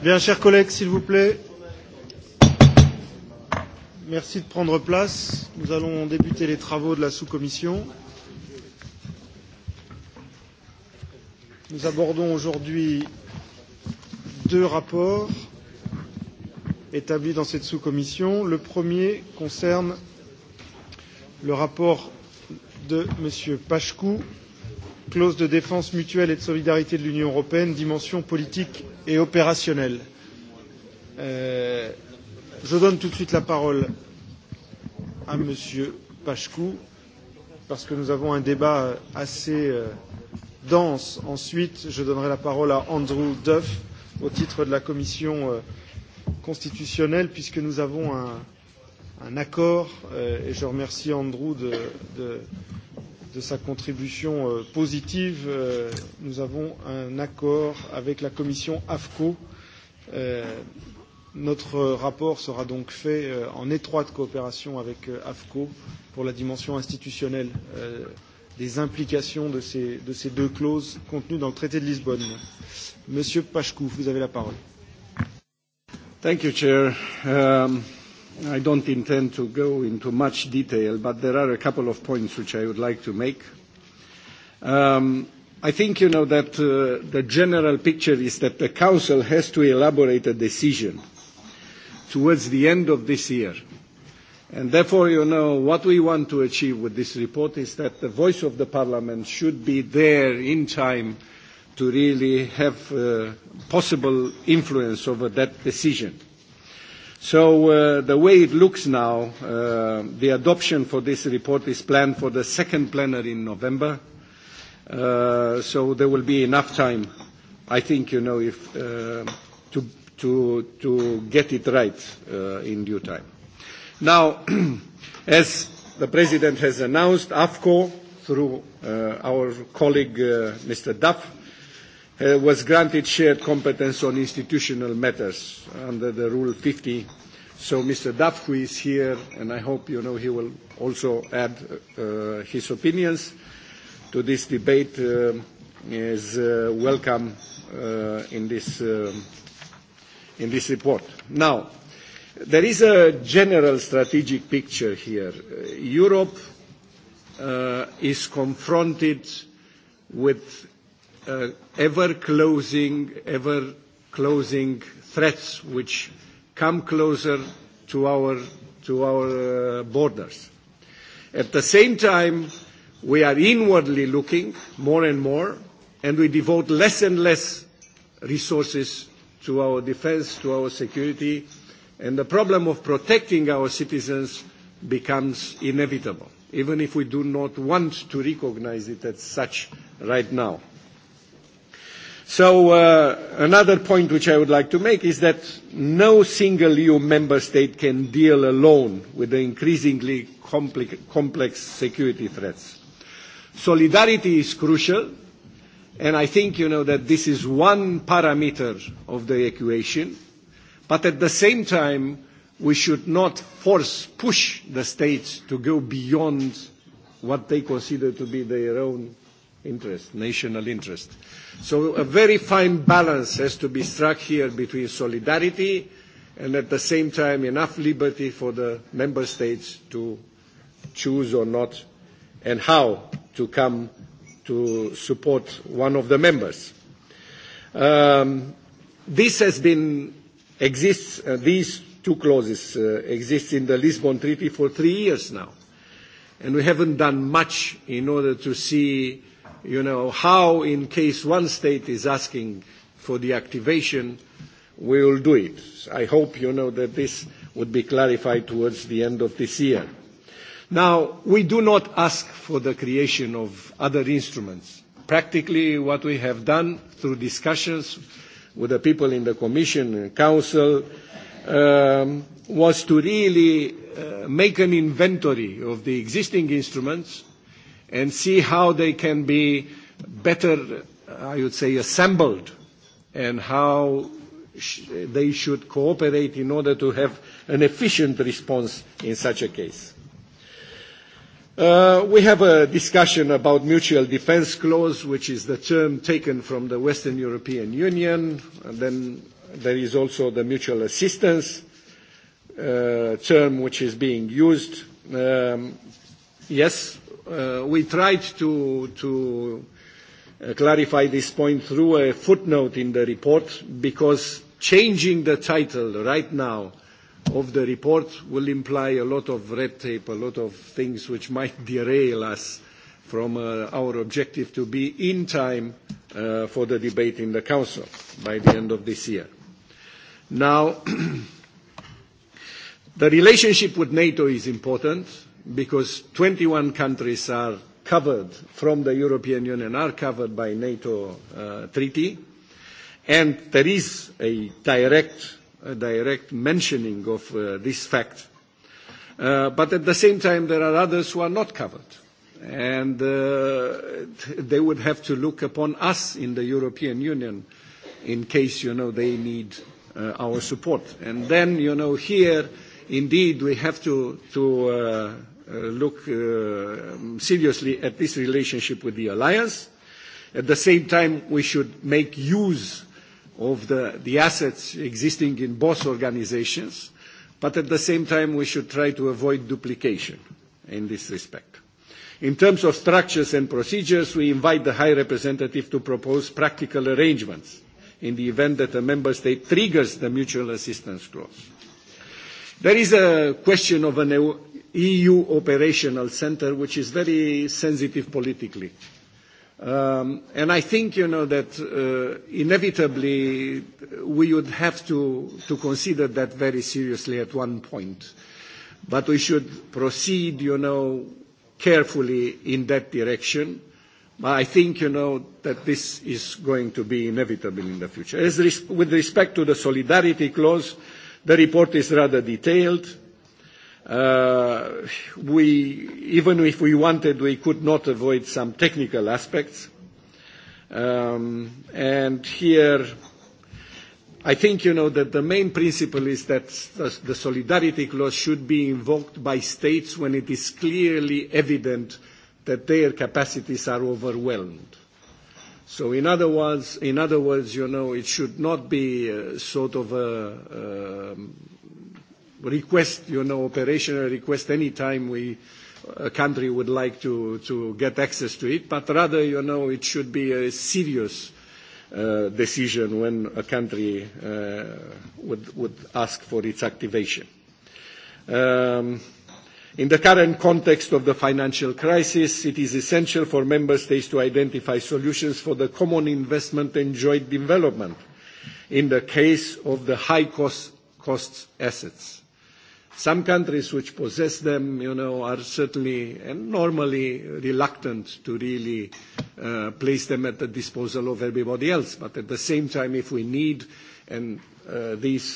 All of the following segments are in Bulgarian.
Bien, chers collègues, s'il vous plaît. Merci de prendre place. Nous allons débuter les travaux de la sous-commission. Nous abordons aujourd'hui deux rapports établis dans cette sous-commission. Le premier concerne le rapport de M. Pachkou clause de défense mutuelle et de solidarité de l'Union européenne, dimension politique et opérationnelle. je donne tout de suite la parole à M. Pachkou, parce que nous avons un débat assez dense. Ensuite, je donnerai la parole à Andrew Duff au titre de la Commission constitutionnelle, puisque nous avons un, accord, et je remercie Andrew de de sa contribution positive, nous avons un accord avec la commission AFCO. Notre rapport sera donc fait en étroite coopération avec AFCO pour la dimension institutionnelle des implications de ces, de ces deux clauses contenues dans le traité de Lisbonne. Monsieur Pachkou, vous avez la parole. Thank you, Chair. Um, I don't intend to go into much detail, but there are a couple of points which I would like to make. I think you know that the general picture is that the Council has to elaborate a decision towards the end of this year. therefore, you know, what we want to achieve with this report is that the voice of the Parliament should be there in time to really have possible influence over that decision. So the way it looks now, the adoption for this report is planned for the second plenary in November. So there will be enough time, I think, you know, if to to to get it right in due time. Now, as the president has announced, AFCO, through our colleague, Mr. Duff, was granted shared competence on institutional matters under the Rule 50. So Mr. Duff, who is here, and I hope you know he will also add his opinions to this debate, is welcome in this in this report. Now, there is a general strategic picture here. Europe is confronted with a ever closing, ever closing threats which come closer to our, to our uh, borders. At the same time, we are inwardly looking more and more, and we devote less and less resources to our defense, to our security, and the problem of protecting our citizens becomes inevitable, even if we do not want to recognize it as such right now. So uh, another point which I would like to make is that no single EU member state can deal alone with the increasingly compli- complex security threats. Solidarity is crucial, and I think you know that this is one parameter of the equation. But at the same time, we should not force push the states to go beyond what they consider to be their own interest, national interest. So a very fine balance has to be struck here between solidarity and at the same time enough liberty for the member states to choose or not and how to come to support one of the members. Um, this has been exists uh, these two clauses uh, exist in the Lisbon Treaty for three years now, and we haven't done much in order to see you know, how in case one state is asking for the activation, we will do it. I hope, you know, that this would be clarified towards the end of this year. Now, we do not ask for the creation of other instruments. Practically, what we have done through discussions with the people in the Commission and Council um, was to really uh, make an inventory of the existing instruments and see how they can be better, I would say, assembled and how they should cooperate in order to have an efficient response in such a case. Uh, we have a discussion about mutual defense clause, which is the term taken from the Western European Union. And then there is also the mutual assistance uh, term, which is being used. Um, yes, uh, we tried to, to clarify this point through a footnote in the report because changing the title right now of the report will imply a lot of red tape, a lot of things which might derail us from uh, our objective to be in time uh, for the debate in the Council by the end of this year. Now, the relationship with NATO is important because 21 countries are covered from the European Union, are covered by NATO uh, treaty, and there is a direct, a direct mentioning of uh, this fact. Uh, but at the same time, there are others who are not covered. And uh, they would have to look upon us in the European Union in case, you know, they need uh, our support. And then, you know, here, indeed we have to, to uh, look uh, seriously at this relationship with the alliance. At the same time, we should make use of the, the assets existing in both organizations, but at the same time, we should try to avoid duplication in this respect. In terms of structures and procedures, we invite the High Representative to propose practical arrangements in the event that a member state triggers the mutual assistance clause. There is a question of an EU operational center, which is very sensitive politically. Um, and I think, you know, that uh, inevitably we would have to, to consider that very seriously at one point. But we should proceed, you know, carefully in that direction. But I think, you know, that this is going to be inevitable in the future. As res- with respect to the solidarity clause, uh, The report is rather detailed. Even if we wanted, we could not avoid some technical aspects. And here, I think you know that the main principle is that the solidarity clause should be invoked by states when it is clearly evident that their capacities are overwhelmed So in other words, in other words, you know, it should not be a sort of a request, you know, operational request any time we a country would like to, get access to it, but rather, you know, it should be a serious decision when a country would, would ask for its activation. Um, In the current context of the financial crisis, it is essential for member states to identify solutions for the common investment and joint development in the case of the high cost, assets. Some countries which possess them, you know, are certainly and normally reluctant to really place them at the disposal of everybody else. But at the same time, if we need and these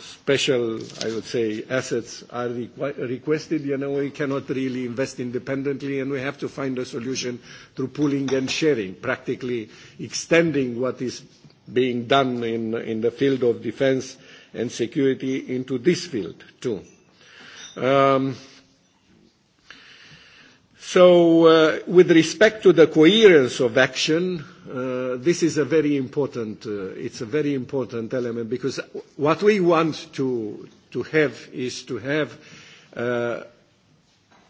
special, I would say, assets are requested, you know, we cannot really invest independently, and we have to find a solution through pooling and sharing, practically extending what is being done in the field of defense and security into this field, too. So uh, with respect to the coherence of action, uh, this is a very important, uh, it's a very important element because what we want to, to have is to have, uh,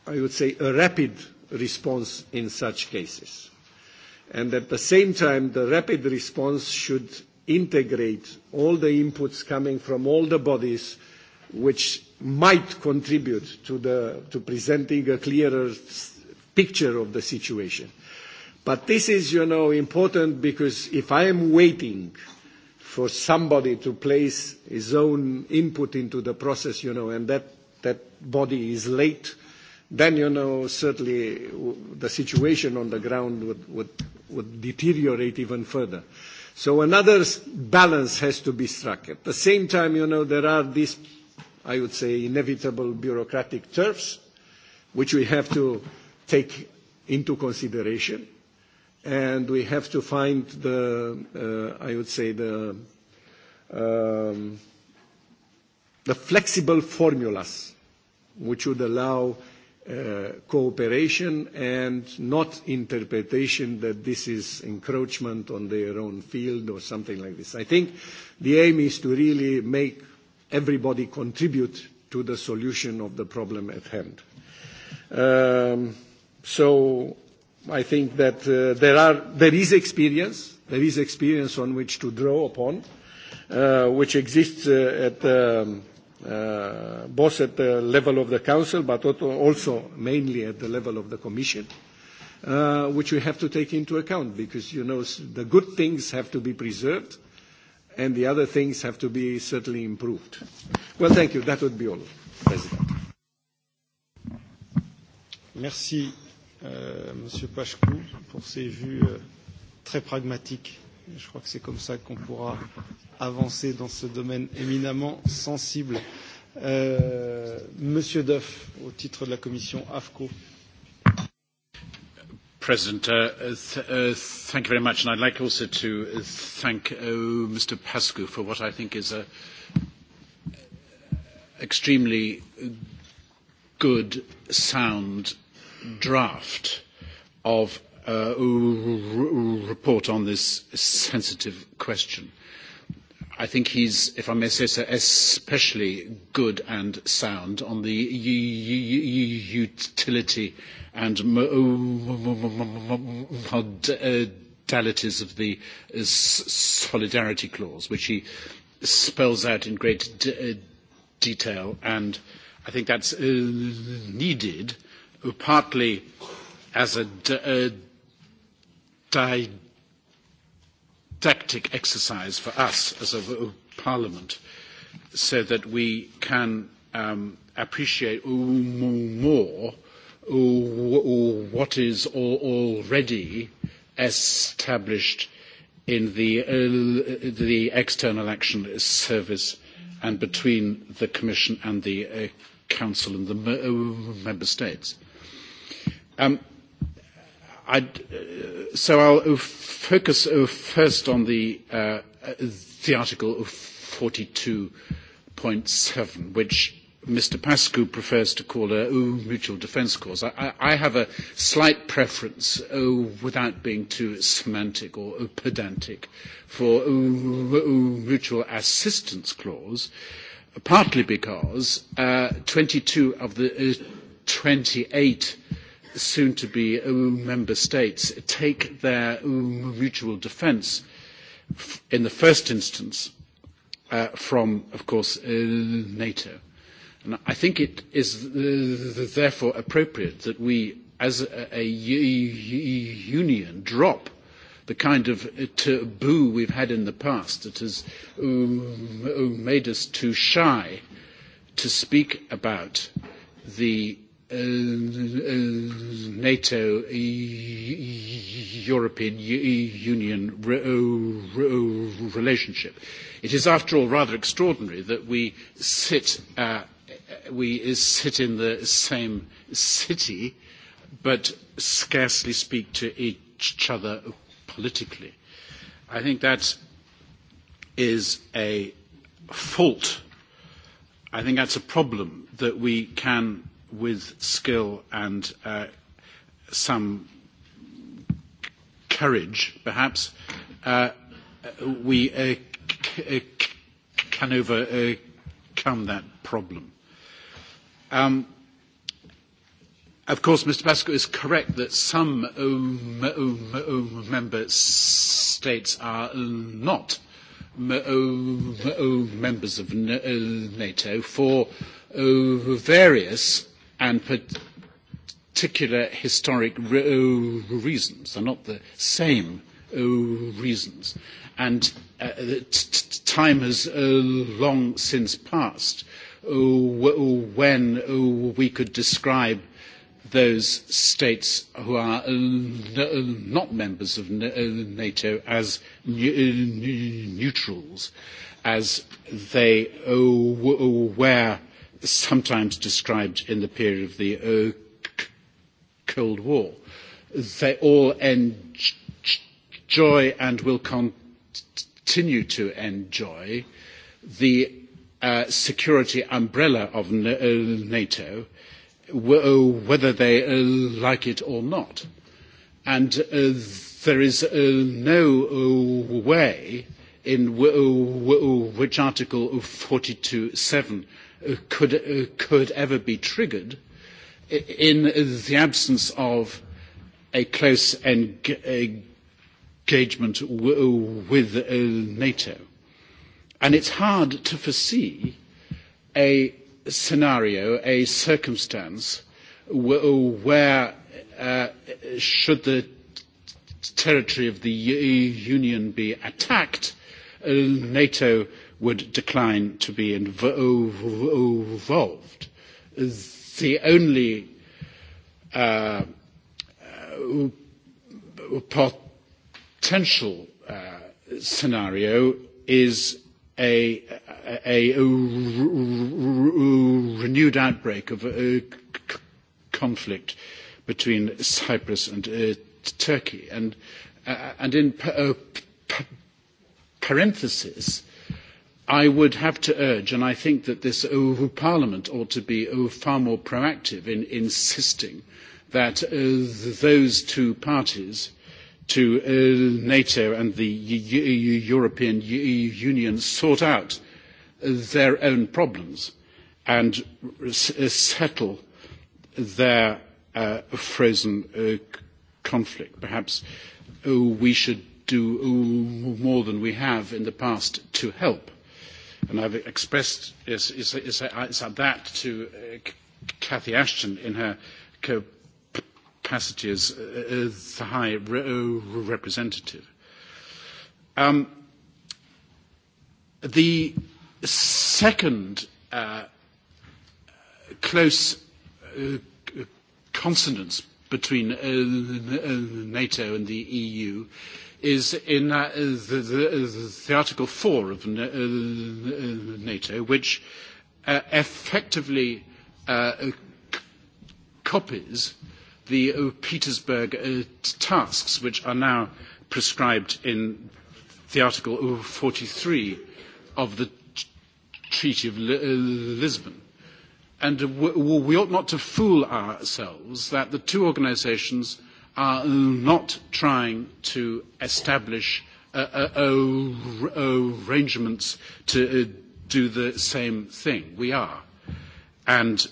I would say, a rapid response in such cases. And at the same time, the rapid response should integrate all the inputs coming from all the bodies which might contribute to, the, to presenting a clearer picture of the situation. But this is, you know, important because if I am waiting for somebody to place his own input into the process, you know, and that, that body is late, then, you know, certainly the situation on the ground would, would, would deteriorate even further. So another balance has to be struck. At the same time, you know, there are these, I would say, inevitable bureaucratic turfs, which we have to take into consideration. And we have to find the, uh, I would say, the, um, the flexible formulas which would allow uh, cooperation and not interpretation that this is encroachment on their own field or something like this. I think the aim is to really make everybody contribute to the solution of the problem at hand. Um, So I think that there are there is experience. There is experience on which to draw upon, which exists at both at the level of the Council, but also mainly at the level of the Commission, which we have to take into account because, you know, the good things have to be preserved and the other things have to be certainly improved. Well, thank you. That would be all, President. Merci. Monsieur M. Pachkou pour ses vues très pragmatiques. Je crois que c'est comme ça qu'on pourra avancer dans ce domaine éminemment sensible. Euh, Monsieur Duff, au titre de la commission AFCO. President, uh, th uh, thank you very much, and I'd like also to thank uh, Mr. Pascu for what I think is an extremely good, sound draft of a report on this sensitive question. I think he's, if I may say so, especially good and sound on the utility and modalities of the solidarity clause, which he spells out in great detail. And I think that's needed partly as a didactic exercise for us as a parliament so that we can appreciate more what is already established in the External Action Service and between the Commission and the Council and the Member States. Um, I'd, so I'll focus first on the, uh, the Article 42.7, which Mr. Pascu prefers to call a mutual defence clause. I, I have a slight preference, without being too semantic or pedantic, for a mutual assistance clause, partly because twenty two of the twenty eight soon to be member states take their mutual defence in the first instance from, of course, NATO. I think it is therefore appropriate that we, as a union, drop the kind of taboo we've had in the past that has made us too shy to speak about the NATO, European Union relationship. It is, after all, rather extraordinary that we sit, we sit in the same city but scarcely speak to each other politically. I think that is a fault. I think that's a problem that we can with skill and some courage, perhaps, we can overcome that problem. Of course, Mr. Pascoe is correct that some member states are not members of NATO for various and particular historic reasons. They're not the same reasons. And time has long since passed when we could describe those states who are not members of NATO as neutrals, as they were sometimes described in the period of the Cold War. They all enjoy and will continue to enjoy the security umbrella of NATO, whether they like it or not. And there is no way in which Article forty two seven could, could ever be triggered in the absence of a close engagement with NATO. And it's hard to foresee a scenario, a circumstance where, should the territory of the Union be attacked, NATO would decline to be involved. The only uh, potential uh, scenario is a, a, renewed outbreak of a conflict between Cyprus and uh, Turkey. And, uh, and in parentheses, I would have to urge, and I think that this Parliament ought to be far more proactive in insisting that those two parties to NATO and the European Union sort out their own problems and settle their frozen conflict. Perhaps we should do more than we have in the past to help And I've expressed that to Cathy Ashton in her capacity as the High Representative. the second close consonance between NATO and the EU is in the, Article four of NATO, which effectively copies the Petersburg tasks, which are now prescribed in the Article forty three of the Treaty of Lisbon. And we ought not to fool ourselves that the two organisations are not trying to establish arrangements to do the same thing. We are. And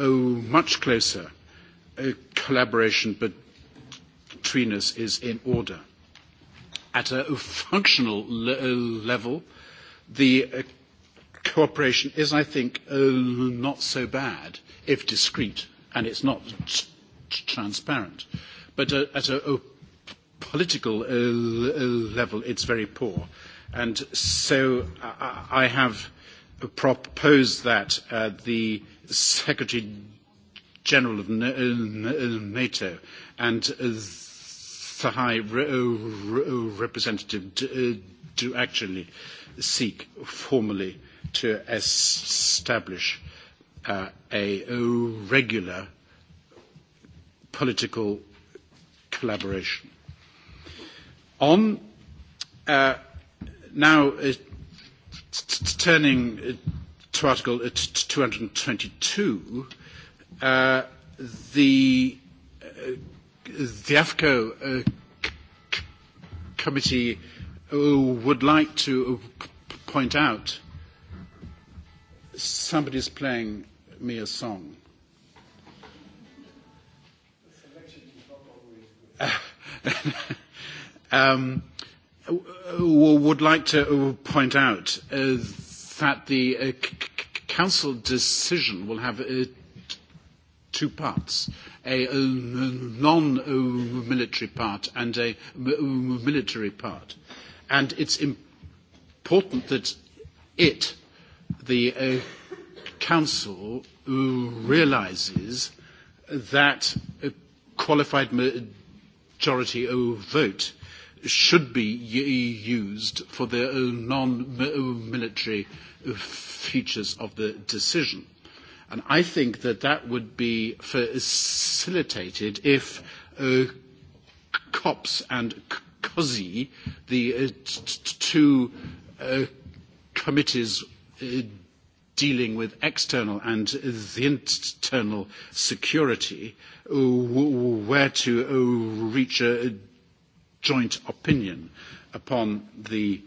much closer collaboration between us is in order. At a functional level, the cooperation is, I think, not so bad if discreet, and it's not transparent. But at a, political level, it's very poor. And so I have proposed that the Secretary General of NATO and the High Representative do actually seek formally to establish a regular political collaboration. On now turning to Article two hundred and twenty two, the AFCO committee would like to point out somebody is playing me a song. um, would like to point out uh, that the uh, council decision will have uh, two parts a non military part and a military part. And it's important that it, the Council, realises that qualified majority vote should be used for the non-military features of the decision. And I think that that would be facilitated if COPS and COSI, the two committees dealing with external and the internal security, where to reach a joint opinion upon the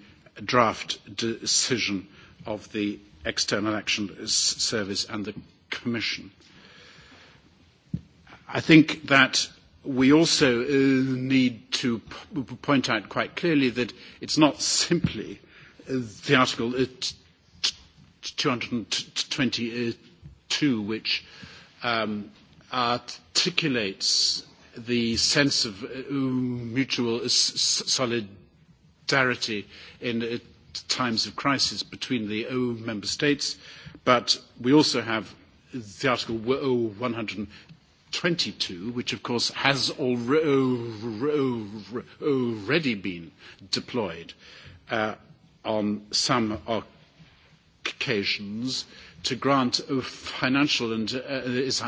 draft decision of the External Action Service and the Commission. I think that we also need to point out quite clearly that it is not simply the Article 222, which articulates the sense of mutual solidarity in times of crisis between the member states. But we also have the Article one hundred and twenty two, which of course has already been deployed on some occasions to grant financial and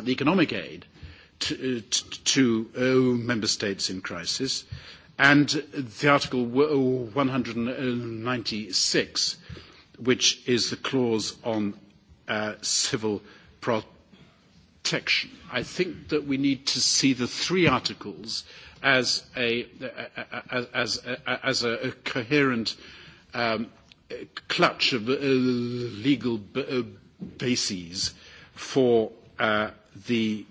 economic aid to member states in crisis, and the Article one hundred and ninety six, which is the clause on civil protection. I think that we need to see the three articles as a coherent clutch of legal bases for the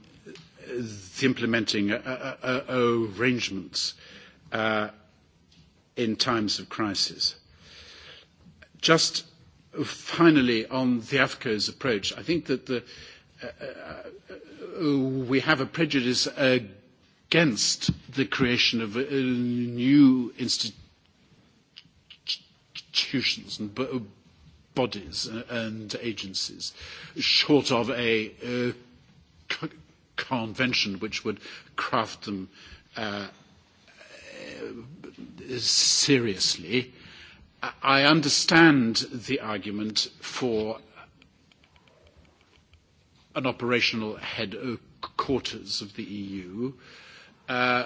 implementing arrangements in times of crisis. Just finally, on the AFCO's approach, I think that we have a prejudice against the creation of new institutions institutions and bodies and agencies, short of a convention which would craft them seriously. I understand the argument for an operational headquarters of the EU.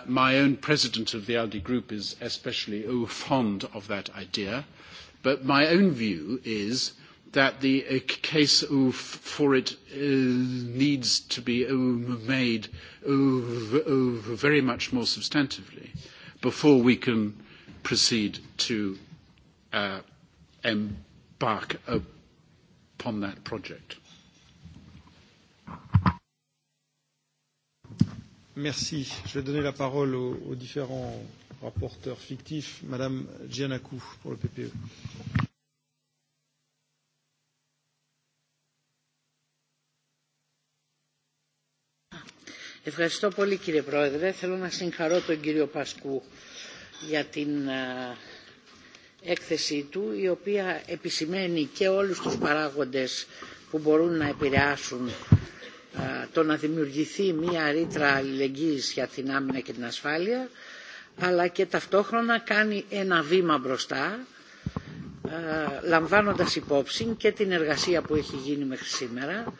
my own president of the ALDE group is especially fond of that idea. Uh, But my own view is that the case for it needs to be made very much more substantively before we can proceed to embark upon that project. Merci. Je vais donner la parole aux, différents rapporteur fictif, Madame Giannakou, pour le PPE. Ευχαριστώ πολύ κύριε Πρόεδρε. Θέλω να συγχαρώ τον κύριο Πασκού για την έκθεσή του η οποία επισημαίνει και όλους τους παράγοντες που μπορούν να επηρεάσουν το να δημιουργηθεί μια ρήτρα αλληλεγγύης για την άμυνα και την ασφάλεια αλλά και ταυτόχρονα κάνει ένα βήμα μπροστά λαμβάνοντας υπόψη και την εργασία που έχει γίνει μέχρι σήμερα.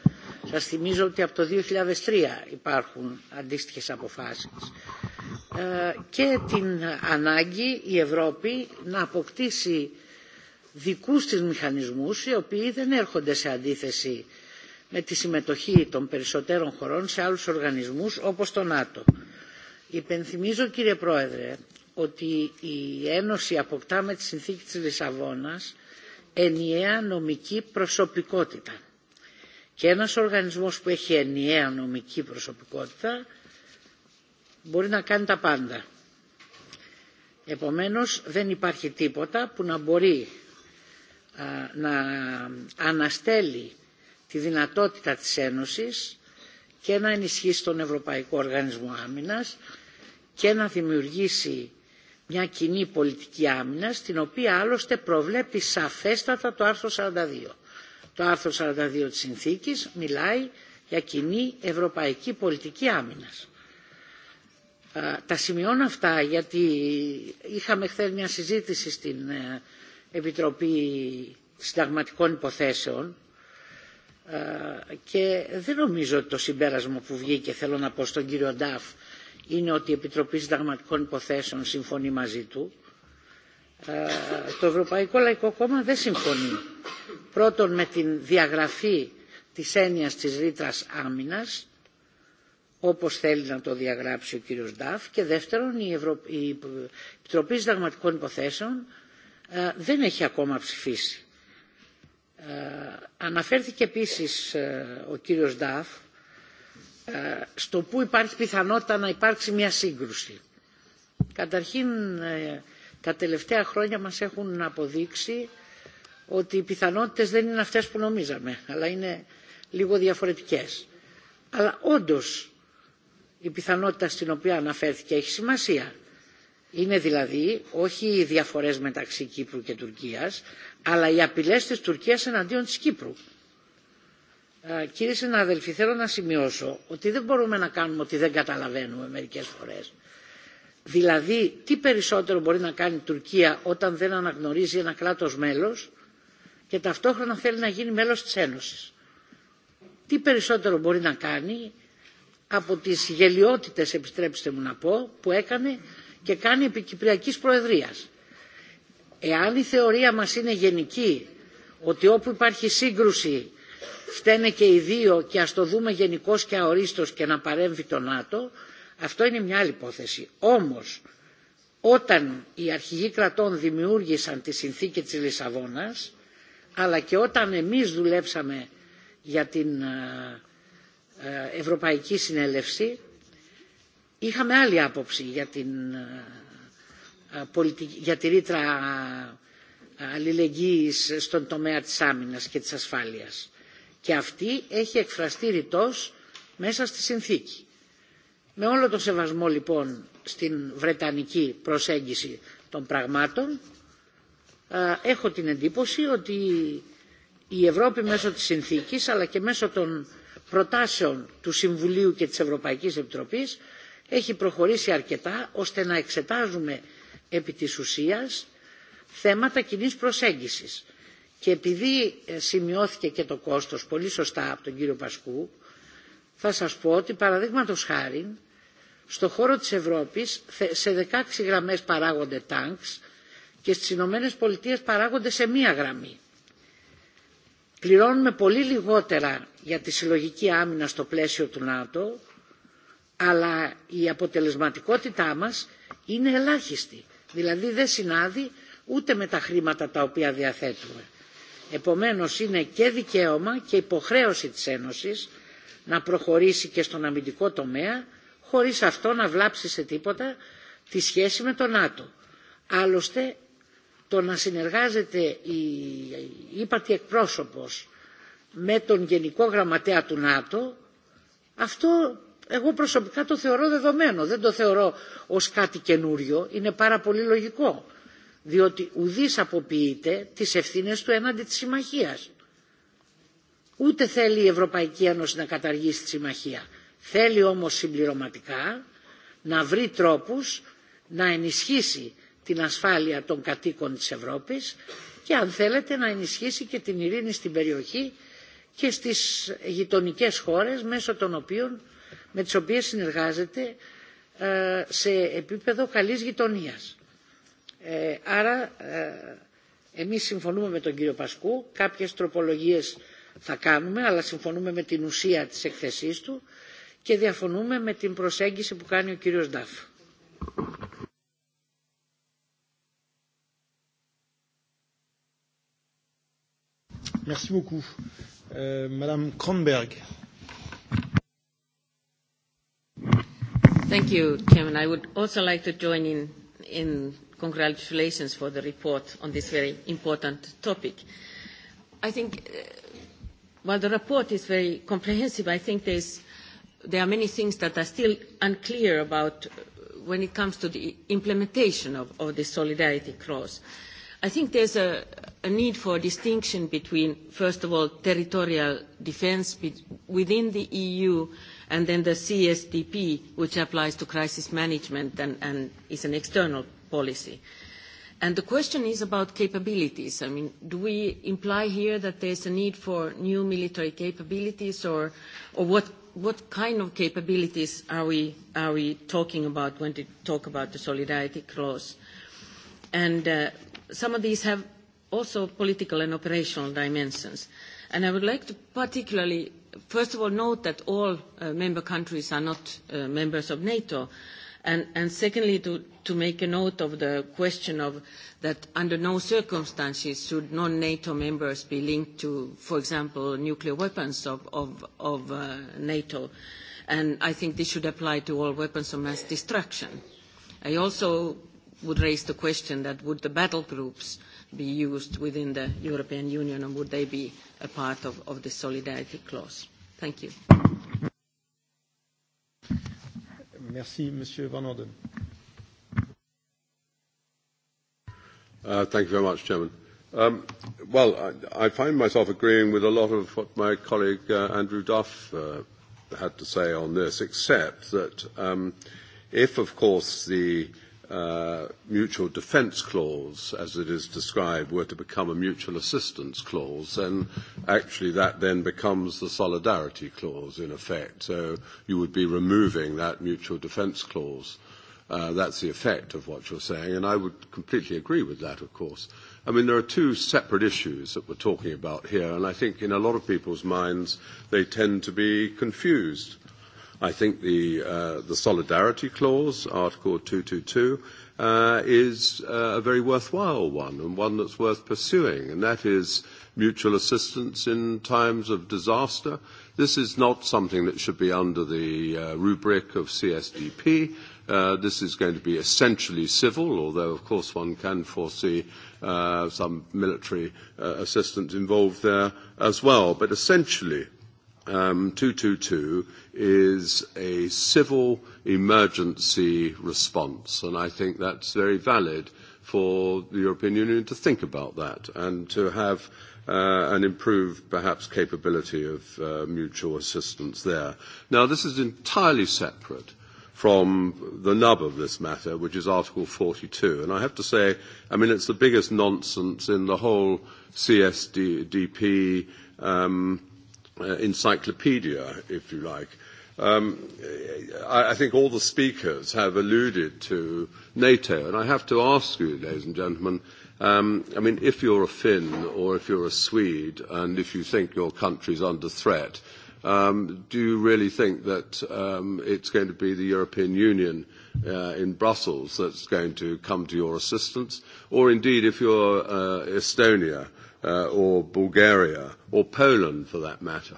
Σας θυμίζω ότι από το 2003 υπάρχουν αντίστοιχες αποφάσεις και την ανάγκη η Ευρώπη να αποκτήσει δικούς της μηχανισμούς οι οποίοι δεν έρχονται σε αντίθεση με τη συμμετοχή των περισσότερων χωρών σε άλλους οργανισμούς όπως το ΝΑΤΟ. Υπενθυμίζω κύριε Πρόεδρε ότι η Ένωση αποκτά με τη συνθήκη της Λισαβόνας ενιαία νομική προσωπικότητα. Και ένας οργανισμός που έχει ενιαία νομική προσωπικότητα μπορεί να κάνει τα πάντα. Επομένως δεν υπάρχει τίποτα που να μπορεί α, να αναστέλει τη δυνατότητα της Ένωσης και να ενισχύσει τον Ευρωπαϊκό Οργανισμό Άμυνας και να δημιουργήσει μια κοινή πολιτική άμυνα την οποία άλλωστε προβλέπει σαφέστατα το άρθρο 42. Το άρθρο 42 της συνθήκης μιλάει για κοινή ευρωπαϊκή πολιτική άμυνας. Τα σημειώνω αυτά γιατί είχαμε χθε μια συζήτηση στην Επιτροπή Συνταγματικών Υποθέσεων και δεν νομίζω ότι το συμπέρασμα που βγήκε, θέλω να πω στον κύριο Νταφ, είναι ότι η Επιτροπή Συνταγματικών Υποθέσεων συμφωνεί μαζί του. Το Ευρωπαϊκό Λαϊκό Κόμμα δεν συμφωνεί. Πρώτον με την διαγραφή της έννοιας της ρήτρας άμυνας, όπως θέλει να το διαγράψει ο κύριος Νταφ και δεύτερον η, Ευρω... η Επιτροπή Συνταγματικών Υποθέσεων ε, δεν έχει ακόμα ψηφίσει. Ε, αναφέρθηκε επίσης ε, ο κύριος Νταφ στο που υπάρχει πιθανότητα να υπάρξει μια σύγκρουση. Καταρχήν, τα τελευταία χρόνια μας έχουν αποδείξει ότι οι πιθανότητες δεν είναι αυτές που νομίζαμε, αλλά είναι λίγο διαφορετικές. Αλλά όντως η πιθανότητα στην οποία αναφέρθηκε έχει σημασία. Είναι δηλαδή όχι οι διαφορές μεταξύ Κύπρου και Τουρκίας, αλλά οι απειλές της Τουρκίας εναντίον της Κύπρου. Κύριοι συνάδελφοι, θέλω να σημειώσω ότι δεν μπορούμε να κάνουμε ότι δεν καταλαβαίνουμε μερικές φορές. Δηλαδή, τι περισσότερο μπορεί να κάνει η Τουρκία όταν δεν αναγνωρίζει ένα κράτος μέλος και ταυτόχρονα θέλει να γίνει μέλος της Ένωσης. Τι περισσότερο μπορεί να κάνει από τις γελιότητες, επιστρέψτε μου να πω, που έκανε και κάνει επί Κυπριακής Προεδρίας. Εάν η θεωρία μας είναι γενική, ότι όπου υπάρχει σύγκρουση φταίνε και οι δύο και ας το δούμε γενικώ και αορίστος και να παρέμβει το ΝΑΤΟ, αυτό είναι μια άλλη υπόθεση. Όμως, όταν οι αρχηγοί κρατών δημιούργησαν τη συνθήκη της Λισαβόνας, αλλά και όταν εμείς δουλέψαμε για την Ευρωπαϊκή Συνέλευση, είχαμε άλλη άποψη για, την, για τη ρήτρα αλληλεγγύης στον τομέα της άμυνας και της ασφάλειας. Και αυτή έχει εκφραστεί ρητός μέσα στη συνθήκη. Με όλο το σεβασμό λοιπόν στην βρετανική προσέγγιση των πραγμάτων, έχω την εντύπωση ότι η Ευρώπη μέσω της συνθήκης αλλά και μέσω των προτάσεων του Συμβουλίου και της Ευρωπαϊκής Επιτροπής έχει προχωρήσει αρκετά ώστε να εξετάζουμε επί της ουσίας θέματα κοινής προσέγγισης Και επειδή σημειώθηκε και το κόστος πολύ σωστά από τον κύριο Πασκού, θα σας πω ότι παραδείγματο χάρη στο χώρο της Ευρώπης σε 16 γραμμές παράγονται τάγκς και στις Ηνωμένε Πολιτείε παράγονται σε μία γραμμή. Πληρώνουμε πολύ λιγότερα για τη συλλογική άμυνα στο πλαίσιο του ΝΑΤΟ, αλλά η αποτελεσματικότητά μας είναι ελάχιστη. Δηλαδή δεν συνάδει ούτε με τα χρήματα τα οποία διαθέτουμε. Επομένως είναι και δικαίωμα και υποχρέωση της Ένωσης να προχωρήσει και στον αμυντικό τομέα χωρίς αυτό να βλάψει σε τίποτα τη σχέση με τον ΝΑΤΟ. Άλλωστε το να συνεργάζεται η ύπατη εκπρόσωπος με τον Γενικό Γραμματέα του ΝΑΤΟ αυτό εγώ προσωπικά το θεωρώ δεδομένο, δεν το θεωρώ ως κάτι καινούριο, είναι πάρα πολύ λογικό διότι ουδής αποποιείται τις ευθύνες του έναντι της συμμαχίας. Ούτε θέλει η Ευρωπαϊκή Ένωση να καταργήσει τη συμμαχία. Θέλει όμως συμπληρωματικά να βρει τρόπους να ενισχύσει την ασφάλεια των κατοίκων της Ευρώπης και αν θέλετε να ενισχύσει και την ειρήνη στην περιοχή και στις γειτονικές χώρες μέσω των οποίων, με τις οποίες συνεργάζεται σε επίπεδο καλής γειτονίας άρα εμείς συμφωνούμε με τον κύριο Πασκού, κάποιες τροπολογίες θα κάνουμε, αλλά συμφωνούμε με την ουσία της εκθεσής του και διαφωνούμε με την προσέγγιση που κάνει ο κύριος Νταφ. Merci beaucoup. Euh, Madame Kronberg. Thank you, I would also like to join in, in congratulations for the report on this very important topic. I think while the report is very comprehensive, I think there's, there are many things that are still unclear about when it comes to the implementation of, of the solidarity clause. I think there's a, a need for a distinction between, first of all, territorial defence within the EU and then the CSDP, which applies to crisis management and, and is an external policy. And the question is about capabilities. I mean, do we imply here that there is a need for new military capabilities, or what kind of capabilities are we talking about when we talk about the solidarity clause? And some of these have also political and operational dimensions. And I would like to particularly, first of all, note that all member countries are not members of NATO, And secondly, to make a note of the question of that under no circumstances should non-NATO members be linked to, for example, nuclear weapons of NATO. And I think this should apply to all weapons of mass destruction. I also would raise the question that would the battle groups be used within the European Union, and would they be a part of the solidarity clause? Thank you. Merci, Monsieur Van Orden. Uh, thank you very much, Chairman. Um, well, I, I find myself agreeing with a lot of what my colleague uh, Andrew Duff uh, had to say on this, except that um, if, of course, the uh, uh, mutual defence clause, as it is described, were to become a mutual assistance clause, then actually that then becomes the solidarity clause in effect. So you would be removing that mutual defence clause. Uh, that's the effect of what you're saying, and I would completely agree with that, of course. I mean, there are two separate issues that we're talking about here, and I think in a lot of people's minds they tend to be confused I think the, uh, the solidarity clause, Article 222, uh, is uh, a very worthwhile one and one that's worth pursuing, and that is mutual assistance in times of disaster. This is not something that should be under the uh, rubric of CSDP. Uh, this is going to be essentially civil, although, of course, one can foresee uh, some military uh, assistance involved there as well. But essentially, um, 222 is a civil emergency response, and I think that's very valid for the European Union to think about that and to have uh, an improved, perhaps, capability of uh, mutual assistance there. Now, this is entirely separate from the nub of this matter, which is Article 42. And I have to say, I mean, it's the biggest nonsense in the whole CSDP um, encyclopedia, if you like. I, I think all the speakers have alluded to NATO, and I have to ask you, ladies and gentlemen, um, I mean, if you're a Finn or if you're a Swede, and if you think your country's under threat, um, do you really think that um, it's going to be the European Union uh, in Brussels that's going to come to your assistance? Or indeed, if you're uh, Estonia, uh, or Bulgaria or Poland for that matter?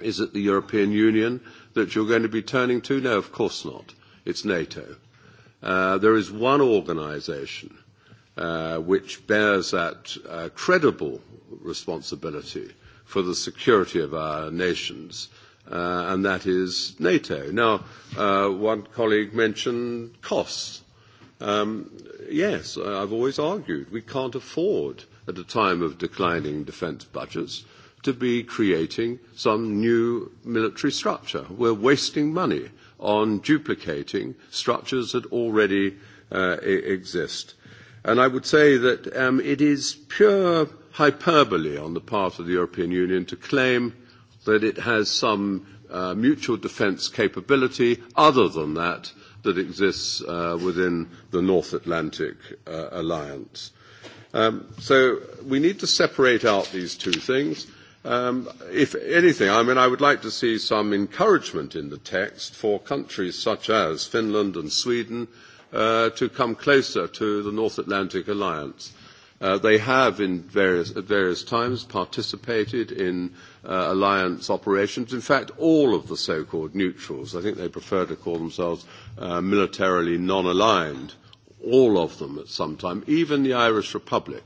Is it the European Union that you're going to be turning to? No, of course not. It's NATO. Uh, there is one organisation uh, which bears that uh, credible responsibility for the security of our nations, uh, and that is NATO. Now, uh, one colleague mentioned costs. Um, yes, I've always argued we can't afford at a time of declining defence budgets, to be creating some new military structure. We're wasting money on duplicating structures that already uh, exist. And I would say that um, it is pure hyperbole on the part of the European Union to claim that it has some uh, mutual defence capability other than that that exists uh, within the North Atlantic uh, Alliance. Um, so we need to separate out these two things. Um, if anything, I mean, I would like to see some encouragement in the text for countries such as Finland and Sweden uh, to come closer to the North Atlantic Alliance. Uh, they have, in various, at various times, participated in uh, alliance operations. In fact, all of the so-called neutrals, I think they prefer to call themselves uh, militarily non-aligned, all of them at some time. Even the Irish Republic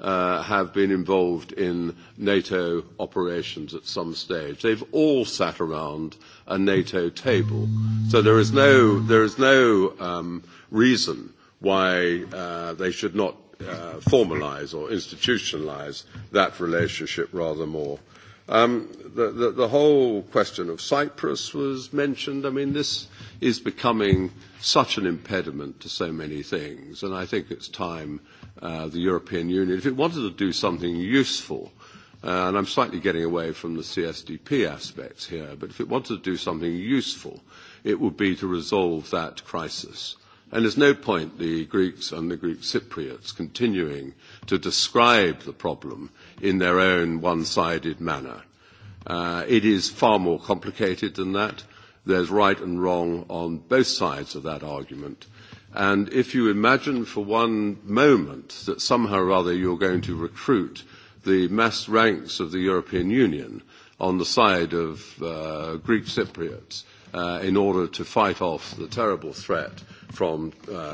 uh, have been involved in NATO operations at some stage. They've all sat around a NATO table. So there is no, there is no um, reason why uh, they should not uh, formalise or institutionalise that relationship rather more Um, the, the, the whole question of Cyprus was mentioned. I mean, this is becoming such an impediment to so many things, and I think it's time uh, the European Union, if it wanted to do something useful, uh, and I'm slightly getting away from the CSDP aspects here, but if it wanted to do something useful, it would be to resolve that crisis. And there's no point the Greeks and the Greek Cypriots continuing to describe the problem in their own one-sided manner. it is far more complicated than that. There's right and wrong on both sides of that argument. And if you imagine for one moment that somehow or other you're going to recruit the mass ranks of the European Union on the side of uh Greek Cypriots in order to fight off the terrible threat from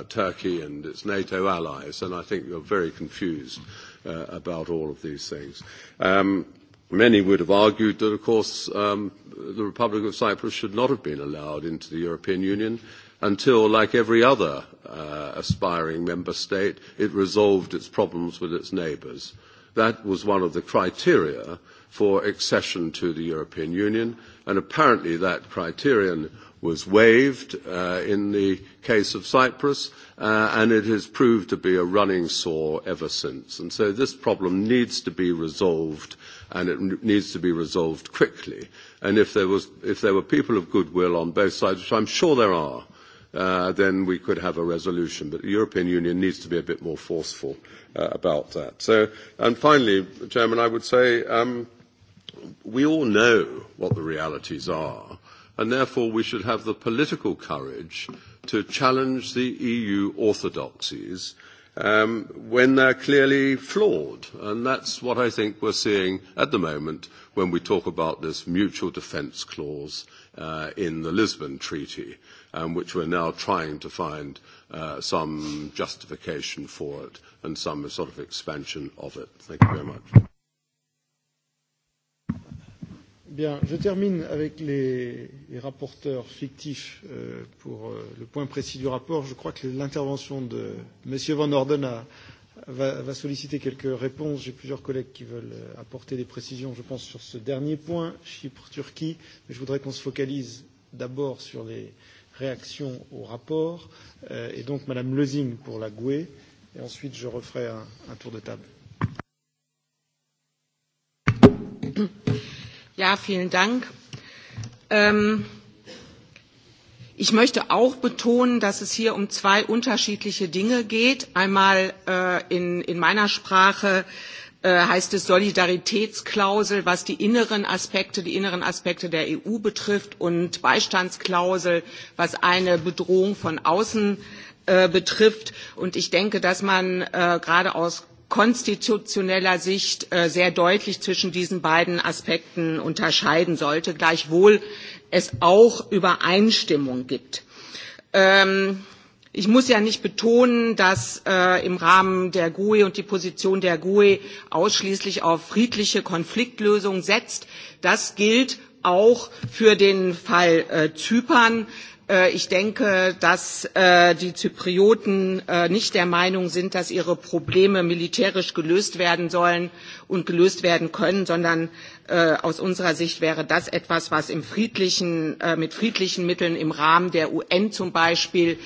Turkey and its NATO allies, then I think you're very confused uh, about all of these things. Um, Many would have argued that, of course, um, the Republic of Cyprus should not have been allowed into the European Union until, like every other uh, aspiring member state, it resolved its problems with its neighbours. That was one of the criteria for accession to the European Union, and apparently that criterion was waived in the case of Cyprus, and it has proved to be a running sore ever since. And so this problem needs to be resolved, and it needs to be resolved quickly. And if there, was, if there were people of goodwill on both sides, which I'm sure there are, then we could have a resolution. But the European Union needs to be a bit more forceful about that. So, and finally, Chairman, I would say we all know what the realities are and therefore we should have the political courage to challenge the EU orthodoxies um, when they're clearly flawed. And that's what I think we're seeing at the moment when we talk about this mutual defence clause uh, in the Lisbon Treaty, um, which we're now trying to find uh, some justification for it and some sort of expansion of it. Thank you very much. Bien, je termine avec les, les rapporteurs fictifs euh, pour euh, le point précis du rapport. Je crois que l'intervention de M. Van Orden a, va, va solliciter quelques réponses. J'ai plusieurs collègues qui veulent apporter des précisions, je pense, sur ce dernier point, Chypre-Turquie. Mais je voudrais qu'on se focalise d'abord sur les réactions au rapport. Euh, et donc, Mme Lezing pour la GUE. Et ensuite, je referai un, un tour de table. Ja, vielen Dank. Ähm, ich möchte auch betonen, dass es hier um zwei unterschiedliche Dinge geht. Einmal äh, in, in meiner Sprache heißt es Solidaritätsklausel, was die inneren Aspekte, die inneren Aspekte der EU betrifft und Beistandsklausel, was eine Bedrohung von außen betrifft. Und ich denke, dass man gerade aus konstitutioneller Sicht sehr deutlich zwischen diesen beiden Aspekten unterscheiden sollte, gleichwohl es auch Übereinstimmung gibt. Ich muss ja nicht betonen, dass im Rahmen der GUE und die Position der GUE ausschließlich auf friedliche Konfliktlösung setzt. Das gilt auch für den Fall Zypern ich denke, dass die Zyprioten nicht der Meinung sind, dass ihre Probleme militärisch gelöst werden sollen und gelöst werden können, sondern aus unserer Sicht wäre das etwas, was mit friedlichen Mitteln im Rahmen der UN zum Beispiel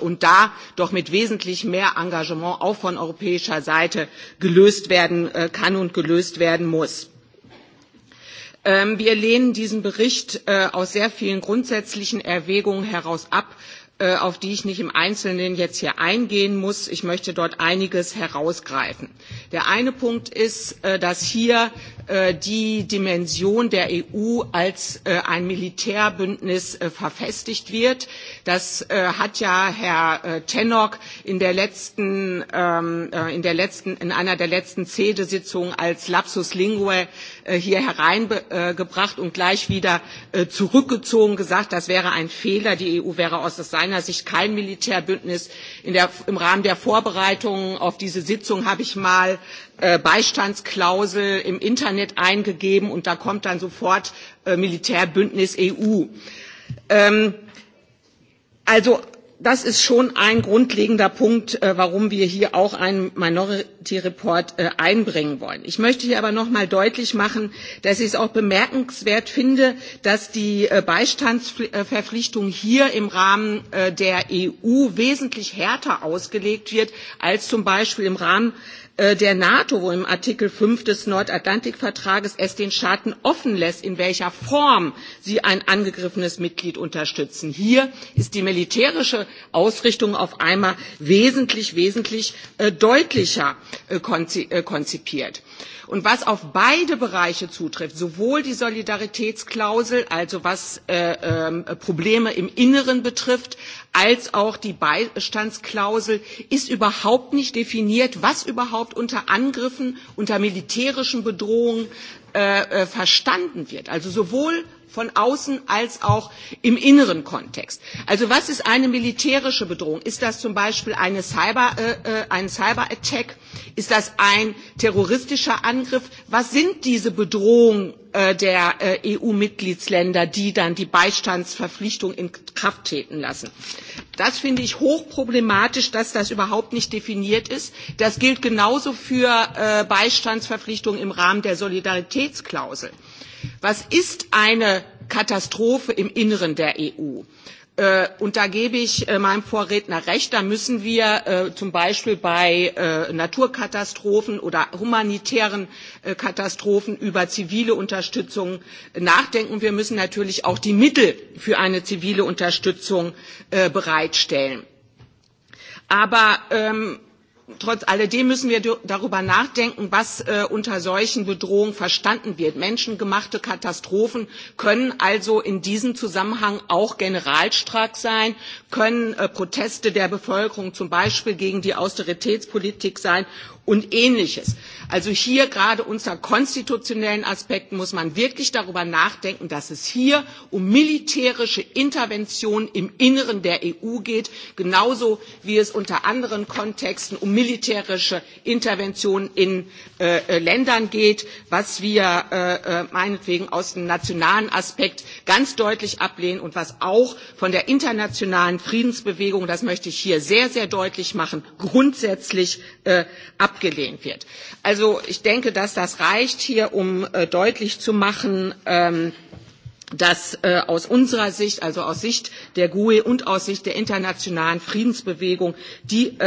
und da doch mit wesentlich mehr Engagement auch von europäischer Seite gelöst werden kann und gelöst werden muss wir lehnen diesen Bericht aus sehr vielen grundsätzlichen Erwägungen heraus ab, auf die ich nicht im Einzelnen jetzt hier eingehen muss. Ich möchte dort einiges herausgreifen. Der eine Punkt ist, dass hier die Dimension der EU als ein Militärbündnis verfestigt wird. Das hat ja Herr Tannock in, einer der letzten CEDE-Sitzungen als Lapsus Linguae hier hereingebracht und gleich wieder zurückgezogen, gesagt, das wäre ein Fehler. Die EU wäre aus seiner Sicht kein Militärbündnis. Im Rahmen der Vorbereitungen auf diese Sitzung habe ich mal Beistandsklausel im Internet eingegeben und da kommt dann sofort Militärbündnis EU. also das ist schon ein grundlegender Punkt, warum wir hier auch einen Minority Report einbringen wollen. Ich möchte hier aber noch mal deutlich machen, dass ich es auch bemerkenswert finde, dass die Beistandsverpflichtung hier im Rahmen der EU wesentlich härter ausgelegt wird als zum Beispiel im Rahmen der NATO, wo im Artikel 5 des Nordatlantikvertrages es den Staaten offen lässt, in welcher Form sie ein angegriffenes Mitglied unterstützen. Hier ist die militärische Ausrichtung auf einmal wesentlich, wesentlich deutlicher konzipiert. Und was auf beide Bereiche zutrifft, sowohl die Solidaritätsklausel, also was Probleme im Inneren betrifft, als auch die Beistandsklausel, ist überhaupt nicht definiert, was überhaupt überhaupt unter Angriffen, unter militärischen Bedrohungen verstanden wird. Also sowohl von außen als auch im inneren Kontext. Also was ist eine militärische Bedrohung? Ist das zum Beispiel eine Cyber, äh, ein Cyber-Attack? Ist das ein terroristischer Angriff? Was sind diese Bedrohungen der EU-Mitgliedsländer, die dann die Beistandsverpflichtung in Kraft treten lassen. Das finde ich hochproblematisch, dass das überhaupt nicht definiert ist. Das gilt genauso für Beistandsverpflichtungen im Rahmen der Solidaritätsklausel. Was ist eine Katastrophe im Inneren der EU? Und da gebe ich meinem Vorredner recht, da müssen wir zum Beispiel bei Naturkatastrophen oder humanitären Katastrophen über zivile Unterstützung nachdenken. und Wir müssen natürlich auch die Mittel für eine zivile Unterstützung bereitstellen. Aber trotz alledem müssen wir darüber nachdenken, was unter solchen Bedrohungen verstanden wird. Menschengemachte Katastrophen können also in diesem Zusammenhang auch Generalstreik sein, können Proteste der Bevölkerung zum Beispiel gegen die Austeritätspolitik sein und ähnliches. Also hier gerade unter konstitutionellen Aspekten muss man wirklich darüber nachdenken, dass es hier um militärische Intervention im Inneren der EU geht, genauso wie es unter anderen Kontexten um militärische Intervention in Ländern geht, was wir meinetwegen aus dem nationalen Aspekt ganz deutlich ablehnen und was auch von der internationalen Friedensbewegung, das möchte ich hier sehr, sehr deutlich machen, grundsätzlich ablehnen abgelehnt wird. Also ich denke, dass das reicht hier, um deutlich zu machen, dass aus unserer Sicht, also aus Sicht der GUE und aus Sicht der internationalen Friedensbewegung, die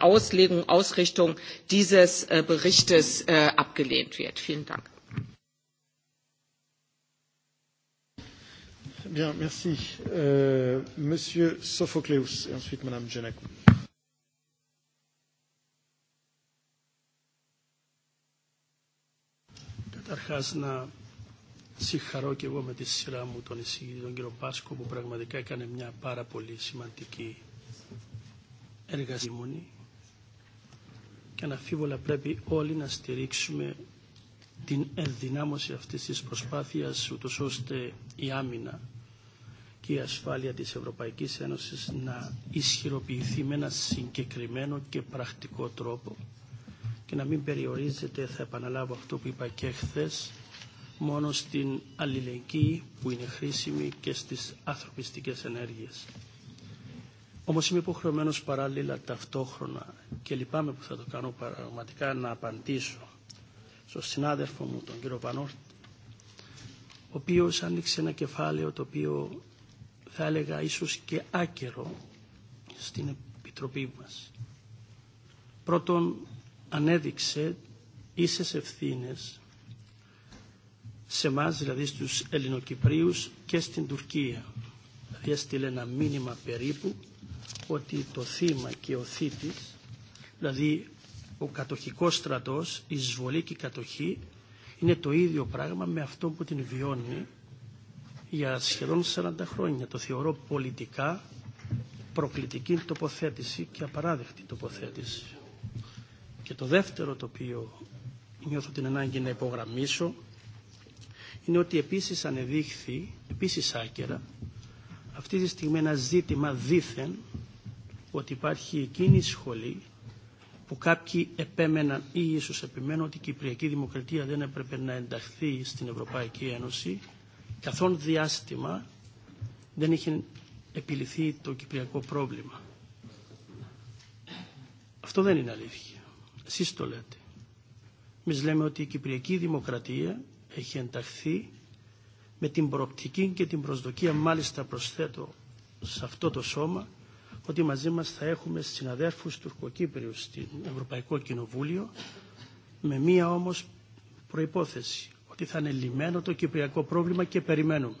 Auslegung, und Ausrichtung dieses Berichts abgelehnt wird. Vielen Dank. Bien, merci. Euh, Monsieur Sophocleus et ensuite Madame Genakou. καταρχά να συγχαρώ και εγώ με τη σειρά μου τον εισηγητή τον κύριο Πάσκο που πραγματικά έκανε μια πάρα πολύ σημαντική εργασία και αναφίβολα πρέπει όλοι να στηρίξουμε την ενδυνάμωση αυτής της προσπάθειας ούτως ώστε η άμυνα και η ασφάλεια της Ευρωπαϊκής Ένωσης να ισχυροποιηθεί με ένα συγκεκριμένο και πρακτικό τρόπο και να μην περιορίζεται, θα επαναλάβω αυτό που είπα και χθε, μόνο στην αλληλεγγύη που είναι χρήσιμη και στις ανθρωπιστικές ενέργειες. Όμως είμαι υποχρεωμένο παράλληλα ταυτόχρονα και λυπάμαι που θα το κάνω πραγματικά να απαντήσω στον συνάδελφο μου, τον κύριο Πανόρτη, ο οποίος άνοιξε ένα κεφάλαιο το οποίο θα έλεγα ίσως και άκερο στην Επιτροπή μας. Πρώτον, ανέδειξε ίσες ευθύνες σε εμά, δηλαδή στους Ελληνοκυπρίους και στην Τουρκία. Δηλαδή έστειλε ένα μήνυμα περίπου ότι το θύμα και ο θήτης, δηλαδή ο κατοχικός στρατός, η εισβολή και η κατοχή, είναι το ίδιο πράγμα με αυτό που την βιώνει για σχεδόν 40 χρόνια. Το θεωρώ πολιτικά προκλητική τοποθέτηση και απαράδεκτη τοποθέτηση. Και το δεύτερο το οποίο νιώθω την ανάγκη να υπογραμμίσω είναι ότι επίσης ανεδείχθη, επίσης άκερα, αυτή τη στιγμή ένα ζήτημα δήθεν ότι υπάρχει εκείνη η σχολή που κάποιοι επέμεναν ή ίσως επιμένουν ότι η Κυπριακή Δημοκρατία δεν έπρεπε να ενταχθεί στην Ευρωπαϊκή Ένωση καθόν διάστημα δεν είχε επιληθεί το κυπριακό πρόβλημα. Αυτό δεν είναι αλήθεια. Εσείς το λέτε. Εμείς λέμε ότι η Κυπριακή Δημοκρατία έχει ενταχθεί με την προοπτική και την προσδοκία, μάλιστα προσθέτω σε αυτό το σώμα, ότι μαζί μας θα έχουμε συναδέρφους τουρκοκύπριους στην Ευρωπαϊκό Κοινοβούλιο, με μία όμως προϋπόθεση, ότι θα είναι λυμένο το κυπριακό πρόβλημα και περιμένουμε.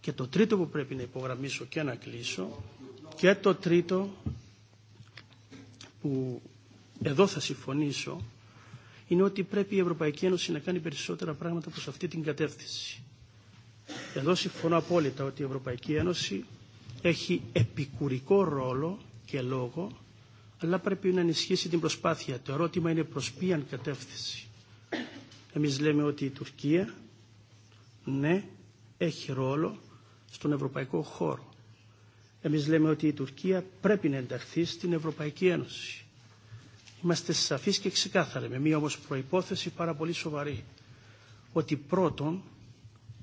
Και το τρίτο που πρέπει να υπογραμμίσω και να κλείσω, και το τρίτο που εδώ θα συμφωνήσω, είναι ότι πρέπει η Ευρωπαϊκή Ένωση να κάνει περισσότερα πράγματα προς αυτή την κατεύθυνση. Εδώ συμφωνώ απόλυτα ότι η Ευρωπαϊκή Ένωση έχει επικουρικό ρόλο και λόγο, αλλά πρέπει να ενισχύσει την προσπάθεια. Το ερώτημα είναι προς ποιαν κατεύθυνση. Εμείς λέμε ότι η Τουρκία, ναι, έχει ρόλο στον ευρωπαϊκό χώρο. Εμείς λέμε ότι η Τουρκία πρέπει να ενταχθεί στην Ευρωπαϊκή Ένωση. Είμαστε σαφείς και ξεκάθαροι, με μία όμως προϋπόθεση πάρα πολύ σοβαρή, ότι πρώτον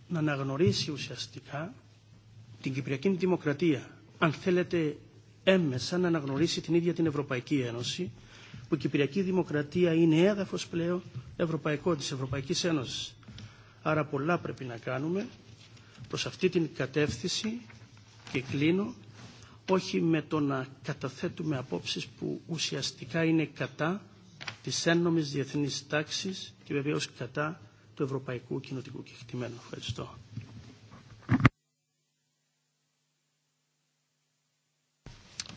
να αναγνωρίσει ουσιαστικά την Κυπριακή Δημοκρατία, αν θέλετε έμεσα να αναγνωρίσει την ίδια την Ευρωπαϊκή Ένωση, που η Κυπριακή Δημοκρατία είναι έδαφος πλέον ευρωπαϊκό της Ευρωπαϊκής Ένωσης. Άρα πολλά πρέπει να κάνουμε προς αυτή την κατεύθυνση και κλείνω όχι με το να καταθέτουμε απόψεις που ουσιαστικά είναι κατά της έννομης διεθνής τάξης και βεβαίως κατά του ευρωπαϊκού κοινοτικού κεκτημένου. Ευχαριστώ.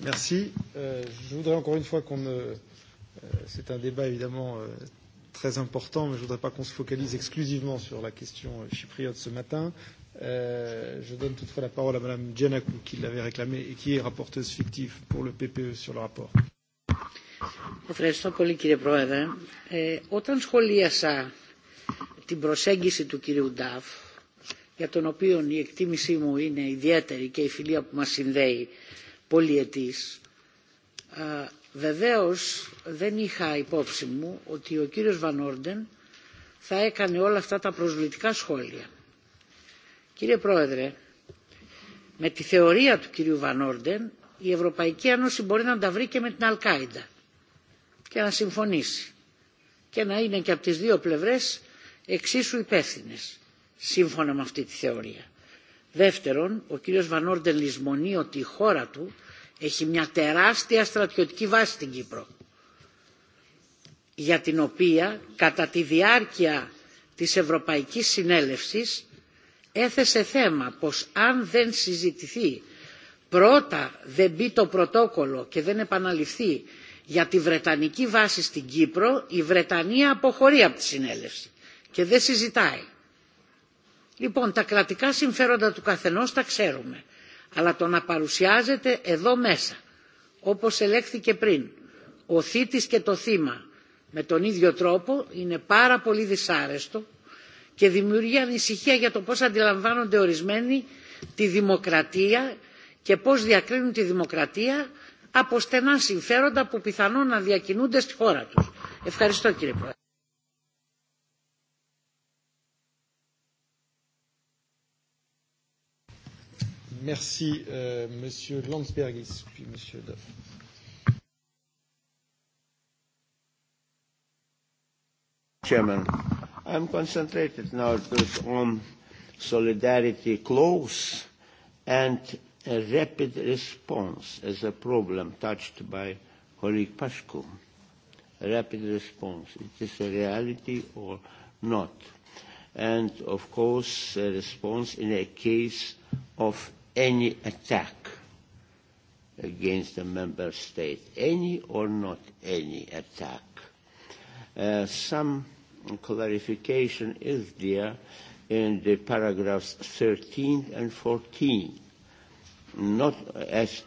Merci. Euh, je voudrais encore une fois qu'on ne. Euh, C'est un débat évidemment euh, très important, mais je ne voudrais pas qu'on se focalise exclusivement sur la question chypriote ce matin je donne toutefois la parole à Madame Giannakou, qui l'avait réclamé et qui est rapporteuse fictive pour le PPE sur le rapport. Ευχαριστώ πολύ κύριε Πρόεδρε. Ε, όταν σχολίασα την προσέγγιση του κυρίου Νταφ, για τον οποίο η εκτίμησή μου είναι ιδιαίτερη και η φιλία που μας συνδέει πολυετής, ε, βεβαίως δεν είχα υπόψη μου ότι ο κύριος Βανόρντεν θα έκανε όλα αυτά τα προσβλητικά σχόλια Κύριε Πρόεδρε, με τη θεωρία του κυρίου Βανόρντεν, η Ευρωπαϊκή Ένωση μπορεί να τα βρει και με την Αλκάιντα και να συμφωνήσει και να είναι και από τις δύο πλευρές εξίσου υπεύθυνε, σύμφωνα με αυτή τη θεωρία. Δεύτερον, ο κύριος Βανόρντεν λησμονεί ότι η χώρα του έχει μια τεράστια στρατιωτική βάση στην Κύπρο για την οποία κατά τη διάρκεια της Ευρωπαϊκής Συνέλευσης έθεσε θέμα πως αν δεν συζητηθεί πρώτα δεν μπει το πρωτόκολλο και δεν επαναληφθεί για τη Βρετανική βάση στην Κύπρο, η Βρετανία αποχωρεί από τη συνέλευση και δεν συζητάει. Λοιπόν, τα κρατικά συμφέροντα του καθενός τα ξέρουμε, αλλά το να παρουσιάζεται εδώ μέσα, όπως ελέγχθηκε πριν, ο θήτης και το θύμα με τον ίδιο τρόπο είναι πάρα πολύ δυσάρεστο και δημιουργεί ανησυχία για το πώς αντιλαμβάνονται ορισμένοι τη δημοκρατία και πώς διακρίνουν τη δημοκρατία από στενά συμφέροντα που πιθανόν να διακινούνται στη χώρα τους. Ευχαριστώ κύριε Πρόεδρε. Merci, euh, Monsieur Landsbergis, puis Monsieur Duff. Chairman, I'm concentrated now on solidarity close and a rapid response as a problem touched by colleague Pashko. Rapid response, it is a reality or not. And of course, a response in a case of any attack against a member state, any or not any attack. Uh, some clarification is there in the paragraphs 13 and 14. Not as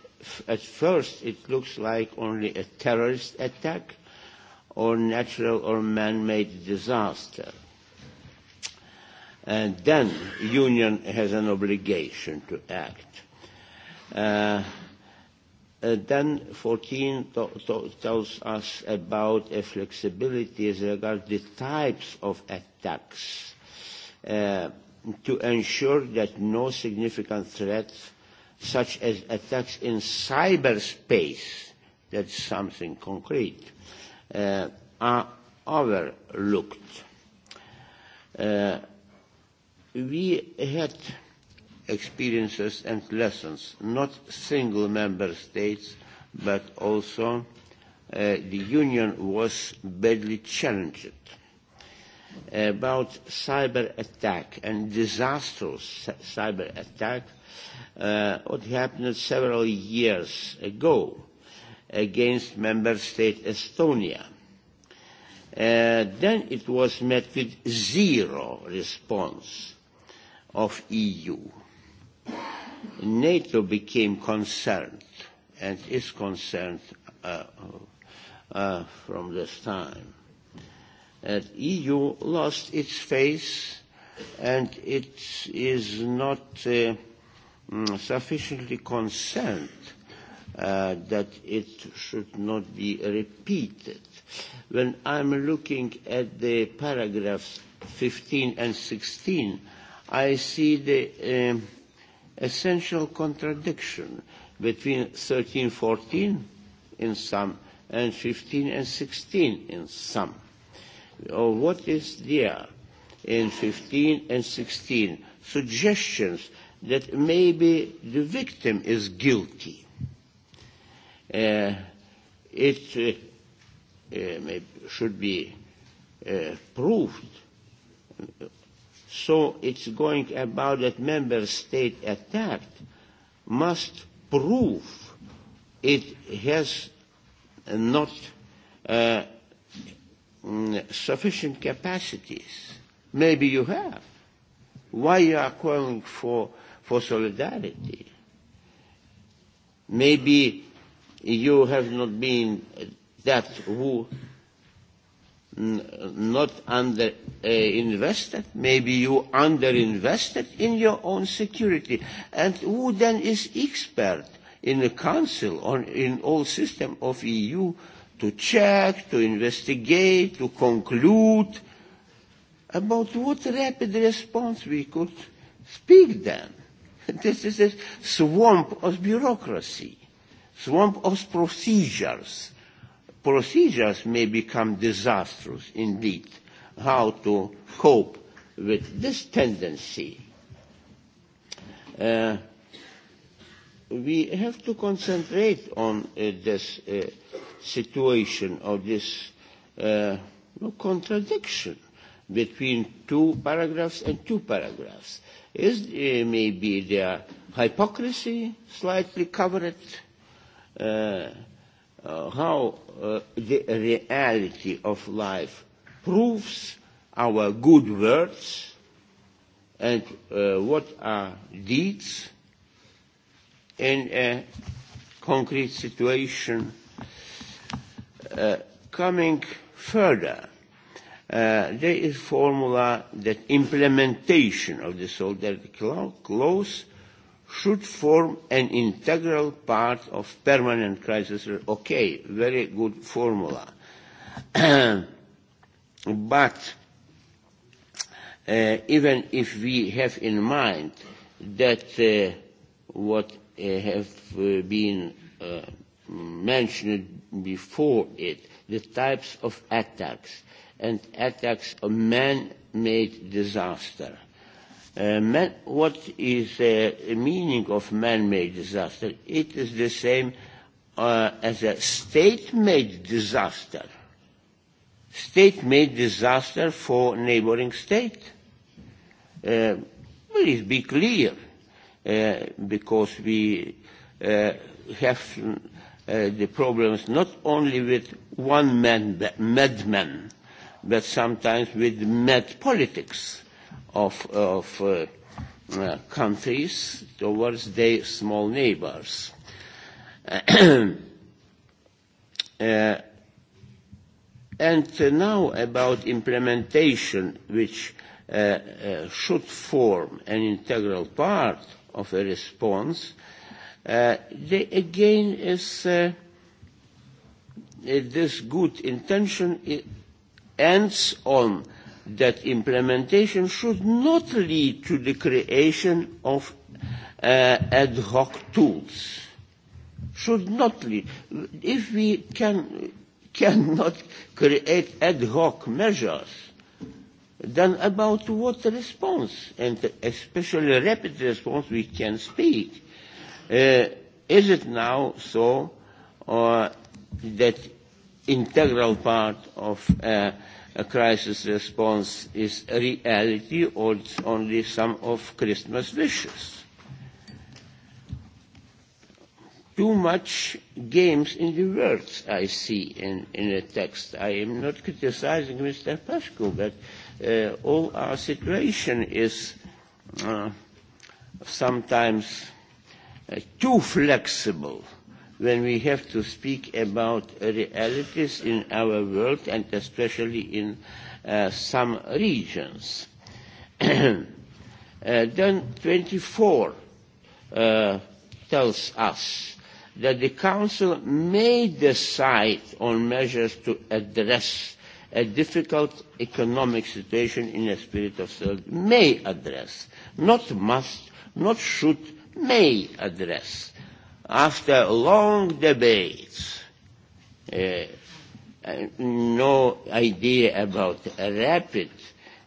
at first it looks like only a terrorist attack or natural or man-made disaster. And then union has an obligation to act. Uh, Then 14 tells us about a flexibility as regards the types of attacks to ensure that no significant threats, such as attacks in cyberspace, that's something concrete, are overlooked. We had experiences and lessons, not single member states, but also uh, the Union was badly challenged. About cyber attack and disastrous cyber attack, uh, what happened several years ago against member state Estonia. Uh, then it was met with zero response of EU. NATO became concerned and is concerned uh, uh, from this time. And EU lost its face and it is not uh, sufficiently concerned uh, that it should not be repeated. When I'm looking at the paragraphs 15 and 16, I see the uh, essential contradiction between 13-14 in some and 15 and 16 in some. Or what is there in 15 and 16? Suggestions that maybe the victim is guilty. Uh, it uh, uh, should be uh, proved So it's going about that member state attacked must prove it has not uh, sufficient capacities. Maybe you have. Why you are calling for, for solidarity? Maybe you have not been that who not under uh, invested, maybe you underinvested in your own security. And who then is expert in the council on in all system of EU to check, to investigate, to conclude about what rapid response we could speak then? this is a swamp of bureaucracy, swamp of procedures procedures may become disastrous indeed, how to cope with this tendency. Uh, we have to concentrate on uh, this uh, situation of this uh, contradiction between two paragraphs and two paragraphs. Is uh, maybe their hypocrisy slightly covered? Uh, uh, how uh, the reality of life proves our good words and uh, what are deeds in a concrete situation. Uh, coming further, uh, there is formula that implementation of the solidarity clause should form an integral part of permanent crisis. Okay, very good formula. but uh, even if we have in mind that uh, what uh, have uh, been uh, mentioned before it, the types of attacks and attacks of man-made disaster, uh, Uh, man, what is the uh, meaning of man-made disaster? It is the same uh, as a state-made disaster. State-made disaster for neighboring state. Uh, please be clear, uh, because we uh, have uh, the problems not only with one man, madman, but sometimes with mad politics of, of uh, uh, countries towards their small neighbors. uh, and now about implementation, which uh, uh, should form an integral part of a response, uh, they again is uh, this good intention ends on uh, that implementation should not lead to the creation of uh, ad hoc tools. Should not lead. If we can, cannot create ad hoc measures, then about what response, and especially rapid response, we can speak. Uh, is it now so, or that integral part of uh, a crisis response is a reality or it's only some of Christmas wishes. Too much games in the words I see in, in a text. I am not criticizing Mr. Pascu, but uh, all our situation is uh, sometimes uh, too flexible when we have to speak about realities in our world and especially in uh, some regions. uh, then 24 uh, tells us that the Council may decide on measures to address a difficult economic situation in a spirit of solidarity. May address, not must, not should, may address after long debates, uh, no idea about rapid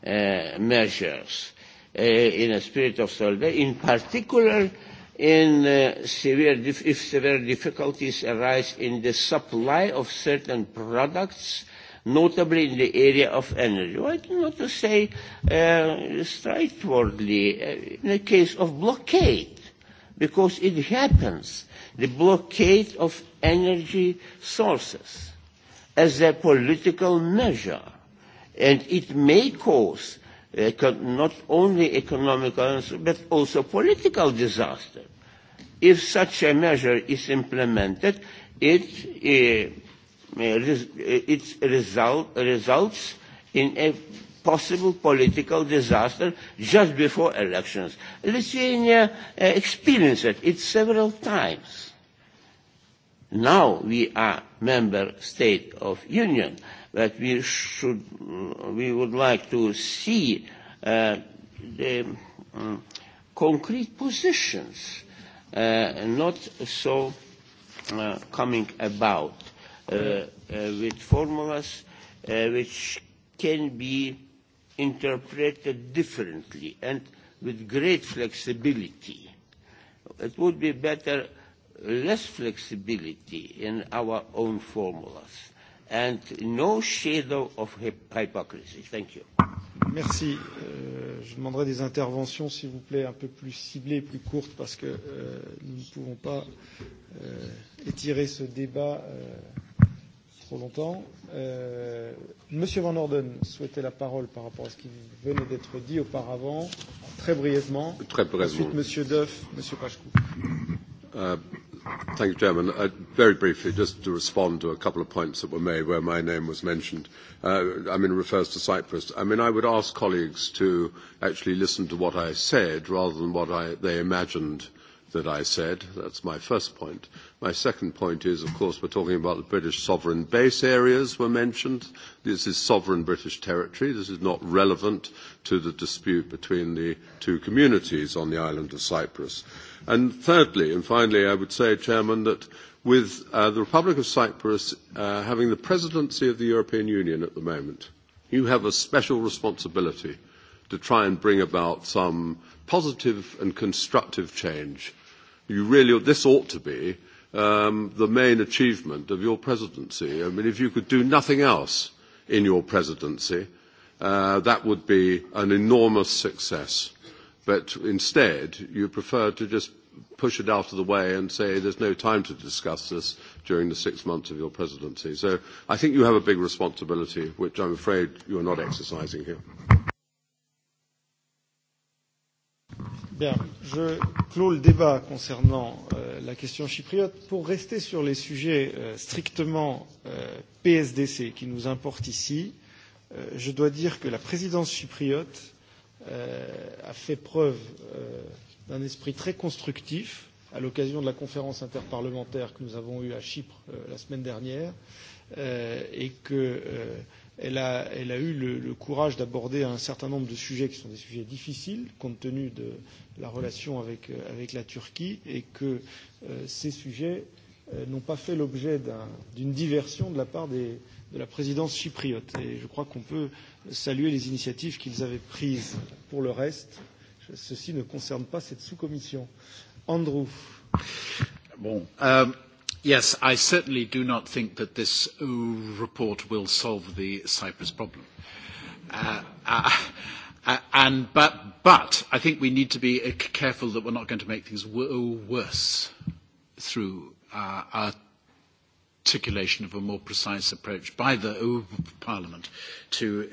uh, measures uh, in a spirit of solidarity, in particular in uh, severe dif- if severe difficulties arise in the supply of certain products, notably in the area of energy. Well not to say uh, straightforwardly, uh, in the case of blockade, because it happens the blockade of energy sources as a political measure, and it may cause not only economic but also political disaster. If such a measure is implemented, it, uh, it result, results in a possible political disaster just before elections. Lithuania experienced it several times Now we are member state of union, that we should, we would like to see uh, the um, concrete positions, uh, not so uh, coming about uh, uh, with formulas uh, which can be interpreted differently and with great flexibility. It would be better less flexibility in our own formulas and no shadow of hypocrisy. Thank you. Merci. Euh, je demanderai des interventions, s'il vous plaît, un peu plus ciblées, et plus courtes, parce que euh, nous ne pouvons pas euh, étirer ce débat euh, trop longtemps. Euh, Monsieur Van Orden souhaitait la parole par rapport à ce qui venait d'être dit auparavant, très brièvement. Très brièvement. Ensuite, Monsieur Duff, Monsieur Pachkou. Thank you, Chairman. very briefly, just to respond to a couple of points that were made where my name was mentioned. I mean, it refers to Cyprus. I mean, I would ask colleagues to actually listen to what I said rather than what they imagined that I said. That's my first point. My second point is, of course, we're talking about the British sovereign base areas were mentioned. This is sovereign British territory. This is not relevant to the dispute between the two communities on the island of Cyprus. And thirdly, and finally, I would say, Chairman, that with uh, the Republic of Cyprus uh, having the presidency of the European Union at the moment, you have a special responsibility to try and bring about some positive and constructive change. You really, this ought to be um, the main achievement of your presidency. I mean, if you could do nothing else in your presidency, uh, that would be an enormous success But instead, you prefer to just push it out of the way and say there's no time to discuss this during the six months of your presidency. So I think you have a big responsibility, which I'm afraid you are not exercising here. Bien, je clôt le débat concernant euh, la question chypriote. Pour rester sur les sujets euh, strictement euh, PSDC qui nous importent ici, euh, je dois dire que la présidence chypriote a fait preuve d'un esprit très constructif à l'occasion de la conférence interparlementaire que nous avons eue à Chypre la semaine dernière et qu'elle a, elle a eu le, le courage d'aborder un certain nombre de sujets qui sont des sujets difficiles compte tenu de la relation avec, avec la Turquie et que euh, ces sujets euh, n'ont pas fait l'objet d'une diversion de la part des, de la présidence chypriote. Et je crois qu'on peut saluer les initiatives qu'ils avaient prises. Pour le reste, ceci ne concerne pas cette sous-commission. Andrew. Bon. Um... Yes, I certainly do not think that this report will solve the Cyprus problem. Uh, uh, and, but, but I think we need to be careful that we're not going to make things worse through uh, our articulation of a more precise approach by the Parliament to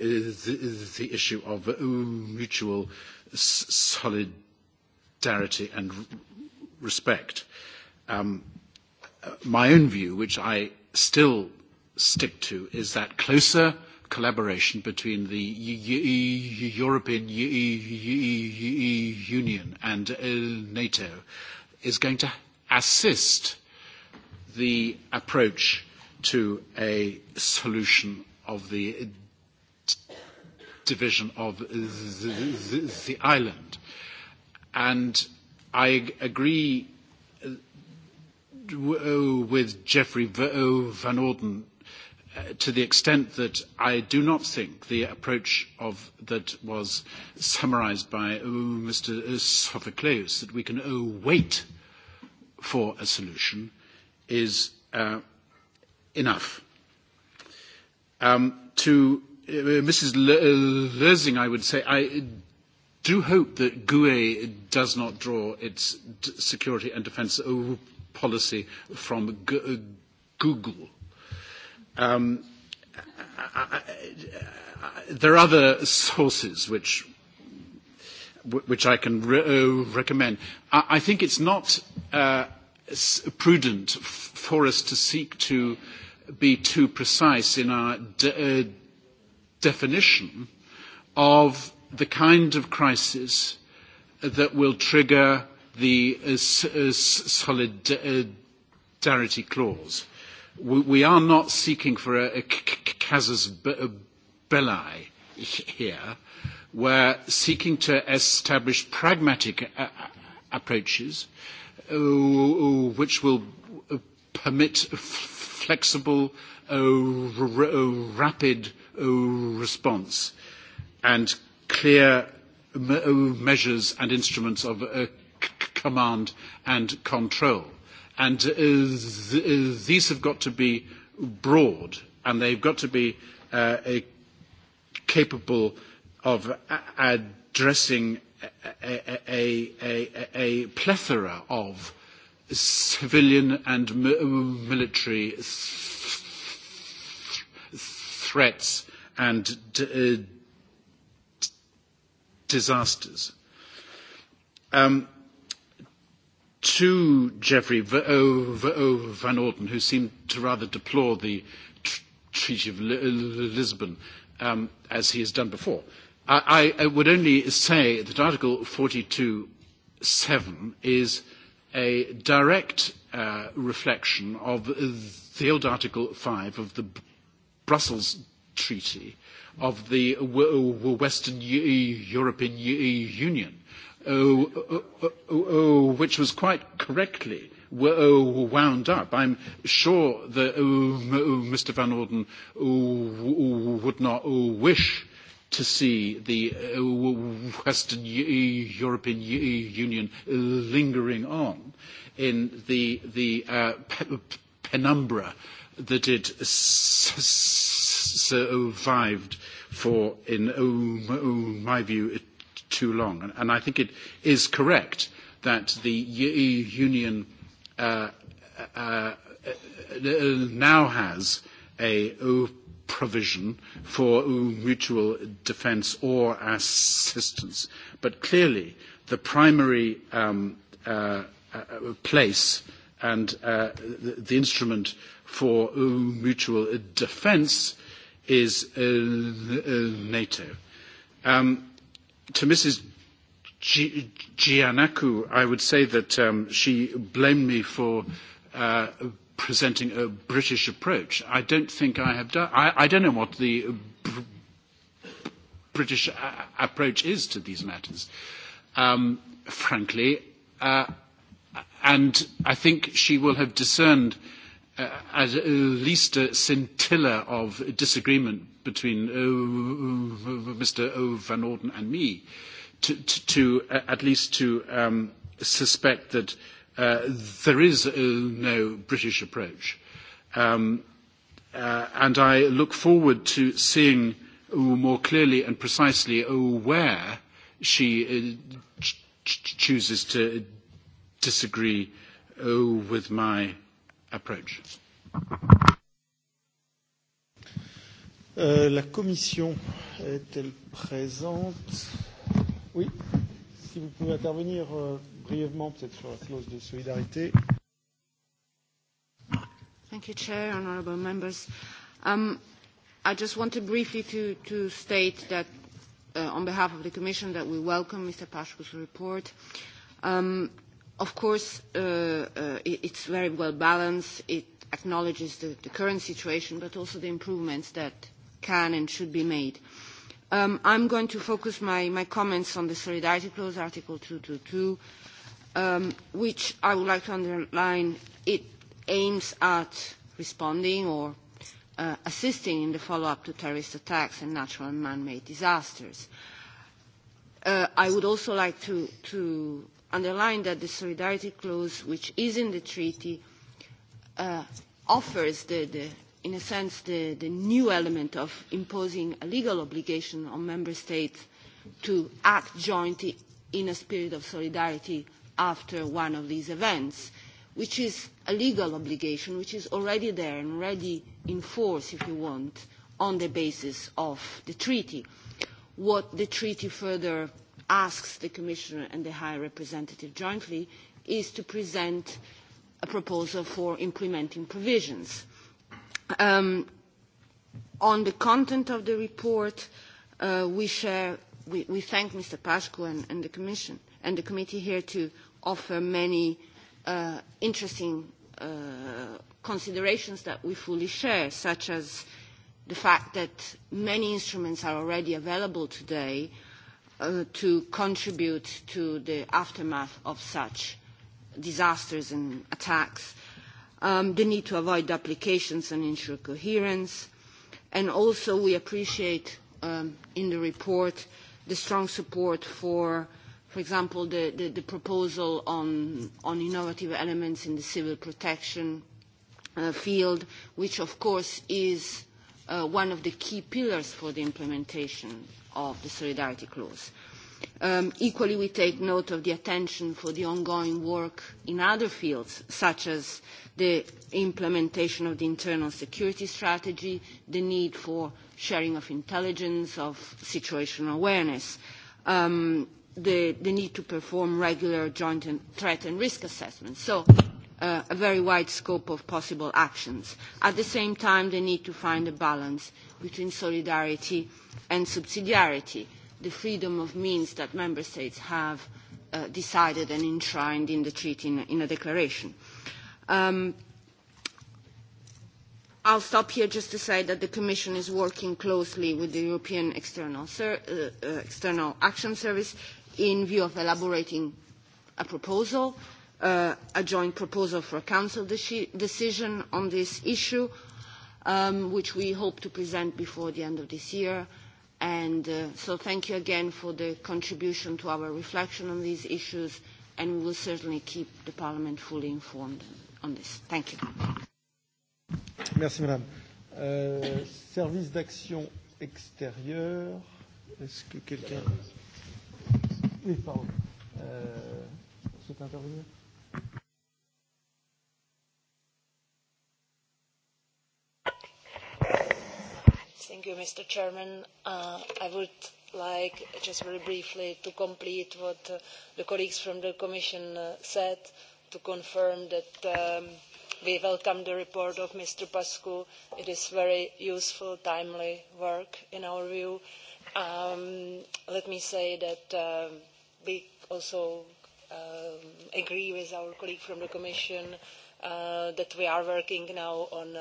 the issue of mutual solidarity and respect. my own view, which I still stick to, is that closer collaboration between the European Union and NATO is going to assist the approach to a solution of the division of the island. And I agree with Geoffrey Van Orden to the extent that I do not think the approach that was summarised by Mr. Sophocleus, that we can wait for a solution, is enough. to Mrs. Lersing, I would say, I do hope that GUE does not draw its security and defence policy from Google. there are other sources which which I can recommend. I, I think it's not prudent for us to seek to be too precise in our definition of the kind of crisis that will trigger the solidarity clause. We are not seeking for a casus belli here. We're seeking to establish pragmatic approaches uh, which will permit flexible, rapid response and clear measures and instruments of command and control. these have got to be broad and they've got to be capable of addressing a, plethora of civilian and military threats and disasters. to Geoffrey Van Orden, who seemed to rather deplore the Treaty of Lisbon, as he has done before, I, I would only say that Article 42.7 is a direct uh, reflection of the old Article 5 of the Brussels Treaty of the Western European Union, which was quite correctly wound up. I'm sure that Mr. Van Orden would not wish to see the Western European Union lingering on in the penumbra that it survived for, in my view, too long. And I think it is correct that the union now has a provision for mutual defence or assistance. But clearly, the primary place and the instrument for mutual defence is NATO. to Mrs. Giannakou, I would say that she blamed me for presenting a British approach. I don't think I have done. I, I don't know what the br- British a- approach is to these matters, um, frankly. Uh, and I think she will have discerned uh, at least a scintilla of disagreement between uh, Mr. Van Orden and me, to, to, to uh, at least to um, suspect that there is no British approach. and I look forward to seeing more clearly and precisely where she chooses to disagree with my approach. la Commission est-elle présente Oui, si vous pouvez intervenir, brièvement peut-être sur la clause de solidarité. Thank you, Chair, honorable members. Um, I just wanted briefly to, to state that uh, on behalf of the Commission that we welcome Mr. Pashko's report. Um, of course, uh, uh, it's very well balanced. It acknowledges the, the current situation, but also the improvements that can and should be made. Um, I'm going to focus my, my comments on the Solidarity Clause, Article 222, which I would like to underline, it aims at responding or assisting in the follow-up to terrorist attacks and natural and man-made disasters. I would also like to, underline that the solidarity clause, which is in the treaty, offers the, in a sense, the, the new element of imposing a legal obligation on member states to act jointly in a spirit of solidarity after one of these events, which is a legal obligation, which is already there and already in force, if you want, on the basis of the treaty. What the treaty further asks the Commissioner and the High Representative jointly is to present a proposal for implementing provisions. Um, on the content of the report, uh, we share, we, we thank Mr. Pascu and, and the Commission and the committee here too offer many uh, interesting uh, considerations that we fully share, such as the fact that many instruments are already available today uh, to contribute to the aftermath of such disasters and attacks, um, the need to avoid duplications and ensure coherence, and also we appreciate um, in the report the strong support for uh, for example, the, the, the proposal on, on innovative elements in the civil protection uh, field, which of course is uh, one of the key pillars for the implementation of the Solidarity Clause. Um, equally, we take note of the attention for the ongoing work in other fields, such as the implementation of the internal security strategy, the need for sharing of intelligence, of situational awareness. Um, the, the need to perform regular joint and threat and risk assessments. So uh, a very wide scope of possible actions. At the same time, they need to find a balance between solidarity and subsidiarity, the freedom of means that member states have uh, decided and enshrined in the treaty in, in a declaration. Um, I'll stop here just to say that the Commission is working closely with the European External, Ser uh, uh, External Action Service in view of elaborating a proposal, uh, a joint proposal for a council de decision on this issue, um, which we hope to present before the end of this year. And uh, so thank you again for the contribution to our reflection on these issues, and we will certainly keep the Parliament fully informed on this. Thank you. Merci, Madame. Euh, service d'action extérieure. Est-ce que quelqu'un... Oui, pardon. Euh, vous souhaitez intervenir Thank you, Mr. Chairman. Uh, I would like just very briefly to complete what uh, the colleagues from the Commission uh, said, to confirm that um, we welcome the report of Mr. Pascu. It is very useful, timely work in our view. Um, let me say that um, we also agree with our colleague from the Commission that we are working now on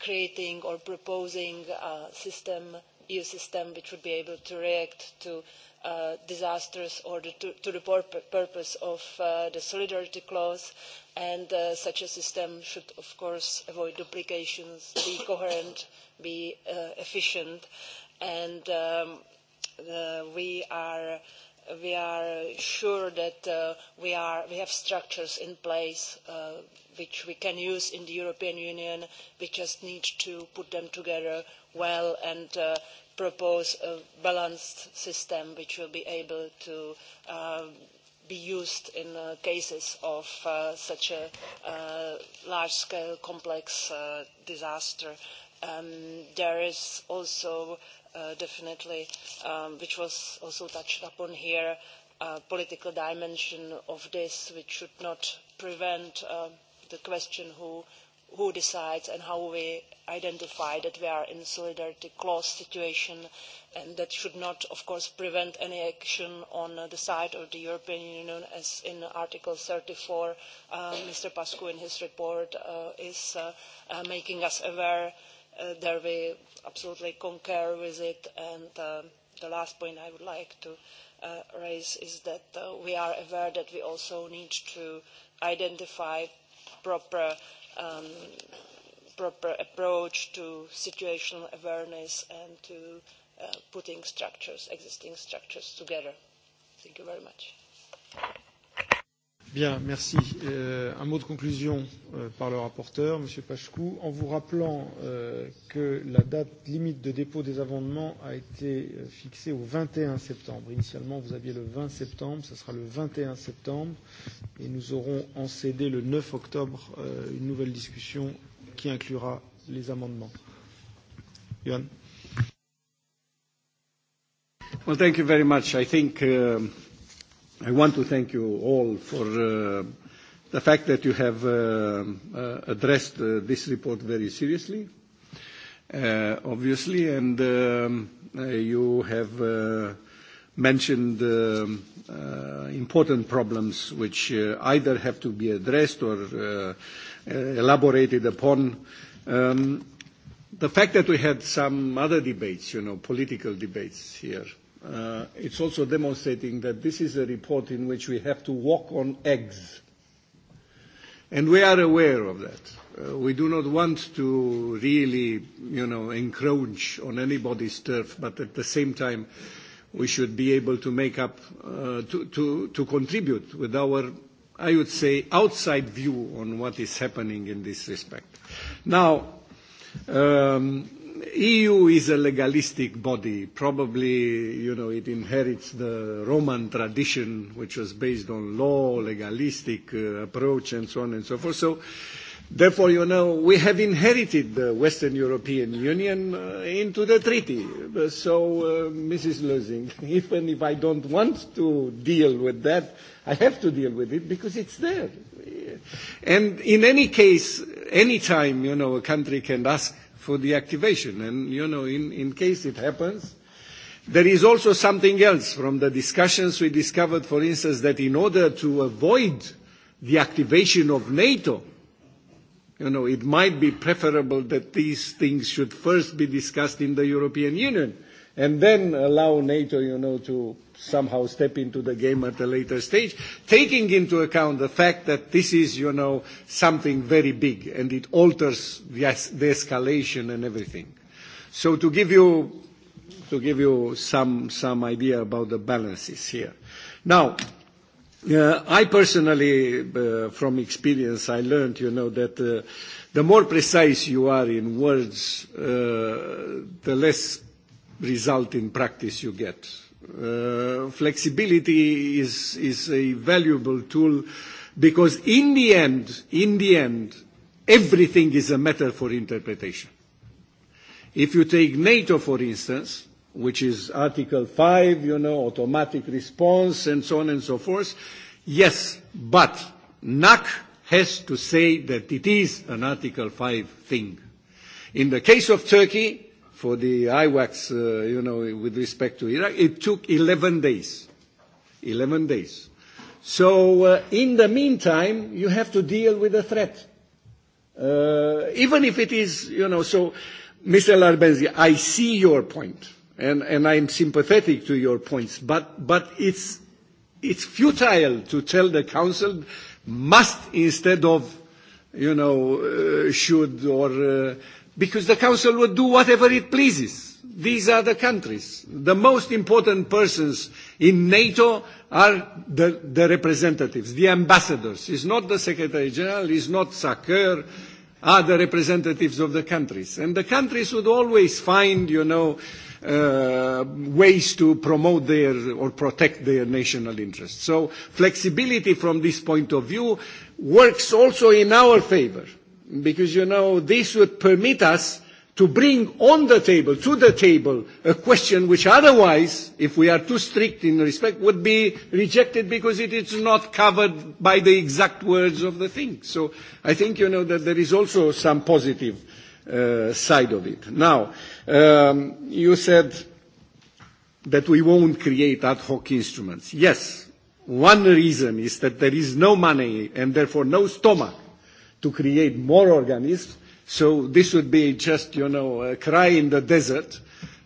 creating or proposing a system, EU system, which would be able to react to disasters or to the purpose of the solidarity clause and such a system should of course avoid duplications, be coherent, be efficient and we are we are sure that we, have structures in place which we can use in the European Union. We just need to put them together well and propose a balanced system which will be able to be used in cases of such a large-scale complex disaster. there is also definitely, which was also touched upon here, uh, political dimension of this, which should not prevent the question who who decides and how we identify that we are in a solidarity clause situation and that should not of course prevent any action on the side of the european union as in article thirty four mr pacu in his report is making us aware of there we absolutely concur with it. And the last point I would like to raise is that we are aware that we also need to identify proper proper approach to situational awareness and to putting structures, existing structures together. Thank you very much. Bien, merci. un mot de conclusion par le rapporteur, Monsieur Pachkou, en vous rappelant que la date limite de dépôt des amendements a été fixée au 21 septembre. Initialement, vous aviez le 20 septembre, ce sera le 21 septembre, et nous aurons en CD le 9 octobre une nouvelle discussion qui inclura les amendements. Johan. Well, thank you very much. I think. I want to thank you all for the fact that you have addressed this report very seriously, obviously, and you have mentioned important problems which either have to be addressed or elaborated upon. The fact that we had some other debates, you know, political debates here, uh, it's also demonstrating that this is a report in which we have to walk on eggs. And we are aware of that. Uh, we do not want to really, you know, encroach on anybody's turf, but at the same time, we should be able to make up, uh, to, to, to contribute with our, I would say, outside view on what is happening in this respect. Now, um, EU is a legalistic body. Probably, you know, it inherits the Roman tradition, which was based on law, legalistic uh, approach, and so on and so forth. So, therefore, you know, we have inherited the Western European Union uh, into the treaty. So, uh, Mrs. Lusing, even if I don't want to deal with that, I have to deal with it because it's there. And in any case, any time, you know, a country can ask for the activation. And, you know, in, in case it happens, there is also something else from the discussions we discovered, for instance, that in order to avoid the activation of NATO, you know, it might be preferable that these things should first be discussed in the European Union and then allow NATO, you know, to somehow step into the game at a later stage, taking into account the fact that this is, you know, something very big and it alters the, the escalation and everything. So to give you, to give you some, some idea about the balances here. Now, uh, I personally, uh, from experience, I learned, you know, that uh, the more precise you are in words, uh, the less result in practice you get. Uh, flexibility is, is a valuable tool because in the end, in the end, everything is a matter for interpretation. If you take NATO, for instance, which is Article 5, you know, automatic response and so on and so forth, yes, but NAC has to say that it is an Article 5 thing. In the case of Turkey, for the IWACS, uh, you know, with respect to Iraq, it took 11 days. 11 days. So uh, in the meantime, you have to deal with the threat. Uh, even if it is, you know, so, Mr. Larbenzi, I see your point, and, and I'm sympathetic to your points, but, but it's, it's futile to tell the Council must instead of, you know, uh, should or uh, because the Council would do whatever it pleases. These are the countries. The most important persons in NATO are the, the representatives, the ambassadors. It's not the Secretary General, it's not Sakur, are the representatives of the countries. And the countries would always find, you know, uh, ways to promote their or protect their national interests. So flexibility from this point of view works also in our favor because, you know, this would permit us to bring on the table, to the table, a question which otherwise, if we are too strict in respect, would be rejected because it is not covered by the exact words of the thing. So I think, you know, that there is also some positive uh, side of it. Now, um, you said that we won't create ad hoc instruments. Yes, one reason is that there is no money and therefore no stomach to create more organisms. So this would be just, you know, a cry in the desert.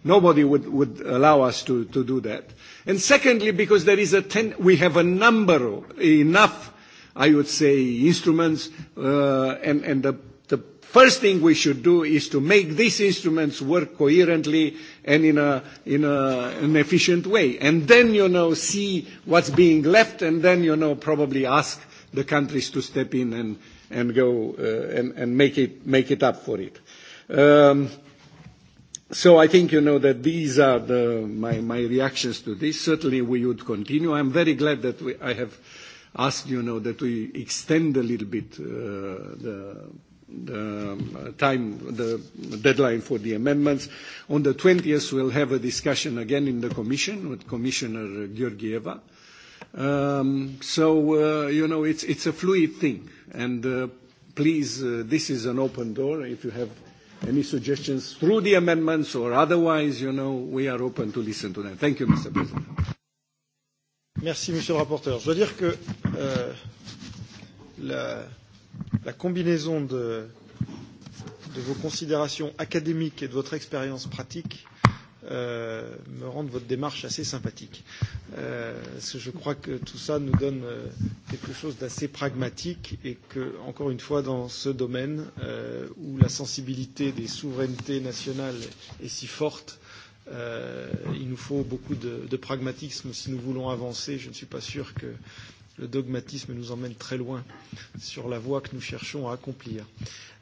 Nobody would, would allow us to, to do that. And secondly, because there is a ten, we have a number, enough, I would say, instruments, uh, and, and the, the first thing we should do is to make these instruments work coherently and in, a, in a, an efficient way. And then, you know, see what's being left, and then, you know, probably ask the countries to step in and, and go uh, and, and make it make it up for it. Um, so I think you know that these are the, my my reactions to this. Certainly, we would continue. I'm very glad that we, I have asked you know that we extend a little bit uh, the the time, the deadline for the amendments. On the 20th, we'll have a discussion again in the commission with Commissioner Georgieva. So, you know, it's it's a fluid thing. And uh, please, uh, this is an open door. If you have any suggestions through the amendments or otherwise, you know, we are open to listen to them. Thank you, Mr. President. Merci, Monsieur le rapporteur. Je dois dire que euh, la, la combinaison de, de vos considérations académiques et de votre expérience pratique euh, me rendent votre démarche assez sympathique. Euh, je crois que tout ça nous donne quelque chose d'assez pragmatique et que, encore une fois, dans ce domaine euh, où la sensibilité des souverainetés nationales est si forte, euh, il nous faut beaucoup de, de pragmatisme si nous voulons avancer. Je ne suis pas sûr que euh, le dogmatisme nous emmène très loin sur la voie que nous cherchons à accomplir.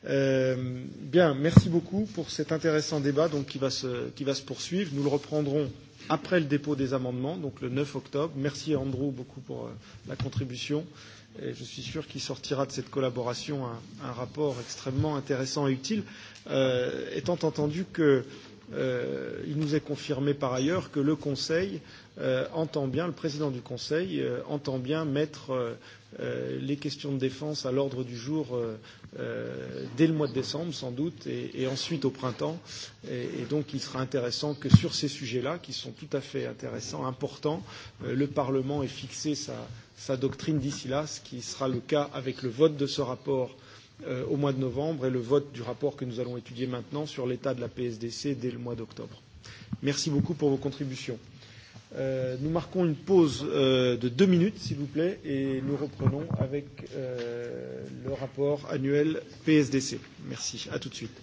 Euh, bien, merci beaucoup pour cet intéressant débat donc, qui, va se, qui va se poursuivre. Nous le reprendrons après le dépôt des amendements, donc le 9 octobre. Merci à Andrew beaucoup pour euh, la contribution. Et je suis sûr qu'il sortira de cette collaboration un, un rapport extrêmement intéressant et utile, euh, étant entendu qu'il euh, nous est confirmé par ailleurs que le Conseil euh, euh, entend bien, le président du Conseil euh, entend bien mettre euh, les questions de défense à l'ordre du jour euh, euh, dès le mois de décembre, sans doute, et, et ensuite au printemps. Et, et donc, il sera intéressant que sur ces sujets-là, qui sont tout à fait intéressants, importants, euh, le Parlement ait fixé sa, sa doctrine d'ici là, ce qui sera le cas avec le vote de ce rapport euh, au mois de novembre et le vote du rapport que nous allons étudier maintenant sur l'état de la PSDC dès le mois d'octobre. Merci beaucoup pour vos contributions nous marquons une pause euh, de deux minutes, s'il vous plaît, et nous reprenons avec euh, le rapport annuel PSDC. Merci. À tout de suite.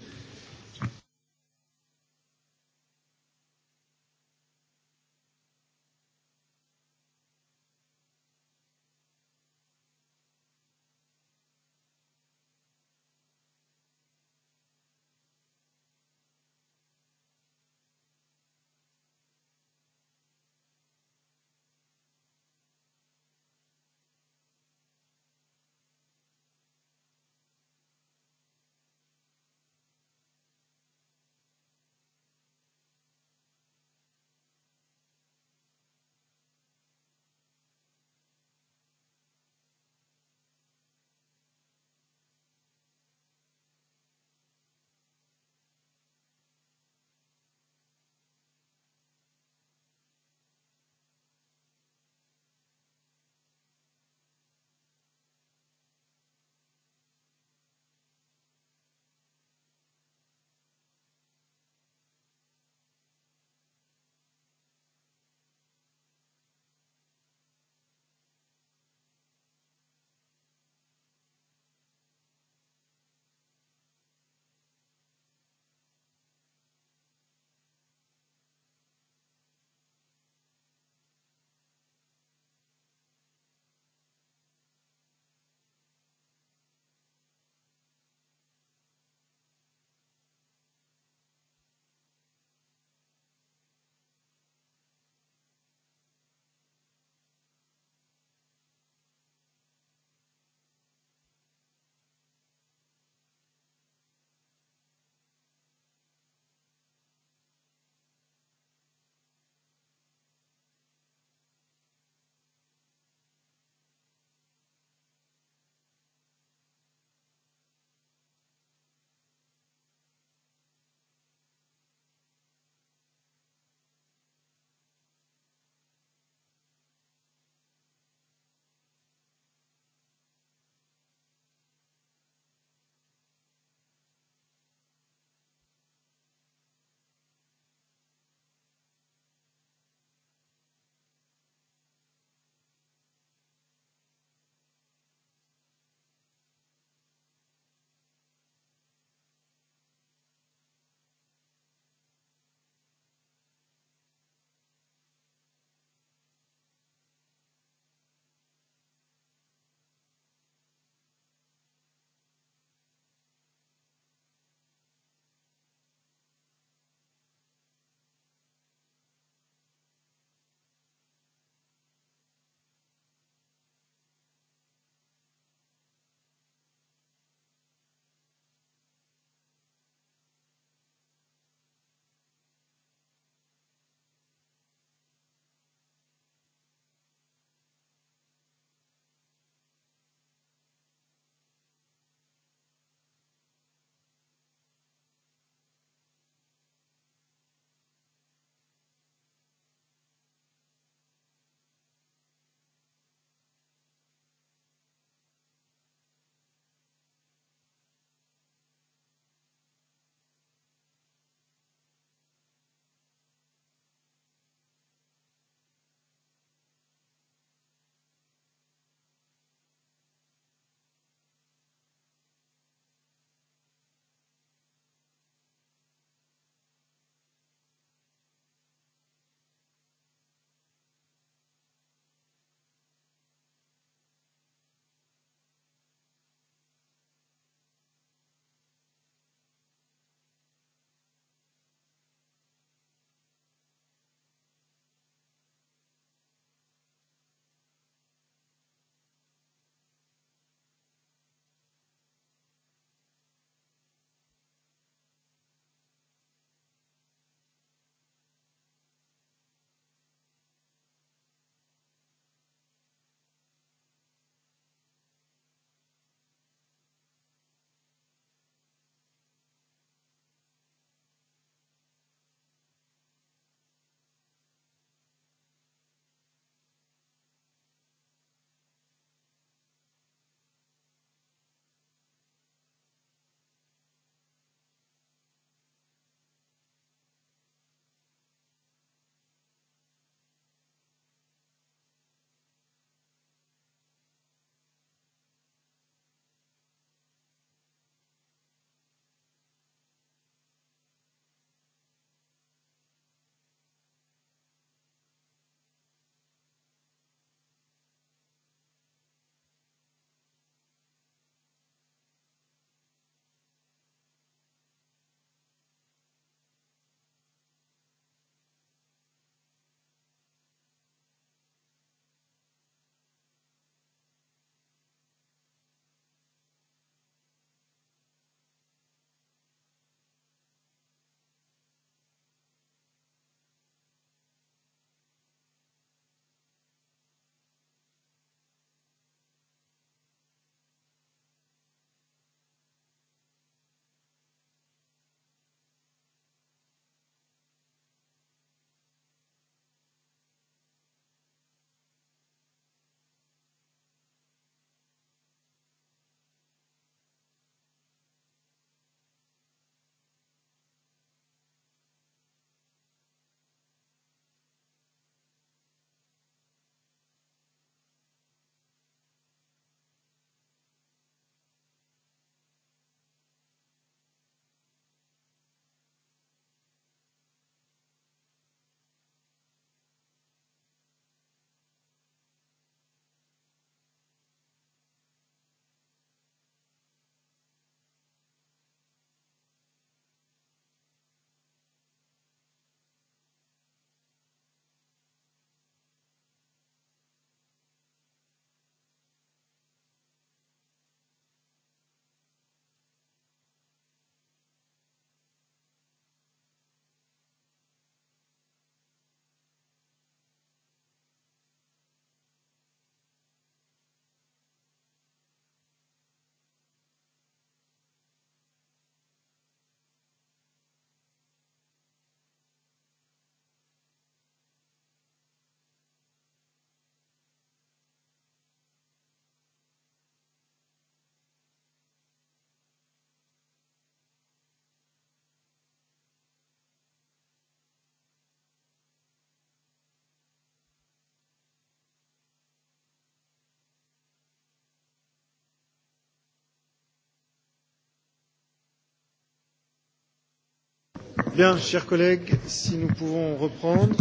Bien, chers collègues, si nous pouvons reprendre.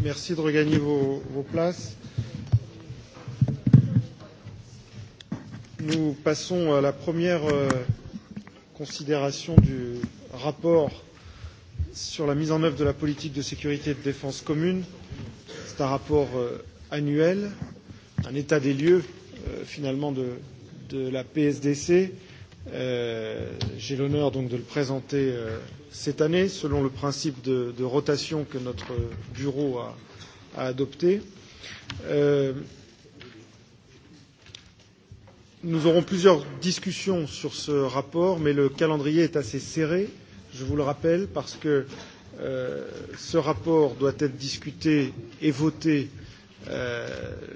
Merci de regagner vos, vos places. Nous passons à la première considération du rapport sur la mise en œuvre de la politique de sécurité et de défense commune. C'est un rapport annuel, un état des lieux finalement de, de la PSDC. Euh, J'ai l'honneur donc de le présenter euh, cette année, selon le principe de, de rotation que notre bureau a, a adopté. Euh, nous aurons plusieurs discussions sur ce rapport, mais le calendrier est assez serré, je vous le rappelle, parce que euh, ce rapport doit être discuté et voté euh,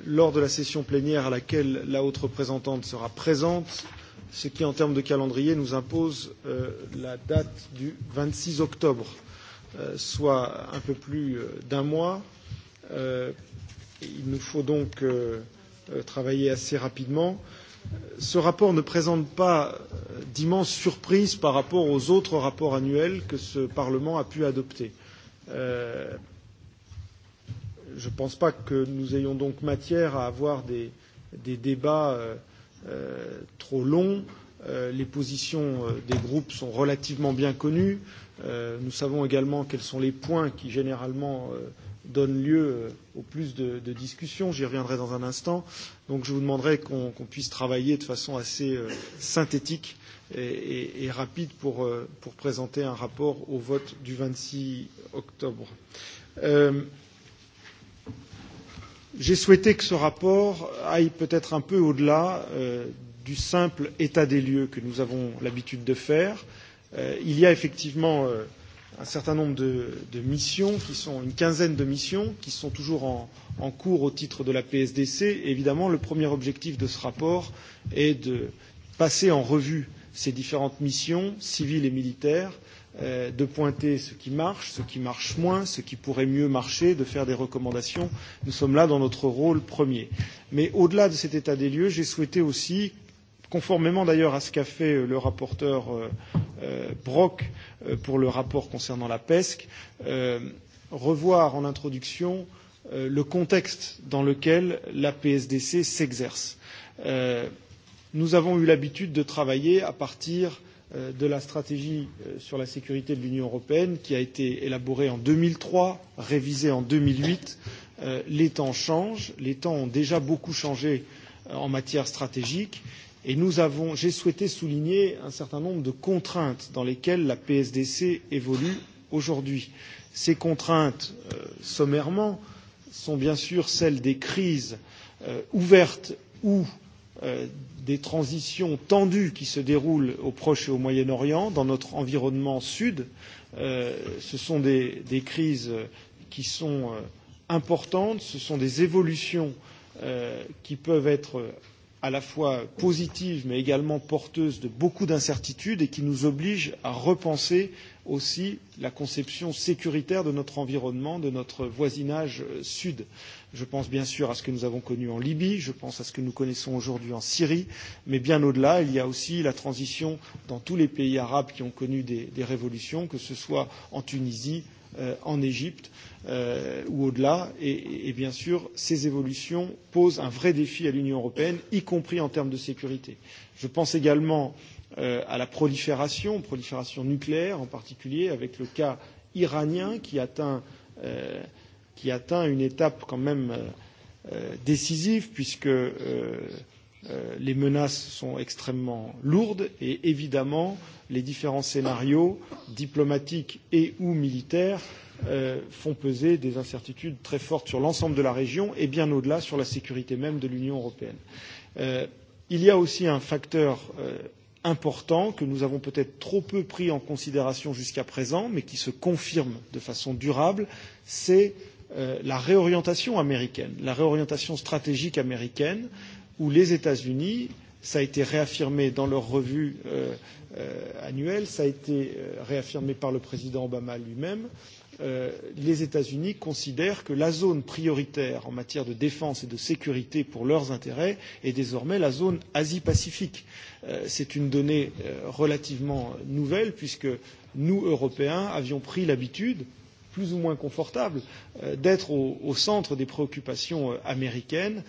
lors de la session plénière à laquelle la haute représentante sera présente, ce qui, en termes de calendrier, nous impose la date du vingt six octobre, soit un peu plus d'un mois. il nous faut donc travailler assez rapidement. Ce rapport ne présente pas d'immenses surprises par rapport aux autres rapports annuels que ce Parlement a pu adopter je ne pense pas que nous ayons donc matière à avoir des, des débats euh, euh, trop longs. Euh, les positions euh, des groupes sont relativement bien connues. Euh, nous savons également quels sont les points qui généralement euh, donnent lieu euh, au plus de, de discussions. J'y reviendrai dans un instant. Donc je vous demanderai qu'on qu puisse travailler de façon assez euh, synthétique et, et, et rapide pour, euh, pour présenter un rapport au vote du 26 octobre. Euh, J'ai souhaité que ce rapport aille peut-être un peu au-delà du simple état des lieux que nous avons l'habitude de faire. il y a effectivement un certain nombre de, missions qui sont une quinzaine de missions qui sont toujours en, cours au titre de la PSDC. Et évidemment, le premier objectif de ce rapport est de passer en revue ces différentes missions civiles et militaires de pointer ce qui marche, ce qui marche moins, ce qui pourrait mieux marcher, de faire des recommandations. Nous sommes là dans notre rôle premier. Mais au-delà de cet état des lieux, j'ai souhaité aussi, conformément d'ailleurs à ce qu'a fait le rapporteur Brok pour le rapport concernant la PESC, revoir en introduction le contexte dans lequel la PSDC s'exerce. nous avons eu l'habitude de travailler à partir de la stratégie sur la sécurité de l'Union européenne qui a été élaborée en deux mille trois, révisée en deux mille huit. les temps changent, les temps ont déjà beaucoup changé en matière stratégique et nous avons j'ai souhaité souligner un certain nombre de contraintes dans lesquelles la PSDC évolue aujourd'hui. Ces contraintes, sommairement, sont bien sûr celles des crises ouvertes ou des transitions tendues qui se déroulent au Proche et au Moyen-Orient, dans notre environnement sud. ce sont des, crises qui sont importantes, ce sont des évolutions qui peuvent être à la fois positives mais également porteuses de beaucoup d'incertitudes et qui nous obligent à repenser aussi la conception sécuritaire de notre environnement, de notre voisinage sud. Je pense bien sûr à ce que nous avons connu en Libye, je pense à ce que nous connaissons aujourd'hui en Syrie, mais bien au-delà, il y a aussi la transition dans tous les pays arabes qui ont connu des, des révolutions, que ce soit en Tunisie, euh, en Égypte euh, ou au-delà. Et, et bien sûr, ces évolutions posent un vrai défi à l'Union européenne, y compris en termes de sécurité. Je pense également à la prolifération, prolifération nucléaire en particulier, avec le cas iranien qui atteint, euh, qui atteint une étape quand même euh, décisive, puisque euh, euh, les menaces sont extrêmement lourdes et évidemment les différents scénarios diplomatiques et ou militaires euh, font peser des incertitudes très fortes sur l'ensemble de la région et bien au-delà sur la sécurité même de l'Union européenne. Euh, il y a aussi un facteur euh, important que nous avons peut-être trop peu pris en considération jusqu'à présent, mais qui se confirme de façon durable, c'est la réorientation américaine, la réorientation stratégique américaine, où les États-Unis, ça a été réaffirmé dans leur revue annuelle, ça a été réaffirmé par le président Obama lui-même, les États-Unis considèrent que la zone prioritaire en matière de défense et de sécurité pour leurs intérêts est désormais la zone Asie-Pacifique. C'est une donnée relativement nouvelle puisque nous, Européens, avions pris l'habitude plus ou moins confortable d'être au, centre des préoccupations américaines,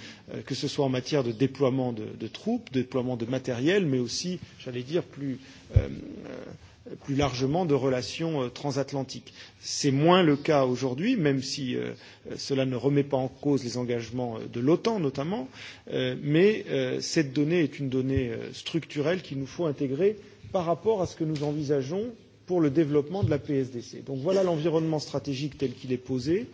que ce soit en matière de déploiement de, troupes, de déploiement de matériel, mais aussi, j'allais dire, plus plus largement de relations transatlantiques. C'est moins le cas aujourd'hui, même si cela ne remet pas en cause les engagements de l'OTAN notamment, mais cette donnée est une donnée structurelle qu'il nous faut intégrer par rapport à ce que nous envisageons pour le développement de la PSDC. Donc voilà l'environnement stratégique tel qu'il est posé,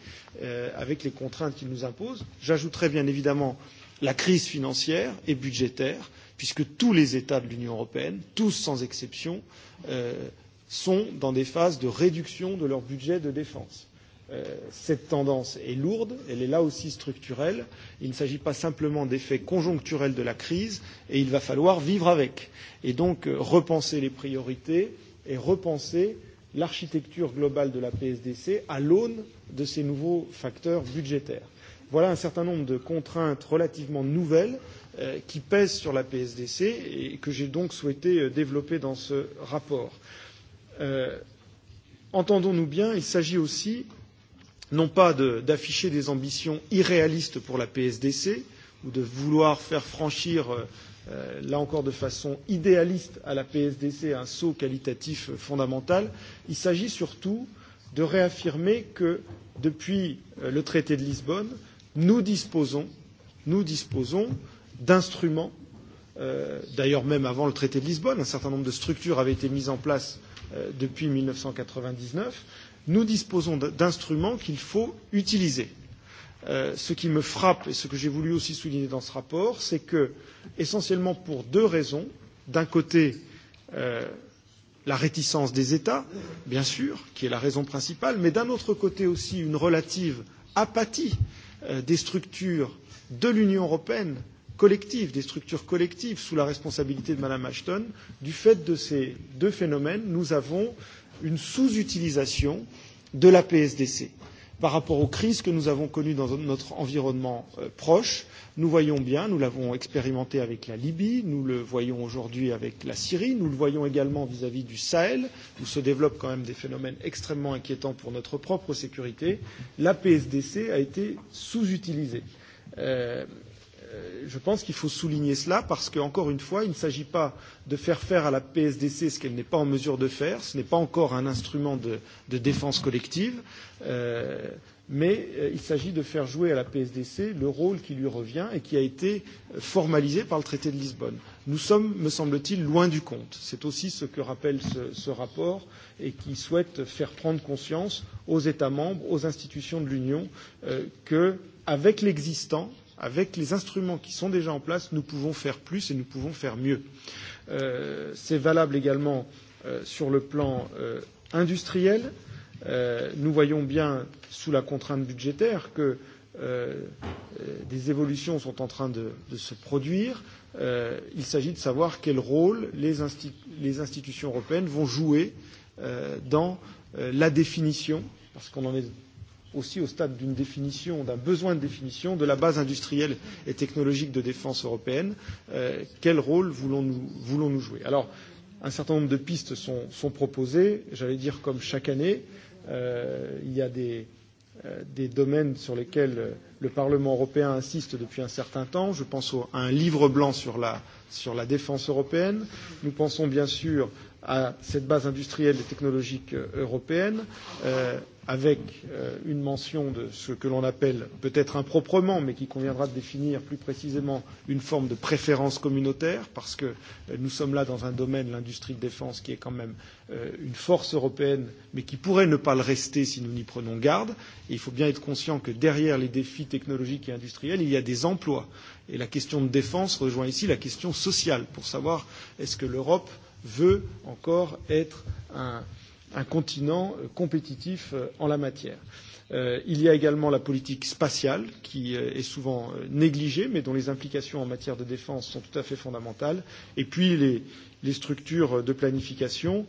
avec les contraintes qu'il nous impose. J'ajouterai bien évidemment la crise financière et budgétaire, puisque tous les États de l'Union européenne, tous sans exception, sont dans des phases de réduction de leur budget de défense. Cette tendance est lourde, elle est là aussi structurelle. Il ne s'agit pas simplement d'effets conjoncturels de la crise et il va falloir vivre avec. Et donc repenser les priorités et repenser l'architecture globale de la PSDC à l'aune de ces nouveaux facteurs budgétaires. Voilà un certain nombre de contraintes relativement nouvelles qui pèsent sur la PSDC et que j'ai donc souhaité développer dans ce rapport. Entendons-nous bien, il s'agit aussi non pas d'afficher des ambitions irréalistes pour la PSDC ou de vouloir faire franchir, là encore de façon idéaliste, à la PSDC un saut qualitatif fondamental. Il s'agit surtout de réaffirmer que depuis le traité de Lisbonne, nous disposons, nous disposons d'instruments. Euh, D'ailleurs, même avant le traité de Lisbonne, un certain nombre de structures avaient été mises en place euh, depuis 1999. Nous disposons d'instruments qu'il faut utiliser. Euh, ce qui me frappe et ce que j'ai voulu aussi souligner dans ce rapport, c'est que, essentiellement pour deux raisons, d'un côté, euh, la réticence des États, bien sûr, qui est la raison principale, mais d'un autre côté aussi une relative apathie des structures de l'Union européenne collective, des structures collectives sous la responsabilité de Mme Ashton. Du fait de ces deux phénomènes, nous avons une sous-utilisation de la PSDC. Par rapport aux crises que nous avons connues dans notre environnement proche, nous voyons bien, nous l'avons expérimenté avec la Libye, nous le voyons aujourd'hui avec la Syrie, nous le voyons également vis-à-vis du Sahel, où se développent quand même des phénomènes extrêmement inquiétants pour notre propre sécurité, la PSDC a été sous-utilisée je pense qu'il faut souligner cela parce qu'encore une fois, il ne s'agit pas de faire faire à la PSDC ce qu'elle n'est pas en mesure de faire. Ce n'est pas encore un instrument de, de défense collective, euh, mais il s'agit de faire jouer à la PSDC le rôle qui lui revient et qui a été formalisé par le traité de Lisbonne. Nous sommes, me semble-t-il, loin du compte. C'est aussi ce que rappelle ce, ce rapport et qui souhaite faire prendre conscience aux États membres, aux institutions de l'Union, euh, l'existant, avec les instruments qui sont déjà en place, nous pouvons faire plus et nous pouvons faire mieux. Euh, C'est valable également euh, sur le plan euh, industriel. Euh, nous voyons bien, sous la contrainte budgétaire, que euh, des évolutions sont en train de, de se produire. Euh, il s'agit de savoir quel rôle les, insti les institutions européennes vont jouer euh, dans euh, la définition, parce qu'on en est aussi au stade d'une définition, d'un besoin de définition de la base industrielle et technologique de défense européenne. Euh, quel rôle voulons-nous voulons -nous jouer Alors, un certain nombre de pistes sont, sont proposées. J'allais dire comme chaque année, euh, il y a des, euh, des domaines sur lesquels le Parlement européen insiste depuis un certain temps. Je pense au, à un livre blanc sur la, sur la défense européenne. Nous pensons bien sûr à cette base industrielle et technologique européenne, euh, avec une mention de ce que l'on appelle peut-être improprement, mais qui conviendra de définir plus précisément une forme de préférence communautaire, parce que nous sommes là dans un domaine, l'industrie de défense, qui est quand même une force européenne, mais qui pourrait ne pas le rester si nous n'y prenons garde. Et il faut bien être conscient que derrière les défis technologiques et industriels, il y a des emplois. Et la question de défense rejoint ici la question sociale, pour savoir est-ce que l'Europe veut encore être un un continent compétitif en la matière. il y a également la politique spatiale qui est souvent négligée mais dont les implications en matière de défense sont tout à fait fondamentales et puis les, les structures de planification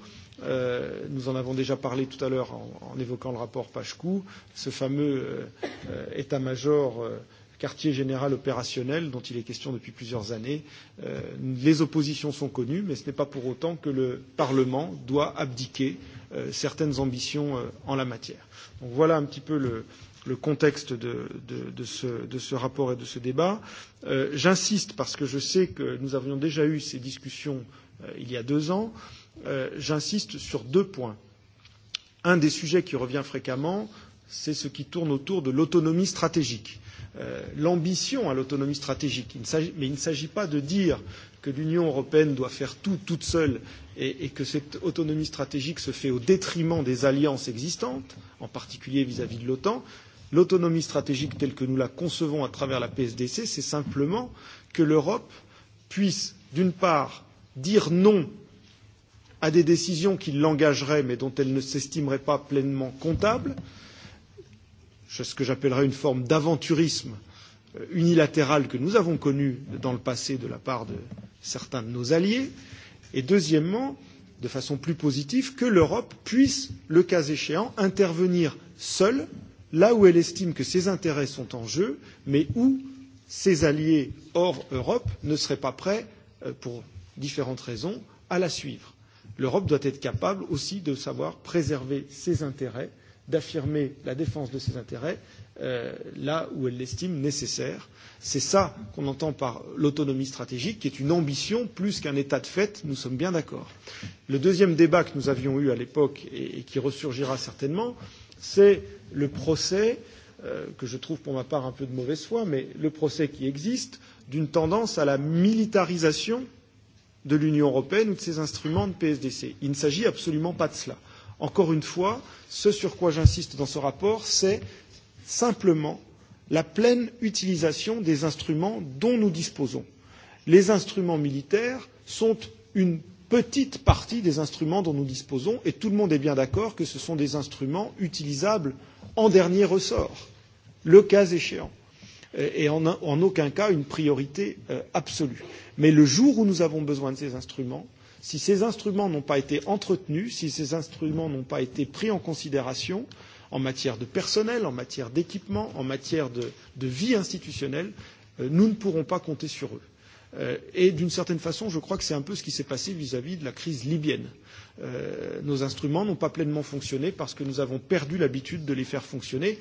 nous en avons déjà parlé tout à l'heure en, évoquant le rapport Pachkou, ce fameux état-major quartier général opérationnel dont il est question depuis plusieurs années. les oppositions sont connues, mais ce n'est pas pour autant que le Parlement doit abdiquer certaines ambitions en la matière. Donc voilà un petit peu le, le contexte de, de, de, ce, de ce rapport et de ce débat. Euh, J'insiste parce que je sais que nous avions déjà eu ces discussions euh, il y a deux ans. Euh, J'insiste sur deux points. Un des sujets qui revient fréquemment, c'est ce qui tourne autour de l'autonomie stratégique l'ambition à l'autonomie stratégique. mais il ne s'agit pas de dire que l'Union européenne doit faire tout toute seule et, que cette autonomie stratégique se fait au détriment des alliances existantes, en particulier vis-à-vis de l'OTAN. L'autonomie stratégique telle que nous la concevons à travers la PSDC, c'est simplement que l'Europe puisse, d'une part, dire non à des décisions qui l'engageraient mais dont elle ne s'estimerait pas pleinement comptable, euh, ce que j'appellerais une forme d'aventurisme unilatéral que nous avons connu dans le passé de la part de certains de nos alliés, et deuxièmement, de façon plus positive, que l'Europe puisse, le cas échéant, intervenir seule là où elle estime que ses intérêts sont en jeu, mais où ses alliés hors Europe ne seraient pas prêts, pour différentes raisons, à la suivre. L'Europe doit être capable aussi de savoir préserver ses intérêts d'affirmer la défense de ses intérêts là où elle l'estime nécessaire. C'est ça qu'on entend par l'autonomie stratégique, qui est une ambition plus qu'un état de fait, nous sommes bien d'accord. Le deuxième débat que nous avions eu à l'époque et, qui ressurgira certainement, c'est le procès que je trouve pour ma part un peu de mauvaise foi, mais le procès qui existe d'une tendance à la militarisation de l'Union européenne ou de ses instruments de PSDC. Il ne s'agit absolument pas de cela. Encore une fois, ce sur quoi j'insiste dans ce rapport, c'est simplement la pleine utilisation des instruments dont nous disposons. Les instruments militaires sont une petite partie des instruments dont nous disposons et tout le monde est bien d'accord que ce sont des instruments utilisables en dernier ressort, le cas échéant, et en, aucun cas une priorité absolue. Mais le jour où nous avons besoin de ces instruments, Si ces instruments n'ont pas été entretenus, si ces instruments n'ont pas été pris en considération en matière de personnel, en matière d'équipement, en matière de, de vie institutionnelle, nous ne pourrons pas compter sur eux. Et d'une certaine façon, je crois que c'est un peu ce qui s'est passé vis-à-vis de la crise libyenne. nos instruments n'ont pas pleinement fonctionné parce que nous avons perdu l'habitude de les faire fonctionner.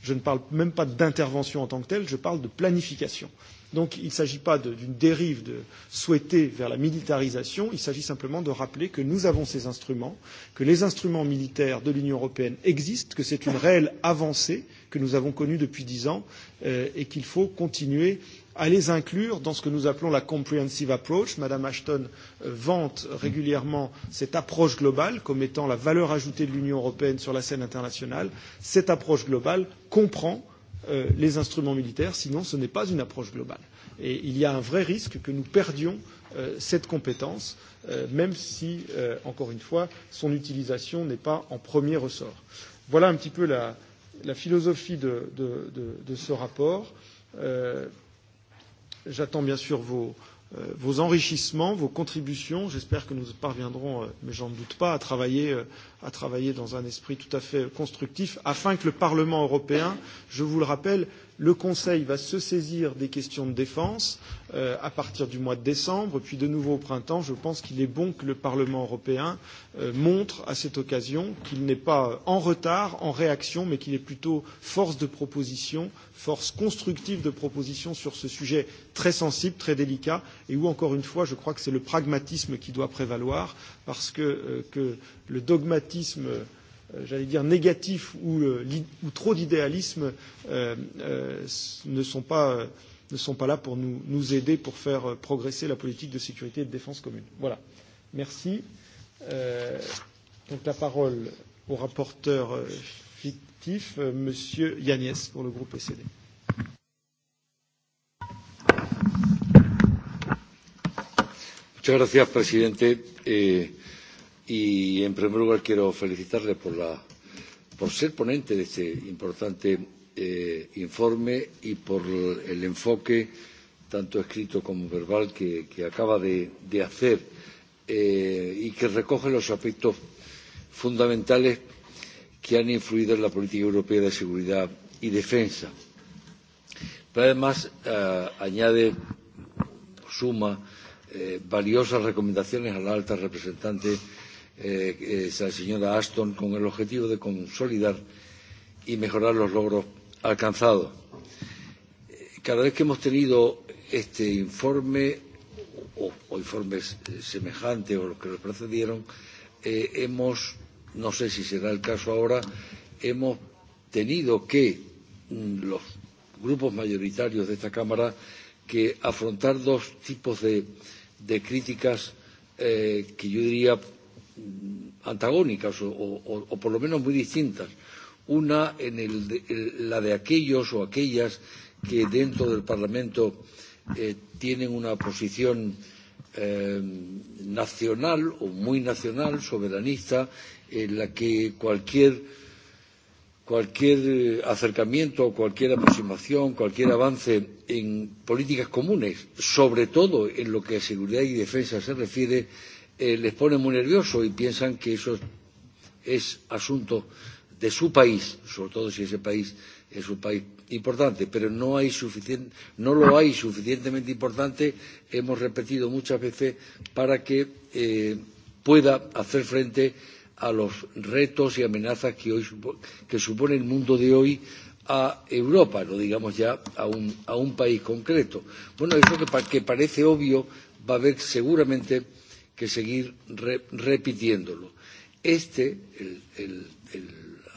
Je ne parle même pas d'intervention en tant que telle, je parle de planification. Donc il ne s'agit pas d'une dérive de souhaitée vers la militarisation, il s'agit simplement de rappeler que nous avons ces instruments, que les instruments militaires de l'Union européenne existent, que c'est une réelle avancée que nous avons connue depuis dix ans euh, et qu'il faut continuer à les inclure dans ce que nous appelons la comprehensive approach. Madame Ashton vante régulièrement cette approche globale comme étant la valeur ajoutée de l'Union européenne sur la scène internationale. Cette approche globale comprend les instruments militaires, sinon ce n'est pas une approche globale. Et il y a un vrai risque que nous perdions cette compétence, même si, encore une fois, son utilisation n'est pas en premier ressort. Voilà un petit peu la, philosophie de, ce rapport. J'attends bien sûr vos, vos enrichissements, vos contributions. J'espère que nous parviendrons, mais j'en doute pas, à travailler, à travailler dans un esprit tout à fait constructif afin que le Parlement européen, je vous le rappelle, Le Conseil va se saisir des questions de défense euh, à partir du mois de décembre, puis de nouveau au printemps. Je pense qu'il est bon que le Parlement européen euh, montre à cette occasion qu'il n'est pas en retard, en réaction, mais qu'il est plutôt force de proposition, force constructive de proposition sur ce sujet très sensible, très délicat, et où, encore une fois, je crois que c'est le pragmatisme qui doit prévaloir, parce que, euh, que le dogmatisme euh, j'allais dire, négatif ou, ou trop d'idéalisme euh, euh, ne, sont ne sont pas là pour nous, nous aider pour faire progresser la politique de sécurité et de défense commune. Voilà. Merci. Euh, donc la parole au rapporteur fictif, euh, Monsieur Yagnès, pour le groupe SED. Muchas gracias, presidente. Eh, Y en primer lugar quiero felicitarle por, la, por ser ponente de este importante eh, informe y por el enfoque, tanto escrito como verbal, que, que acaba de, de hacer eh, y que recoge los aspectos fundamentales que han influido en la política europea de seguridad y defensa. Pero además eh, añade, suma, eh, valiosas recomendaciones a la alta representante esa señora Ashton con el objetivo de consolidar y mejorar los logros alcanzados. Cada vez que hemos tenido este informe o, o informes semejantes o los que nos precedieron, eh, hemos, no sé si será el caso ahora, hemos tenido que los grupos mayoritarios de esta Cámara que afrontar dos tipos de, de críticas eh, que yo diría antagónicas o, o, o por lo menos muy distintas. Una en el la de aquellos o aquellas que dentro del Parlamento eh, tienen una posición eh, nacional o muy nacional, soberanista, en la que cualquier, cualquier acercamiento, cualquier aproximación, cualquier avance en políticas comunes, sobre todo en lo que a seguridad y defensa se refiere, eh, eh, les pone muy nervioso y piensan que eso es asunto de su país, sobre todo si ese país es un país importante, pero no, hay no lo hay suficientemente importante, hemos repetido muchas veces, para que eh, pueda hacer frente a los retos y amenazas que, hoy, que supone el mundo de hoy a Europa, no digamos ya a un, a un país concreto. Bueno, eso que, que parece obvio va a haber seguramente que seguir re, repitiéndolo. Este, el, el, el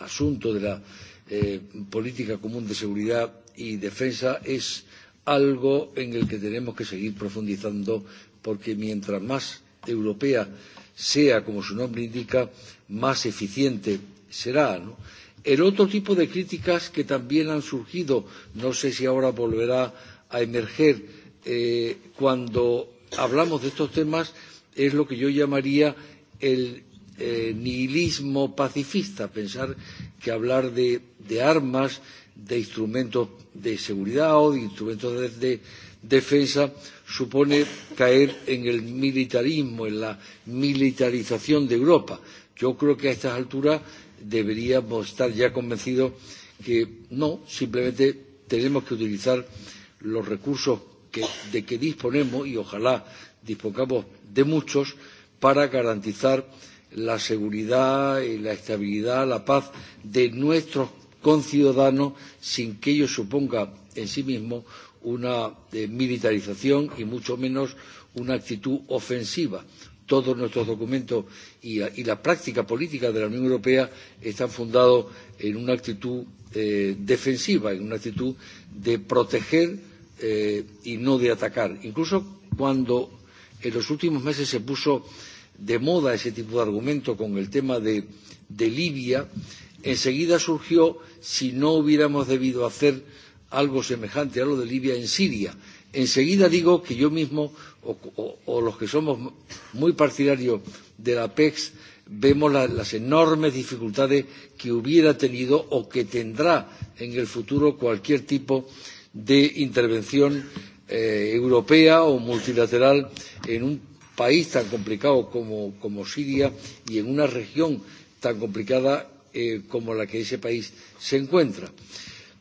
asunto de la eh, política común de seguridad y defensa, es algo en el que tenemos que seguir profundizando porque mientras más europea sea, como su nombre indica, más eficiente será. ¿no? El otro tipo de críticas que también han surgido, no sé si ahora volverá a emerger, eh, cuando hablamos de estos temas es lo que yo llamaría el eh, nihilismo pacifista, pensar que hablar de, de armas, de instrumentos de seguridad o de instrumentos de, de defensa supone caer en el militarismo, en la militarización de Europa. Yo creo que a estas alturas deberíamos estar ya convencidos que no, simplemente tenemos que utilizar los recursos que, de que disponemos y ojalá dispongamos de muchos para garantizar la seguridad y la estabilidad, la paz de nuestros conciudadanos sin que ello suponga en sí mismo una eh, militarización y mucho menos una actitud ofensiva. Todos nuestros documentos y, y la práctica política de la Unión Europea están fundados en una actitud eh, defensiva, en una actitud de proteger eh, y no de atacar. Incluso cuando en los últimos meses se puso de moda ese tipo de argumento con el tema de, de Libia, enseguida surgió si no hubiéramos debido hacer algo semejante a lo de Libia en Siria. Enseguida digo que yo mismo o, o, o los que somos muy partidarios de la PEX vemos la, las enormes dificultades que hubiera tenido o que tendrá en el futuro cualquier tipo de intervención eh, europea o multilateral en un país tan complicado como, como Siria y en una región tan complicada eh, como la que ese país se encuentra.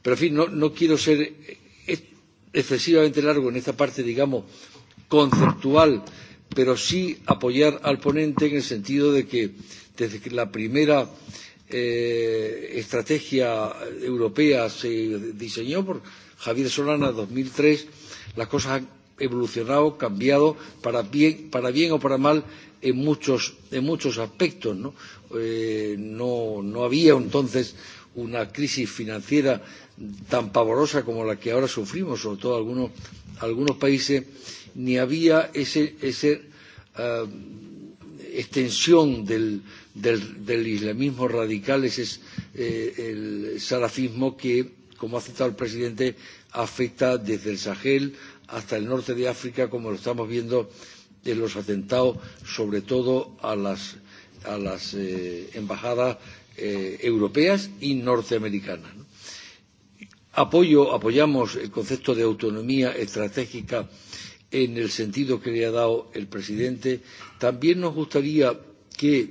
Pero, en fin, no, no quiero ser excesivamente largo en esta parte, digamos, conceptual, pero sí apoyar al ponente en el sentido de que desde que la primera eh, estrategia europea se diseñó por Javier Solana, 2003, las cosas han evolucionado, cambiado, para bien, para bien o para mal, en muchos, en muchos aspectos. ¿no? Eh, no, no había entonces una crisis financiera tan pavorosa como la que ahora sufrimos, sobre todo algunos, algunos países, ni había esa ese uh, extensión del, del, del islamismo radical, ese eh, el salafismo que como ha citado el presidente, afecta desde el Sahel hasta el norte de África, como lo estamos viendo en los atentados, sobre todo a las, a las eh, embajadas eh, europeas y norteamericanas. ¿no? Apoyo, apoyamos el concepto de autonomía estratégica en el sentido que le ha dado el presidente. También nos gustaría que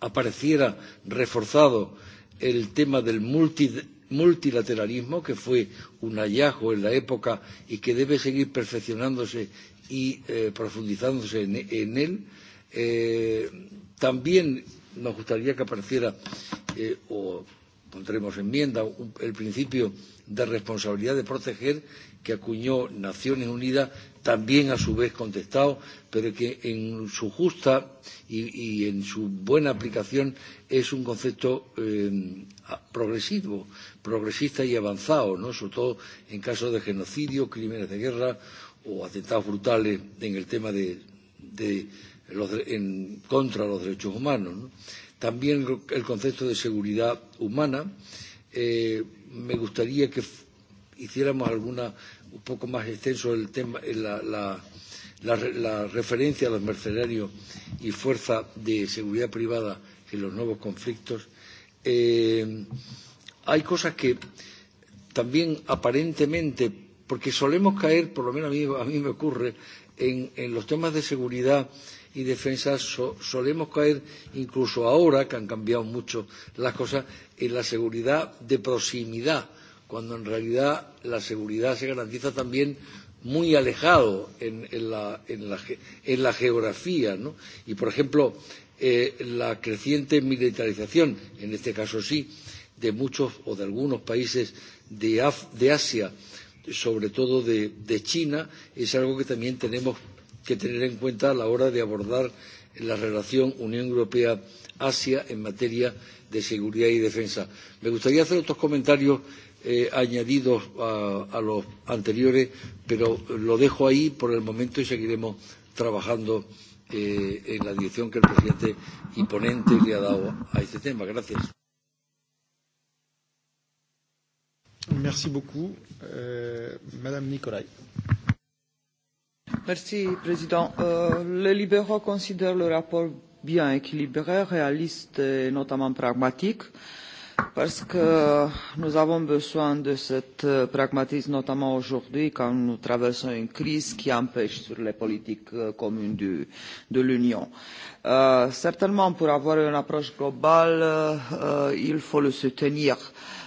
apareciera reforzado el tema del multi multilateralismo, que fue un hallazgo en la época y que debe seguir perfeccionándose y eh, profundizándose en, en él. Eh, también nos gustaría que apareciera, eh, o pondremos enmienda, un, el principio de responsabilidad de proteger que acuñó Naciones Unidas, también a su vez contestado, pero que en su justa y, y en su buena aplicación es un concepto eh, progresivo, progresista y avanzado, ¿no? sobre todo en casos de genocidio, crímenes de guerra o atentados brutales en el tema de, de los, en contra de los derechos humanos. ¿no? También el concepto de seguridad humana. Eh, me gustaría que hiciéramos alguna un poco más extenso el tema la, la, la, la referencia a los mercenarios y fuerza de seguridad privada en los nuevos conflictos eh, hay cosas que también aparentemente porque solemos caer por lo menos a mí, a mí me ocurre en, en los temas de seguridad y defensa so, solemos caer, incluso ahora que han cambiado mucho las cosas, en la seguridad de proximidad cuando en realidad la seguridad se garantiza también muy alejado en, en, la, en, la, en la geografía. ¿no? Y, por ejemplo, eh, la creciente militarización, en este caso sí, de muchos o de algunos países de, Af de Asia, sobre todo de, de China, es algo que también tenemos que tener en cuenta a la hora de abordar la relación Unión Europea-Asia en materia de seguridad y defensa. Me gustaría hacer otros comentarios eh, añadidos a, a los anteriores, pero lo dejo ahí por el momento y seguiremos trabajando eh, en la dirección que el presidente y ponente le ha dado a este tema. Gracias. Merci beaucoup. Madame Nicolai. Merci, Président. Euh, les libéraux considèrent le rapport bien équilibré, réaliste et notamment pragmatique. Euh, parce que nous avons besoin de ce pragmatisme, notamment aujourd'hui, quand nous traversons une crise qui empêche sur les politiques communes de l'Union. certainement, pour avoir une approche globale, il faut le soutenir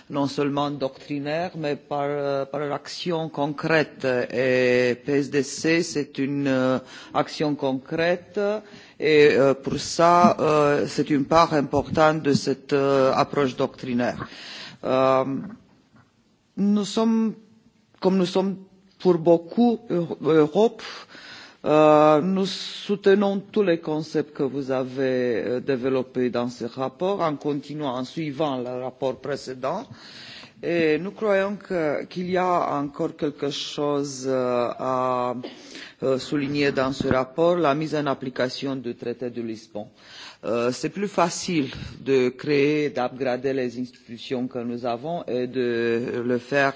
non seulement doctrinaire, mais par, par l'action concrète. Et PSDC, c'est une action concrète Et pour cela, c'est une part importante de cette approche doctrinaire. nous sommes, comme nous sommes pour beaucoup Europe, nous soutenons tous les concepts que vous avez développés dans ce rapport en continuant, en suivant le rapport précédent. Et nous croyons qu'il y a encore quelque chose à souligné dans ce rapport, la mise en application du traité de Lisbonne. c'est plus facile de créer, d'upgrader les institutions que nous avons et de le faire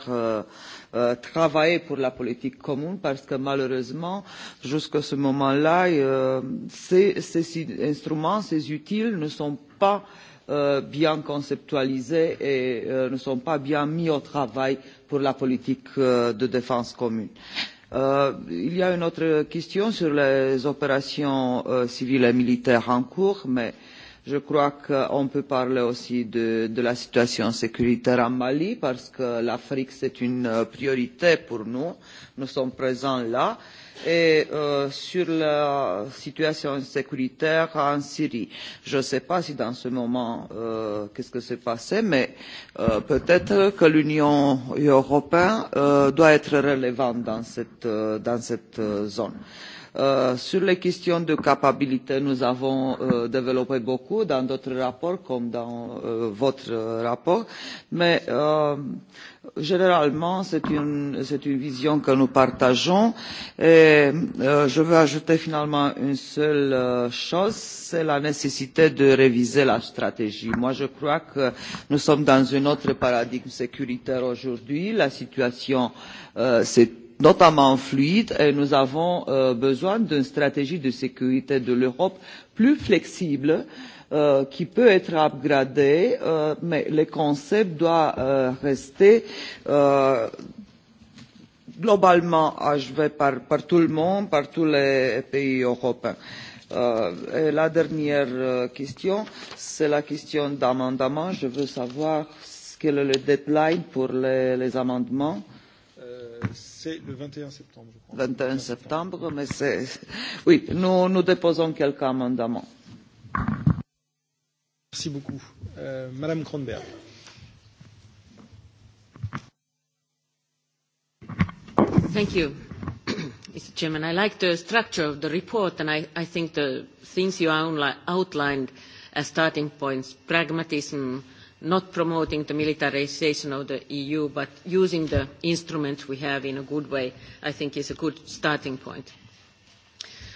travailler pour la politique commune parce que malheureusement, jusqu'à ce moment-là, ces, ces instruments, ces outils ne sont pas bien conceptualisés et ne sont pas bien mis au travail pour la politique de défense commune. Euh, Euh, il y a une autre question sur les opérations euh, civiles et militaires en cours, mais je crois qu'on peut parler aussi de, de la situation sécuritaire en Mali, parce que l'Afrique, c'est une priorité pour nous. Nous sommes présents là. Euh, et euh, sur la situation sécuritaire en Syrie. Je ne sais pas si dans ce moment, euh, qu'est-ce que s'est passé, mais euh, peut-être que l'Union européenne euh, doit être relevante dans cette, euh, dans cette zone. Euh, sur les questions de capacité, nous avons euh, développé beaucoup dans d'autres rapports comme dans euh, votre rapport, mais euh, Généralement, c'est une, c'est une vision que nous partageons. Et euh, je veux ajouter finalement une seule chose, c'est la nécessité de réviser la stratégie. Moi, je crois que nous sommes dans un autre paradigme sécuritaire aujourd'hui. La situation euh, notamment fluide et nous avons euh, besoin d'une stratégie de sécurité de l'Europe plus flexible euh, euh, qui peut être upgradé, euh, mais le concept doit euh, rester euh, globalement achevé par, par tout le monde, par tous les pays européens. Euh, et la dernière question, c'est la question d'amendement. Je veux savoir quel est le deadline pour les, les amendements. C'est le 21 septembre, je crois. 21 septembre, mais c'est... Oui, nous, nous déposons quelques amendements. Merci beaucoup. Euh, Madame Kronberg. Thank you. Mr. Chairman, I like the structure of the report, and I, I think the things you outlined as starting points, pragmatism, not promoting the militarisation of the EU, but using the instruments we have in a good way, I think is a good starting point.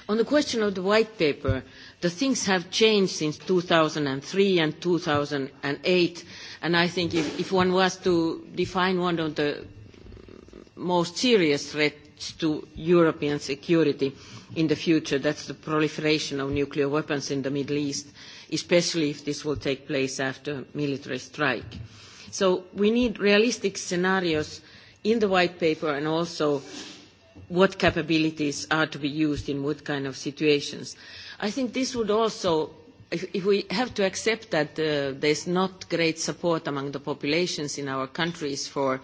On the question of the white paper, the things have changed since 2003 and 2008, and I think if, if one was to define one of the most serious threats to European security in the future, that's the proliferation of nuclear weapons in the Middle East, especially if this will take place after military strike. So we need realistic scenarios in the white paper and also what capabilities are to be used in what kind of situations. I think this would also if we have to accept that there is not great support among the populations in our countries for,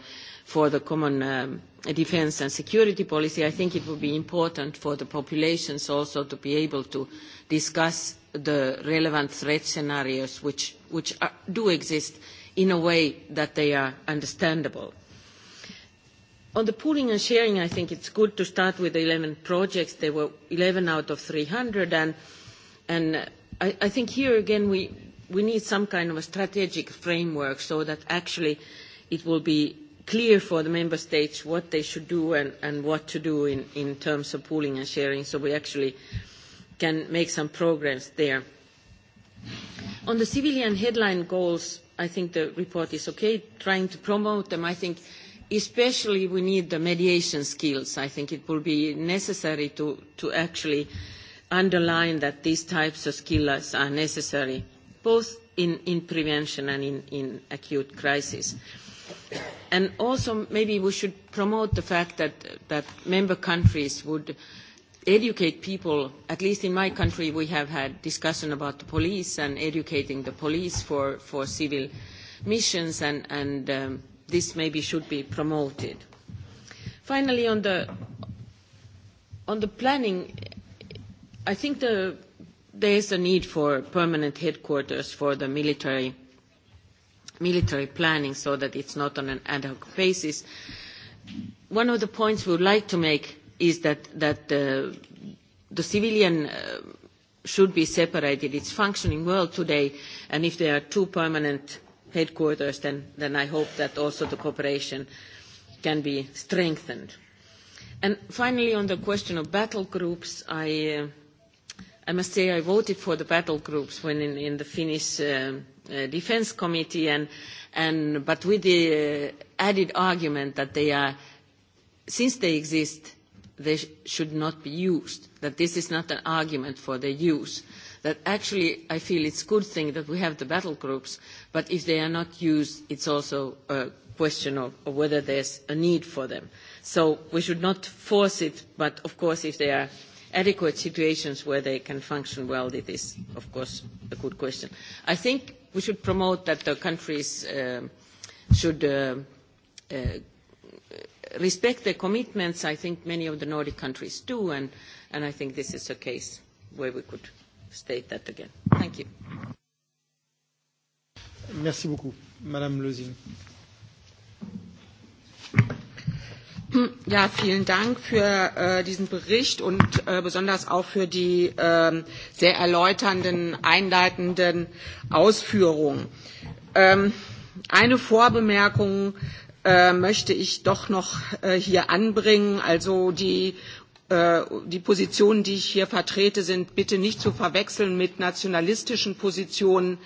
the common defence and security policy, I think it would be important for the populations also to be able to discuss the relevant threat scenarios which, do exist in a way that they are understandable On the pooling and sharing, I think it's good to start with the 11 projects. There were 11 out of 300, and and I I think here again, we we need some kind of a strategic framework so that actually it will be clear for the member states what they should do and what to do in terms of pooling and sharing, so we actually can make some progress there. On the civilian headline goals, I think the report is okay, trying to promote them. I think especially we need the mediation skills. I think it will be necessary to, to actually underline that these types of skills are necessary, both in, in prevention and in, in acute crisis. And also maybe we should promote the fact that, that member countries would educate people. At least in my country, we have had discussion about the police and educating the police for, for civil missions and, and um, this maybe should be promoted. Finally, on the planning, I think there is a need for permanent headquarters for the military planning so that it's not on an ad hoc basis. One of the points we would like to make is that, the, civilian should be separated. It's functioning well today, and if there are two permanent headquarters, then I hope that also the cooperation can be strengthened. And Finally, on the question of battle groups, I must say I voted for the battle groups when in the Finnish Defence Committee, and but with the added argument that they are, since they exist, they should not be used, that this is not an argument for their use that actually I feel it's a good thing that we have the battle groups, but if they are not used, it's also a question of, of whether there's a need for them. So we should not force it, but of course if there are adequate situations where they can function well, it is of course a good question. I think we should promote that the countries should respect their commitments. I think many of the Nordic countries do, and, I think this is a case where we could state that again. Thank you. Merci beaucoup. Madame Lezing. Ja, vielen Dank für diesen Bericht und besonders auch für die sehr erläuternden, einleitenden Ausführungen. eine Vorbemerkung möchte ich doch noch hier anbringen. Also die die Positionen, die ich hier vertrete, sind bitte nicht zu verwechseln mit nationalistischen Positionen.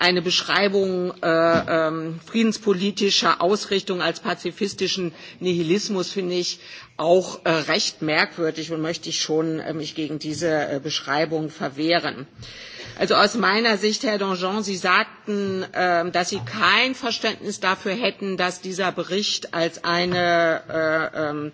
Eine Beschreibung friedenspolitischer Ausrichtung als pazifistischen Nihilismus finde ich auch recht merkwürdig und möchte ich schon mich gegen diese Beschreibung verwehren. Also aus meiner Sicht, Herr Danjean, Sie sagten, dass Sie kein Verständnis dafür hätten, dass dieser Bericht als eine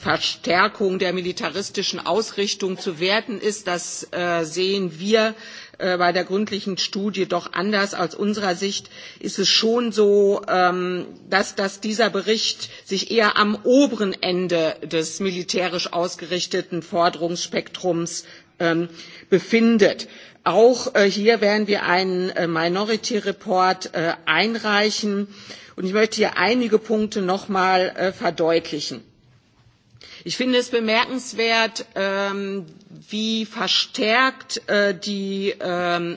Verstärkung der militaristischen Ausrichtung zu werten ist. Das sehen wir bei der gründlichen Studie doch anders. Aus unserer Sicht ist es schon so, dass, dieser Bericht sich eher am oberen Ende des militärisch ausgerichteten Forderungsspektrums befindet. Auch hier werden wir einen Minority Report einreichen. Und ich möchte hier einige Punkte noch einmal verdeutlichen Ich finde es bemerkenswert, wie verstärkt die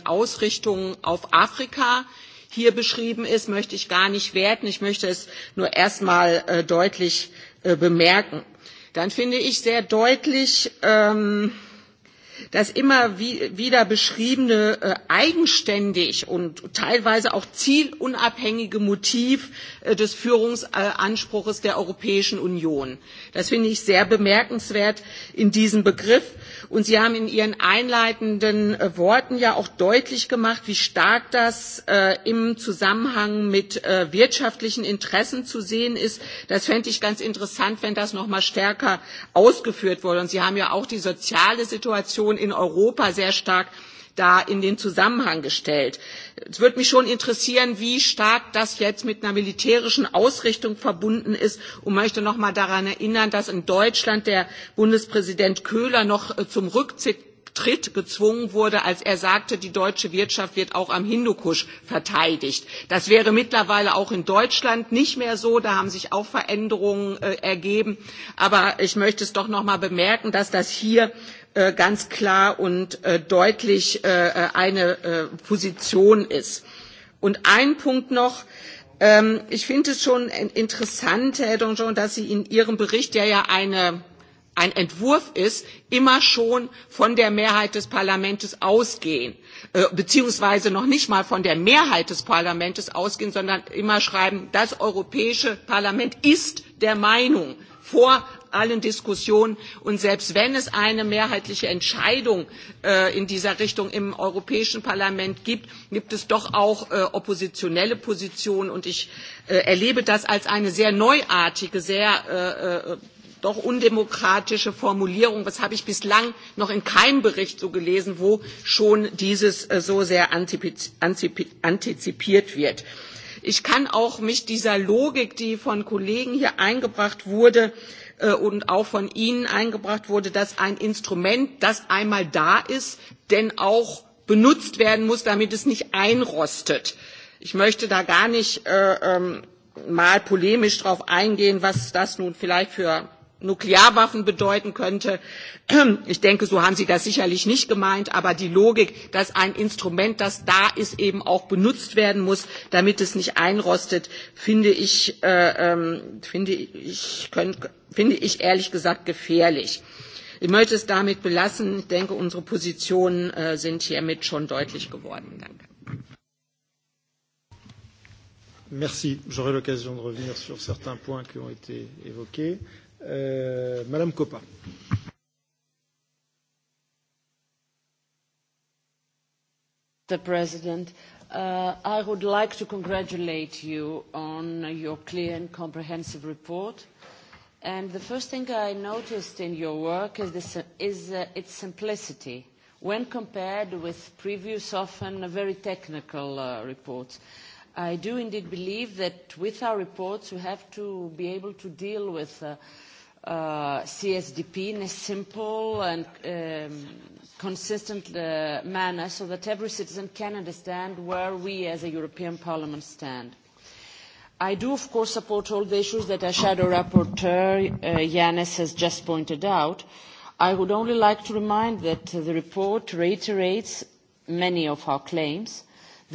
Ausrichtung auf Afrika hier beschrieben ist, möchte ich gar nicht werten. Ich möchte es nur erst einmal deutlich bemerken. Dann finde ich sehr deutlich, ähm, das immer wieder beschriebene eigenständig und teilweise auch zielunabhängige Motiv des Führungsanspruchs der Europäischen Union. Das finde ich sehr bemerkenswert in diesem Begriff. Und Sie haben in Ihren einleitenden Worten ja auch deutlich gemacht, wie stark das im Zusammenhang mit wirtschaftlichen Interessen zu sehen ist. Das fände ich ganz interessant, wenn das noch mal stärker ausgeführt wurde. Und Sie haben ja auch die soziale Situation in Europa sehr stark da in den Zusammenhang gestellt. Es würde mich schon interessieren, wie stark das jetzt mit einer militärischen Ausrichtung verbunden ist und möchte noch mal daran erinnern, dass in Deutschland der Bundespräsident Köhler noch zum Rückzug Rücktritt gezwungen wurde, als er sagte, die deutsche Wirtschaft wird auch am Hindukusch verteidigt. Das wäre mittlerweile auch in Deutschland nicht mehr so. Da haben sich auch Veränderungen ergeben. Aber ich möchte es doch noch mal bemerken, dass das hier ganz klar und deutlich eine Position ist. Und ein Punkt noch. Ich finde es schon interessant, Herr Donjon, dass Sie in Ihrem Bericht, der ja eine ein Entwurf ist, immer schon von der Mehrheit des Parlaments ausgehen, beziehungsweise noch nicht mal von der Mehrheit des Parlaments ausgehen, sondern immer schreiben, das Europäische Parlament ist der Meinung vor allen Diskussionen. Und selbst wenn es eine mehrheitliche Entscheidung in dieser Richtung im Europäischen Parlament gibt, gibt es doch auch oppositionelle Positionen. Und ich erlebe das als eine sehr neuartige, sehr doch undemokratische Formulierung, das habe ich bislang noch in keinem Bericht so gelesen, wo schon dieses so sehr antizipiert wird. Ich kann auch mich dieser Logik, die von Kollegen hier eingebracht wurde und auch von Ihnen eingebracht wurde, dass ein Instrument, das einmal da ist, denn auch benutzt werden muss, damit es nicht einrostet. Ich möchte da gar nicht mal polemisch darauf eingehen, was das nun vielleicht für Nuklearwaffen bedeuten könnte. Ich denke, so haben Sie das sicherlich nicht gemeint, aber die Logik, dass ein Instrument, das da ist, eben auch benutzt werden muss, damit es nicht einrostet, finde ich, ehrlich gesagt gefährlich. Ich möchte es damit belassen. Ich denke, unsere Positionen sind hiermit schon deutlich geworden. Danke. Merci. J'aurai l'occasion de revenir sur certains points qui ont été évoqués. Euh, Madame Coppa. Mr. President, uh, I would like to congratulate you on your clear and comprehensive report. And the first thing I noticed in your work is, this, is uh, its simplicity when compared with previous, often very technical uh, reports. I do indeed believe that with our reports we have to be able to deal with uh, CSDP in a simple and um, consistent uh, manner so that every citizen can understand where we as a European Parliament stand. I do, of course, support all the issues that our shadow rapporteur, uh, Yanis, has just pointed out. I would only like to remind that the report reiterates many of our claims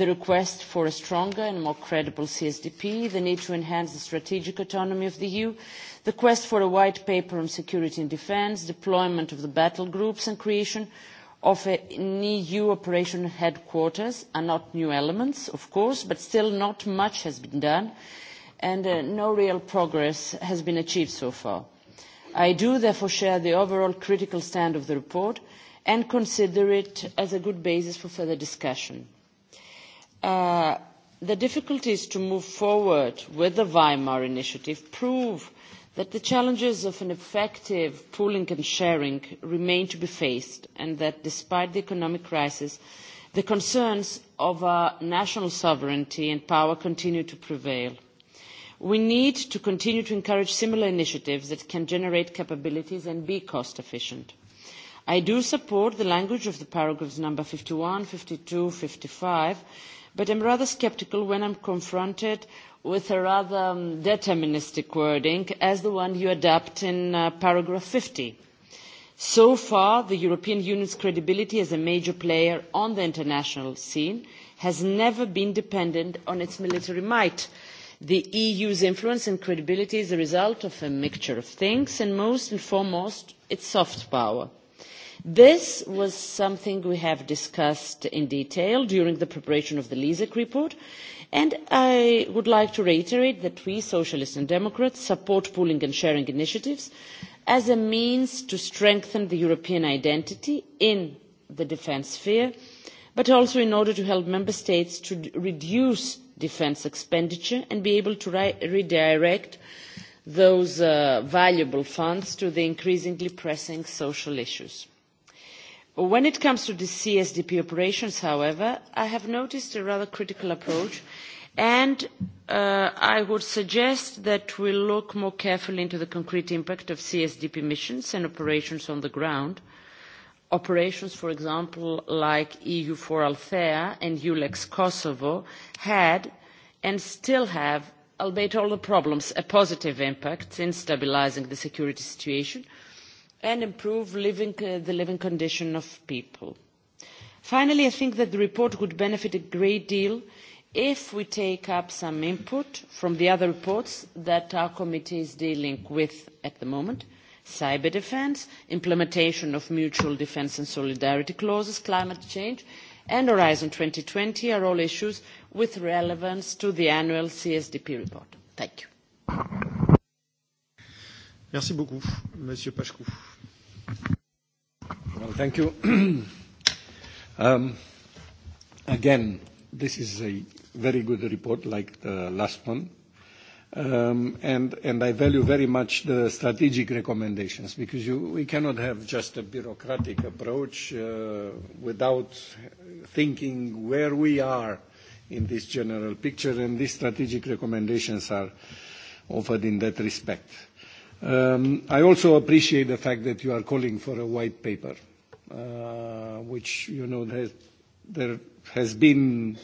the request for a stronger and more credible CSDP, the need to enhance the strategic autonomy of the EU, the quest for a white paper on security and defence, deployment of the battle groups and creation of an EU operational headquarters are not new elements, of course, but still not much has been done and no real progress has been achieved so far. I do therefore share the overall critical stand of the report and consider it as a good basis for further discussion the difficulties to move forward with the Weimar Initiative prove that the challenges of an effective pooling and sharing remain to be faced and that despite the economic crisis, the concerns of our national sovereignty and power continue to prevail. We need to continue to encourage similar initiatives that can generate capabilities and be cost efficient. I do support the language of the paragraphs number 51, 52, 55, but I am rather sceptical when I am confronted with a rather deterministic wording as the one you adopt in paragraph fifty. So far, the European Union's credibility as a major player on the international scene has never been dependent on its military might. The EU's influence and credibility is the result of a mixture of things, and most and foremost, its soft power – This was something we have discussed in detail during the preparation of the LISEC report, and I would like to reiterate that we, Socialists and Democrats, support pooling and sharing initiatives as a means to strengthen the European identity in the defence sphere, but also in order to help Member States to reduce defence expenditure and be able to redirect those uh, valuable funds to the increasingly pressing social issues. When it comes to the CSDP operations, however, I have noticed a rather critical approach, and I would suggest that we look more carefully into the concrete impact of CSDP missions and operations on the ground. Operations, for example, like EU4 Althea and ULEX Kosovo had and still have albeit all the problems, a positive impact in stabilising the security situation and improve the living condition of people. Finally, I think that the report would benefit a great deal if we take up some input from the other reports that our committee is dealing with at the moment, cyber defence, implementation of mutual defence and solidarity clauses, climate change, and Horizon twenty are all issues with relevance to the annual CSDP report. Thank you. Merci beaucoup, Monsieur Pachkou. Well, thank you. um, again, this is a very good report like the last one and I value very much the strategic recommendations because we cannot have just a bureaucratic approach without thinking where we are in this general picture, and these strategic recommendations are offered in that respect. I also appreciate the fact that you are calling for a white paper, which, you know, there has been,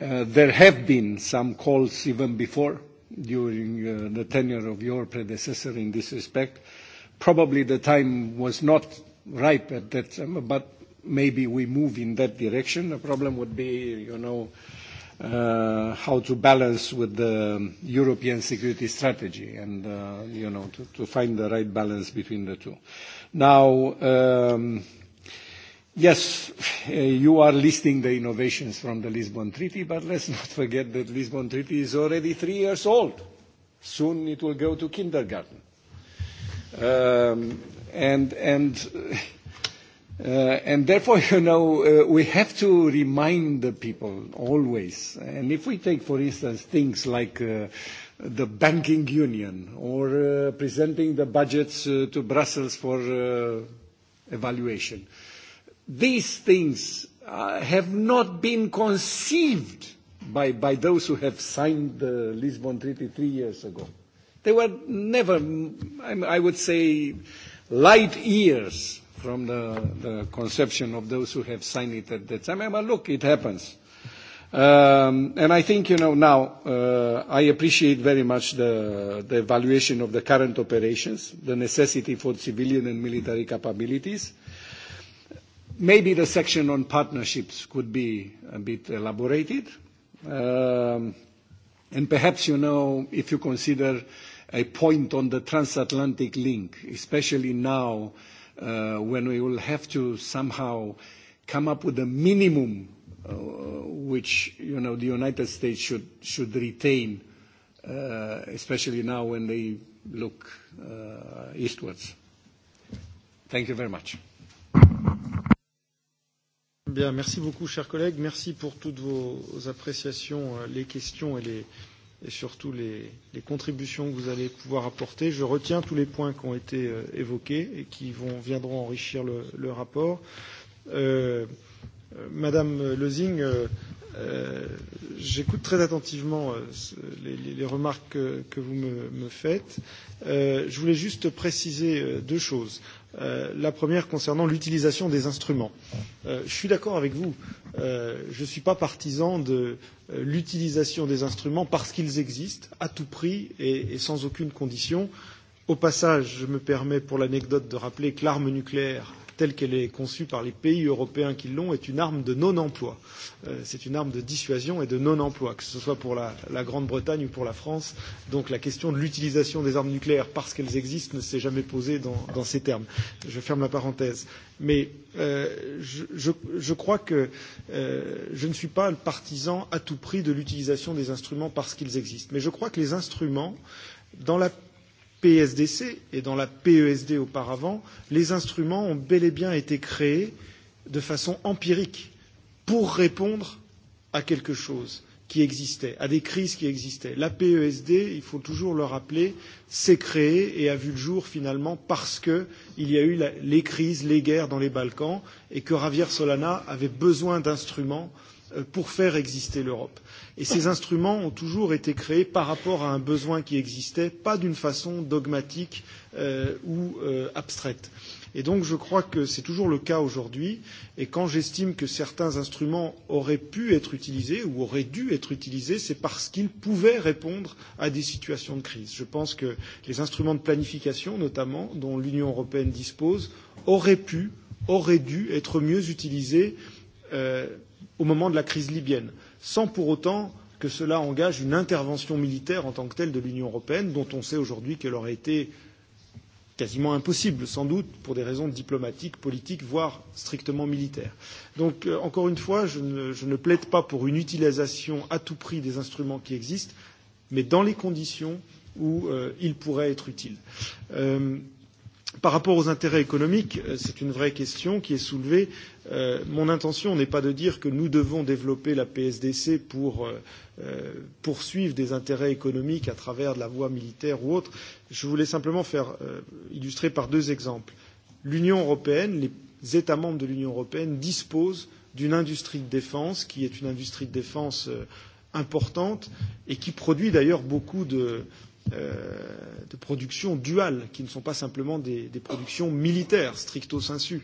there have been some calls even before during the tenure of your predecessor in this respect. Probably the time was not ripe at that time, but maybe we move in that direction. The problem would be, you know, uh, how to balance with the European security strategy and, uh, you know, to, to find the right balance between the two. Now, um, Yes, you are listing the innovations from the Lisbon Treaty, but let's not forget that the Lisbon Treaty is already three years old. Soon it will go to kindergarten. And therefore, you know, we have to remind the people always. And if we take, for instance, things like the banking union or presenting the budgets to Brussels for evaluation, these things uh, have not been conceived by, by those who have signed the Lisbon Treaty three years ago. They were never, I would say, light years from the, the conception of those who have signed it at that time. But look, it happens. Um, and I think, you know, now uh, I appreciate very much the, the evaluation of the current operations, the necessity for civilian and military capabilities, uh, Maybe the section on partnerships could be a bit elaborated. And perhaps, you know, if you consider a point on the transatlantic link, especially now, when we will have to somehow come up with a minimum, which, you know, the United States should should retain, especially now when they look eastwards. Thank you very much. Bien, merci beaucoup, chers collègues. Merci pour toutes vos appréciations, les questions et, les, et surtout les, les contributions que vous allez pouvoir apporter. Je retiens tous les points qui ont été euh, évoqués et qui vont, viendront enrichir le, le rapport. Euh, Madame Lezing, euh, J'écoute très attentivement les, les, les remarques que, que vous me, me faites. Euh, je voulais juste préciser deux choses. Euh, la première concernant l'utilisation des instruments. Euh, je suis d'accord avec vous. Euh, je ne suis pas partisan de l'utilisation des instruments parce qu'ils existent à tout prix et, et sans aucune condition. Au passage, je me permets pour l'anecdote de rappeler que l'arme nucléaire euh, telle qu'elle est conçue par les pays européens qui l'ont, est une arme de non-emploi. c'est une arme de dissuasion et de non-emploi, que ce soit pour la, la Grande-Bretagne ou pour la France. Donc la question de l'utilisation des armes nucléaires parce qu'elles existent ne s'est jamais posée dans, dans ces termes. Je ferme la parenthèse. Mais euh, je, je, je crois que euh, je ne suis pas le partisan à tout prix de l'utilisation des instruments parce qu'ils existent. Mais je crois que les instruments, dans la PSDC et dans la PESD auparavant, les instruments ont bel et bien été créés de façon empirique pour répondre à quelque chose qui existait, à des crises qui existaient. La PESD, il faut toujours le rappeler, s'est créée et a vu le jour finalement parce qu'il y a eu les crises, les guerres dans les Balkans et que Javier Solana avait besoin d'instruments pour faire exister l'Europe. Et ces instruments ont toujours été créés par rapport à un besoin qui existait, pas d'une façon dogmatique ou abstraite. Et donc je crois que c'est toujours le cas aujourd'hui. Et quand j'estime que certains instruments auraient pu être utilisés ou auraient dû être utilisés, c'est parce qu'ils pouvaient répondre à des situations de crise. Je pense que les instruments de planification, notamment, dont l'Union européenne dispose, auraient pu, auraient dû être mieux utilisés au moment de la crise libyenne, sans pour autant que cela engage une intervention militaire en tant que telle de l'Union européenne, dont on sait aujourd'hui qu'elle aurait été quasiment impossible, sans doute, pour des raisons diplomatiques, politiques, voire strictement militaires. Donc, euh, encore une fois, je ne, je ne plaide pas pour une utilisation à tout prix des instruments qui existent, mais dans les conditions où euh, ils pourraient être utiles. Euh, Par rapport aux intérêts économiques, c'est une vraie question qui est soulevée. mon intention n'est pas de dire que nous devons développer la PSDC pour poursuivre des intérêts économiques à travers de la voie militaire ou autre. Je voulais simplement faire illustrer par deux exemples. L'Union européenne, les États membres de l'Union européenne disposent d'une industrie de défense qui est une industrie de défense importante et qui produit d'ailleurs beaucoup de, de production duales, qui ne sont pas simplement des, des productions militaires, stricto sensu.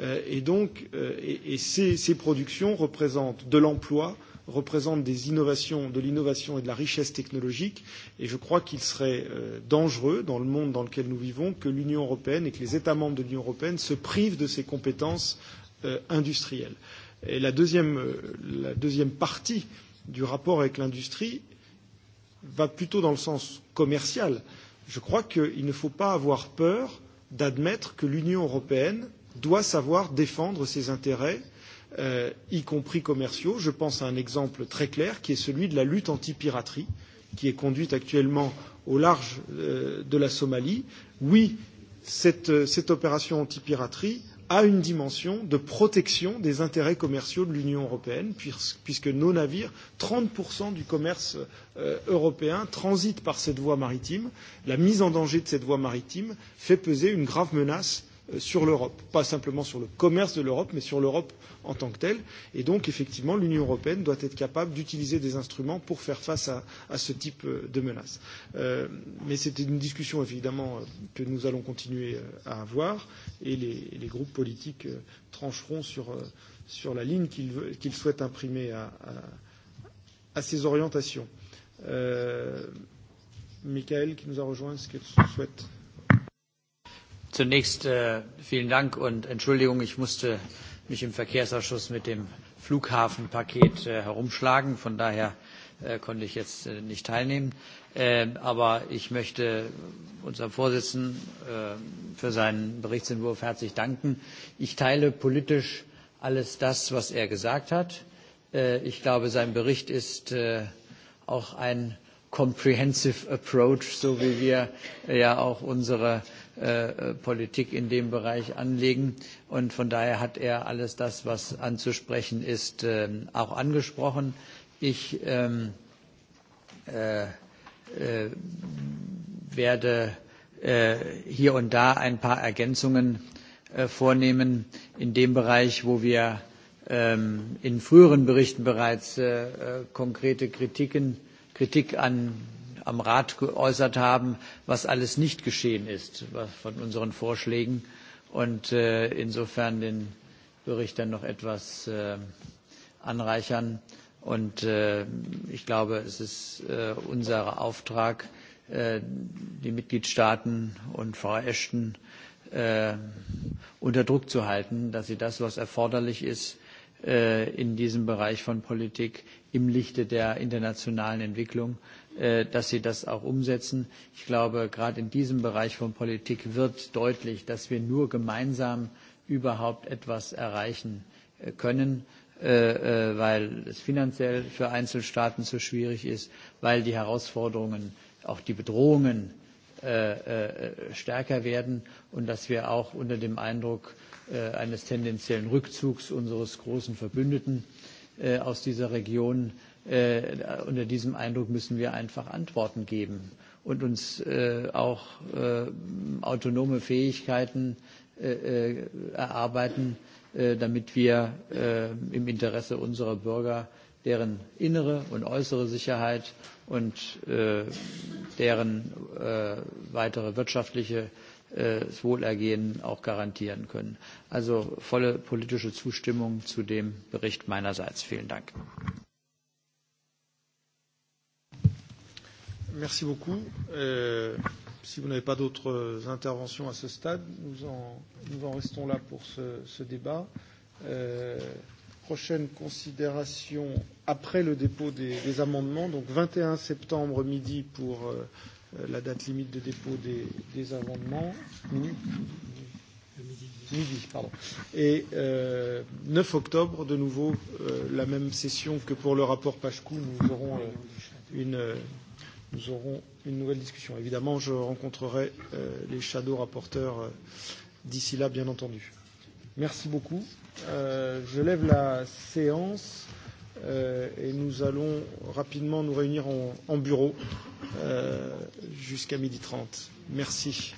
Euh, et donc, euh, et, et ces, ces productions représentent de l'emploi, représentent des innovations, de l'innovation et de la richesse technologique. Et je crois qu'il serait euh, dangereux, dans le monde dans lequel nous vivons, que l'Union européenne et que les États membres de l'Union européenne se privent de ces compétences euh, industrielles. Et la deuxième, la deuxième partie du rapport avec l'industrie va plutôt dans le sens commercial. Je crois qu'il ne faut pas avoir peur d'admettre que l'Union européenne doit savoir défendre ses intérêts, y compris commerciaux. Je pense à un exemple très clair qui est celui de la lutte anti piraterie, qui est conduite actuellement au large de la Somalie. Oui, cette, opération anti piraterie a une dimension de protection des intérêts commerciaux de l'Union européenne, puisque nos navires, 30% du commerce européen transite par cette voie maritime. La mise en danger de cette voie maritime fait peser une grave menace sur l'Europe, pas simplement sur le commerce de l'Europe, mais sur l'Europe en tant que telle. Et donc, effectivement, l'Union européenne doit être capable d'utiliser des instruments pour faire face à, à ce type de menace. Euh, mais c'est une discussion, évidemment, que nous allons continuer à avoir, et les, les groupes politiques trancheront sur, sur la ligne qu'ils souhaitent imprimer à, à, à ces orientations. Euh, Michael, qui nous a rejoint, est-ce que tu souhaites Zunächst vielen Dank und Entschuldigung, ich musste mich im Verkehrsausschuss mit dem Flughafenpaket herumschlagen. Von daher konnte ich jetzt nicht teilnehmen. Aber ich möchte unserem Vorsitzenden für seinen Berichtsentwurf herzlich danken. Ich teile politisch alles das, was er gesagt hat. Ich glaube, sein Bericht ist auch ein comprehensive approach, so wie wir ja auch unsere Politik in dem Bereich anlegen. Und von daher hat er alles das, was anzusprechen ist, auch angesprochen. Ich werde hier und da ein paar Ergänzungen vornehmen in dem Bereich, wo wir in früheren Berichten bereits konkrete Kritiken Kritik an am Rat geäußert haben, was alles nicht geschehen ist von unseren Vorschlägen und insofern den Bericht dann noch etwas anreichern. Und ich glaube, es ist unser Auftrag, die Mitgliedstaaten und Frau Ashton unter Druck zu halten, dass sie das, was erforderlich ist, in diesem Bereich von Politik im Lichte der internationalen Entwicklung dass sie das auch umsetzen. Ich glaube, gerade in diesem Bereich von Politik wird deutlich, dass wir nur gemeinsam überhaupt etwas erreichen können, weil es finanziell für Einzelstaaten zu schwierig ist, weil die Herausforderungen, auch die Bedrohungen stärker werden und dass wir auch unter dem Eindruck eines tendenziellen Rückzugs unseres großen Verbündeten aus dieser Region unter diesem Eindruck müssen wir einfach Antworten geben und uns auch autonome Fähigkeiten erarbeiten, damit wir im Interesse unserer Bürger deren innere und äußere Sicherheit und deren weitere wirtschaftliche Wohlergehen auch garantieren können. Also volle politische Zustimmung zu dem Bericht meinerseits. Vielen Dank. Merci beaucoup. Euh, si vous n'avez pas d'autres interventions à ce stade, nous en, nous en restons là pour ce, ce débat. Euh, prochaine considération après le dépôt des, des amendements, donc 21 septembre midi pour euh, la date limite de dépôt des, des amendements. Minuit Midi, pardon. Et euh, 9 octobre, de nouveau, euh, la même session que pour le rapport Pachkou, nous aurons euh, une. Euh, nous aurons une nouvelle discussion. Évidemment, je rencontrerai euh, les shadow rapporteurs euh, d'ici là, bien entendu. Merci beaucoup. Euh, je lève la séance euh, et nous allons rapidement nous réunir en, en bureau euh, jusqu'à midi trente. 30 Merci.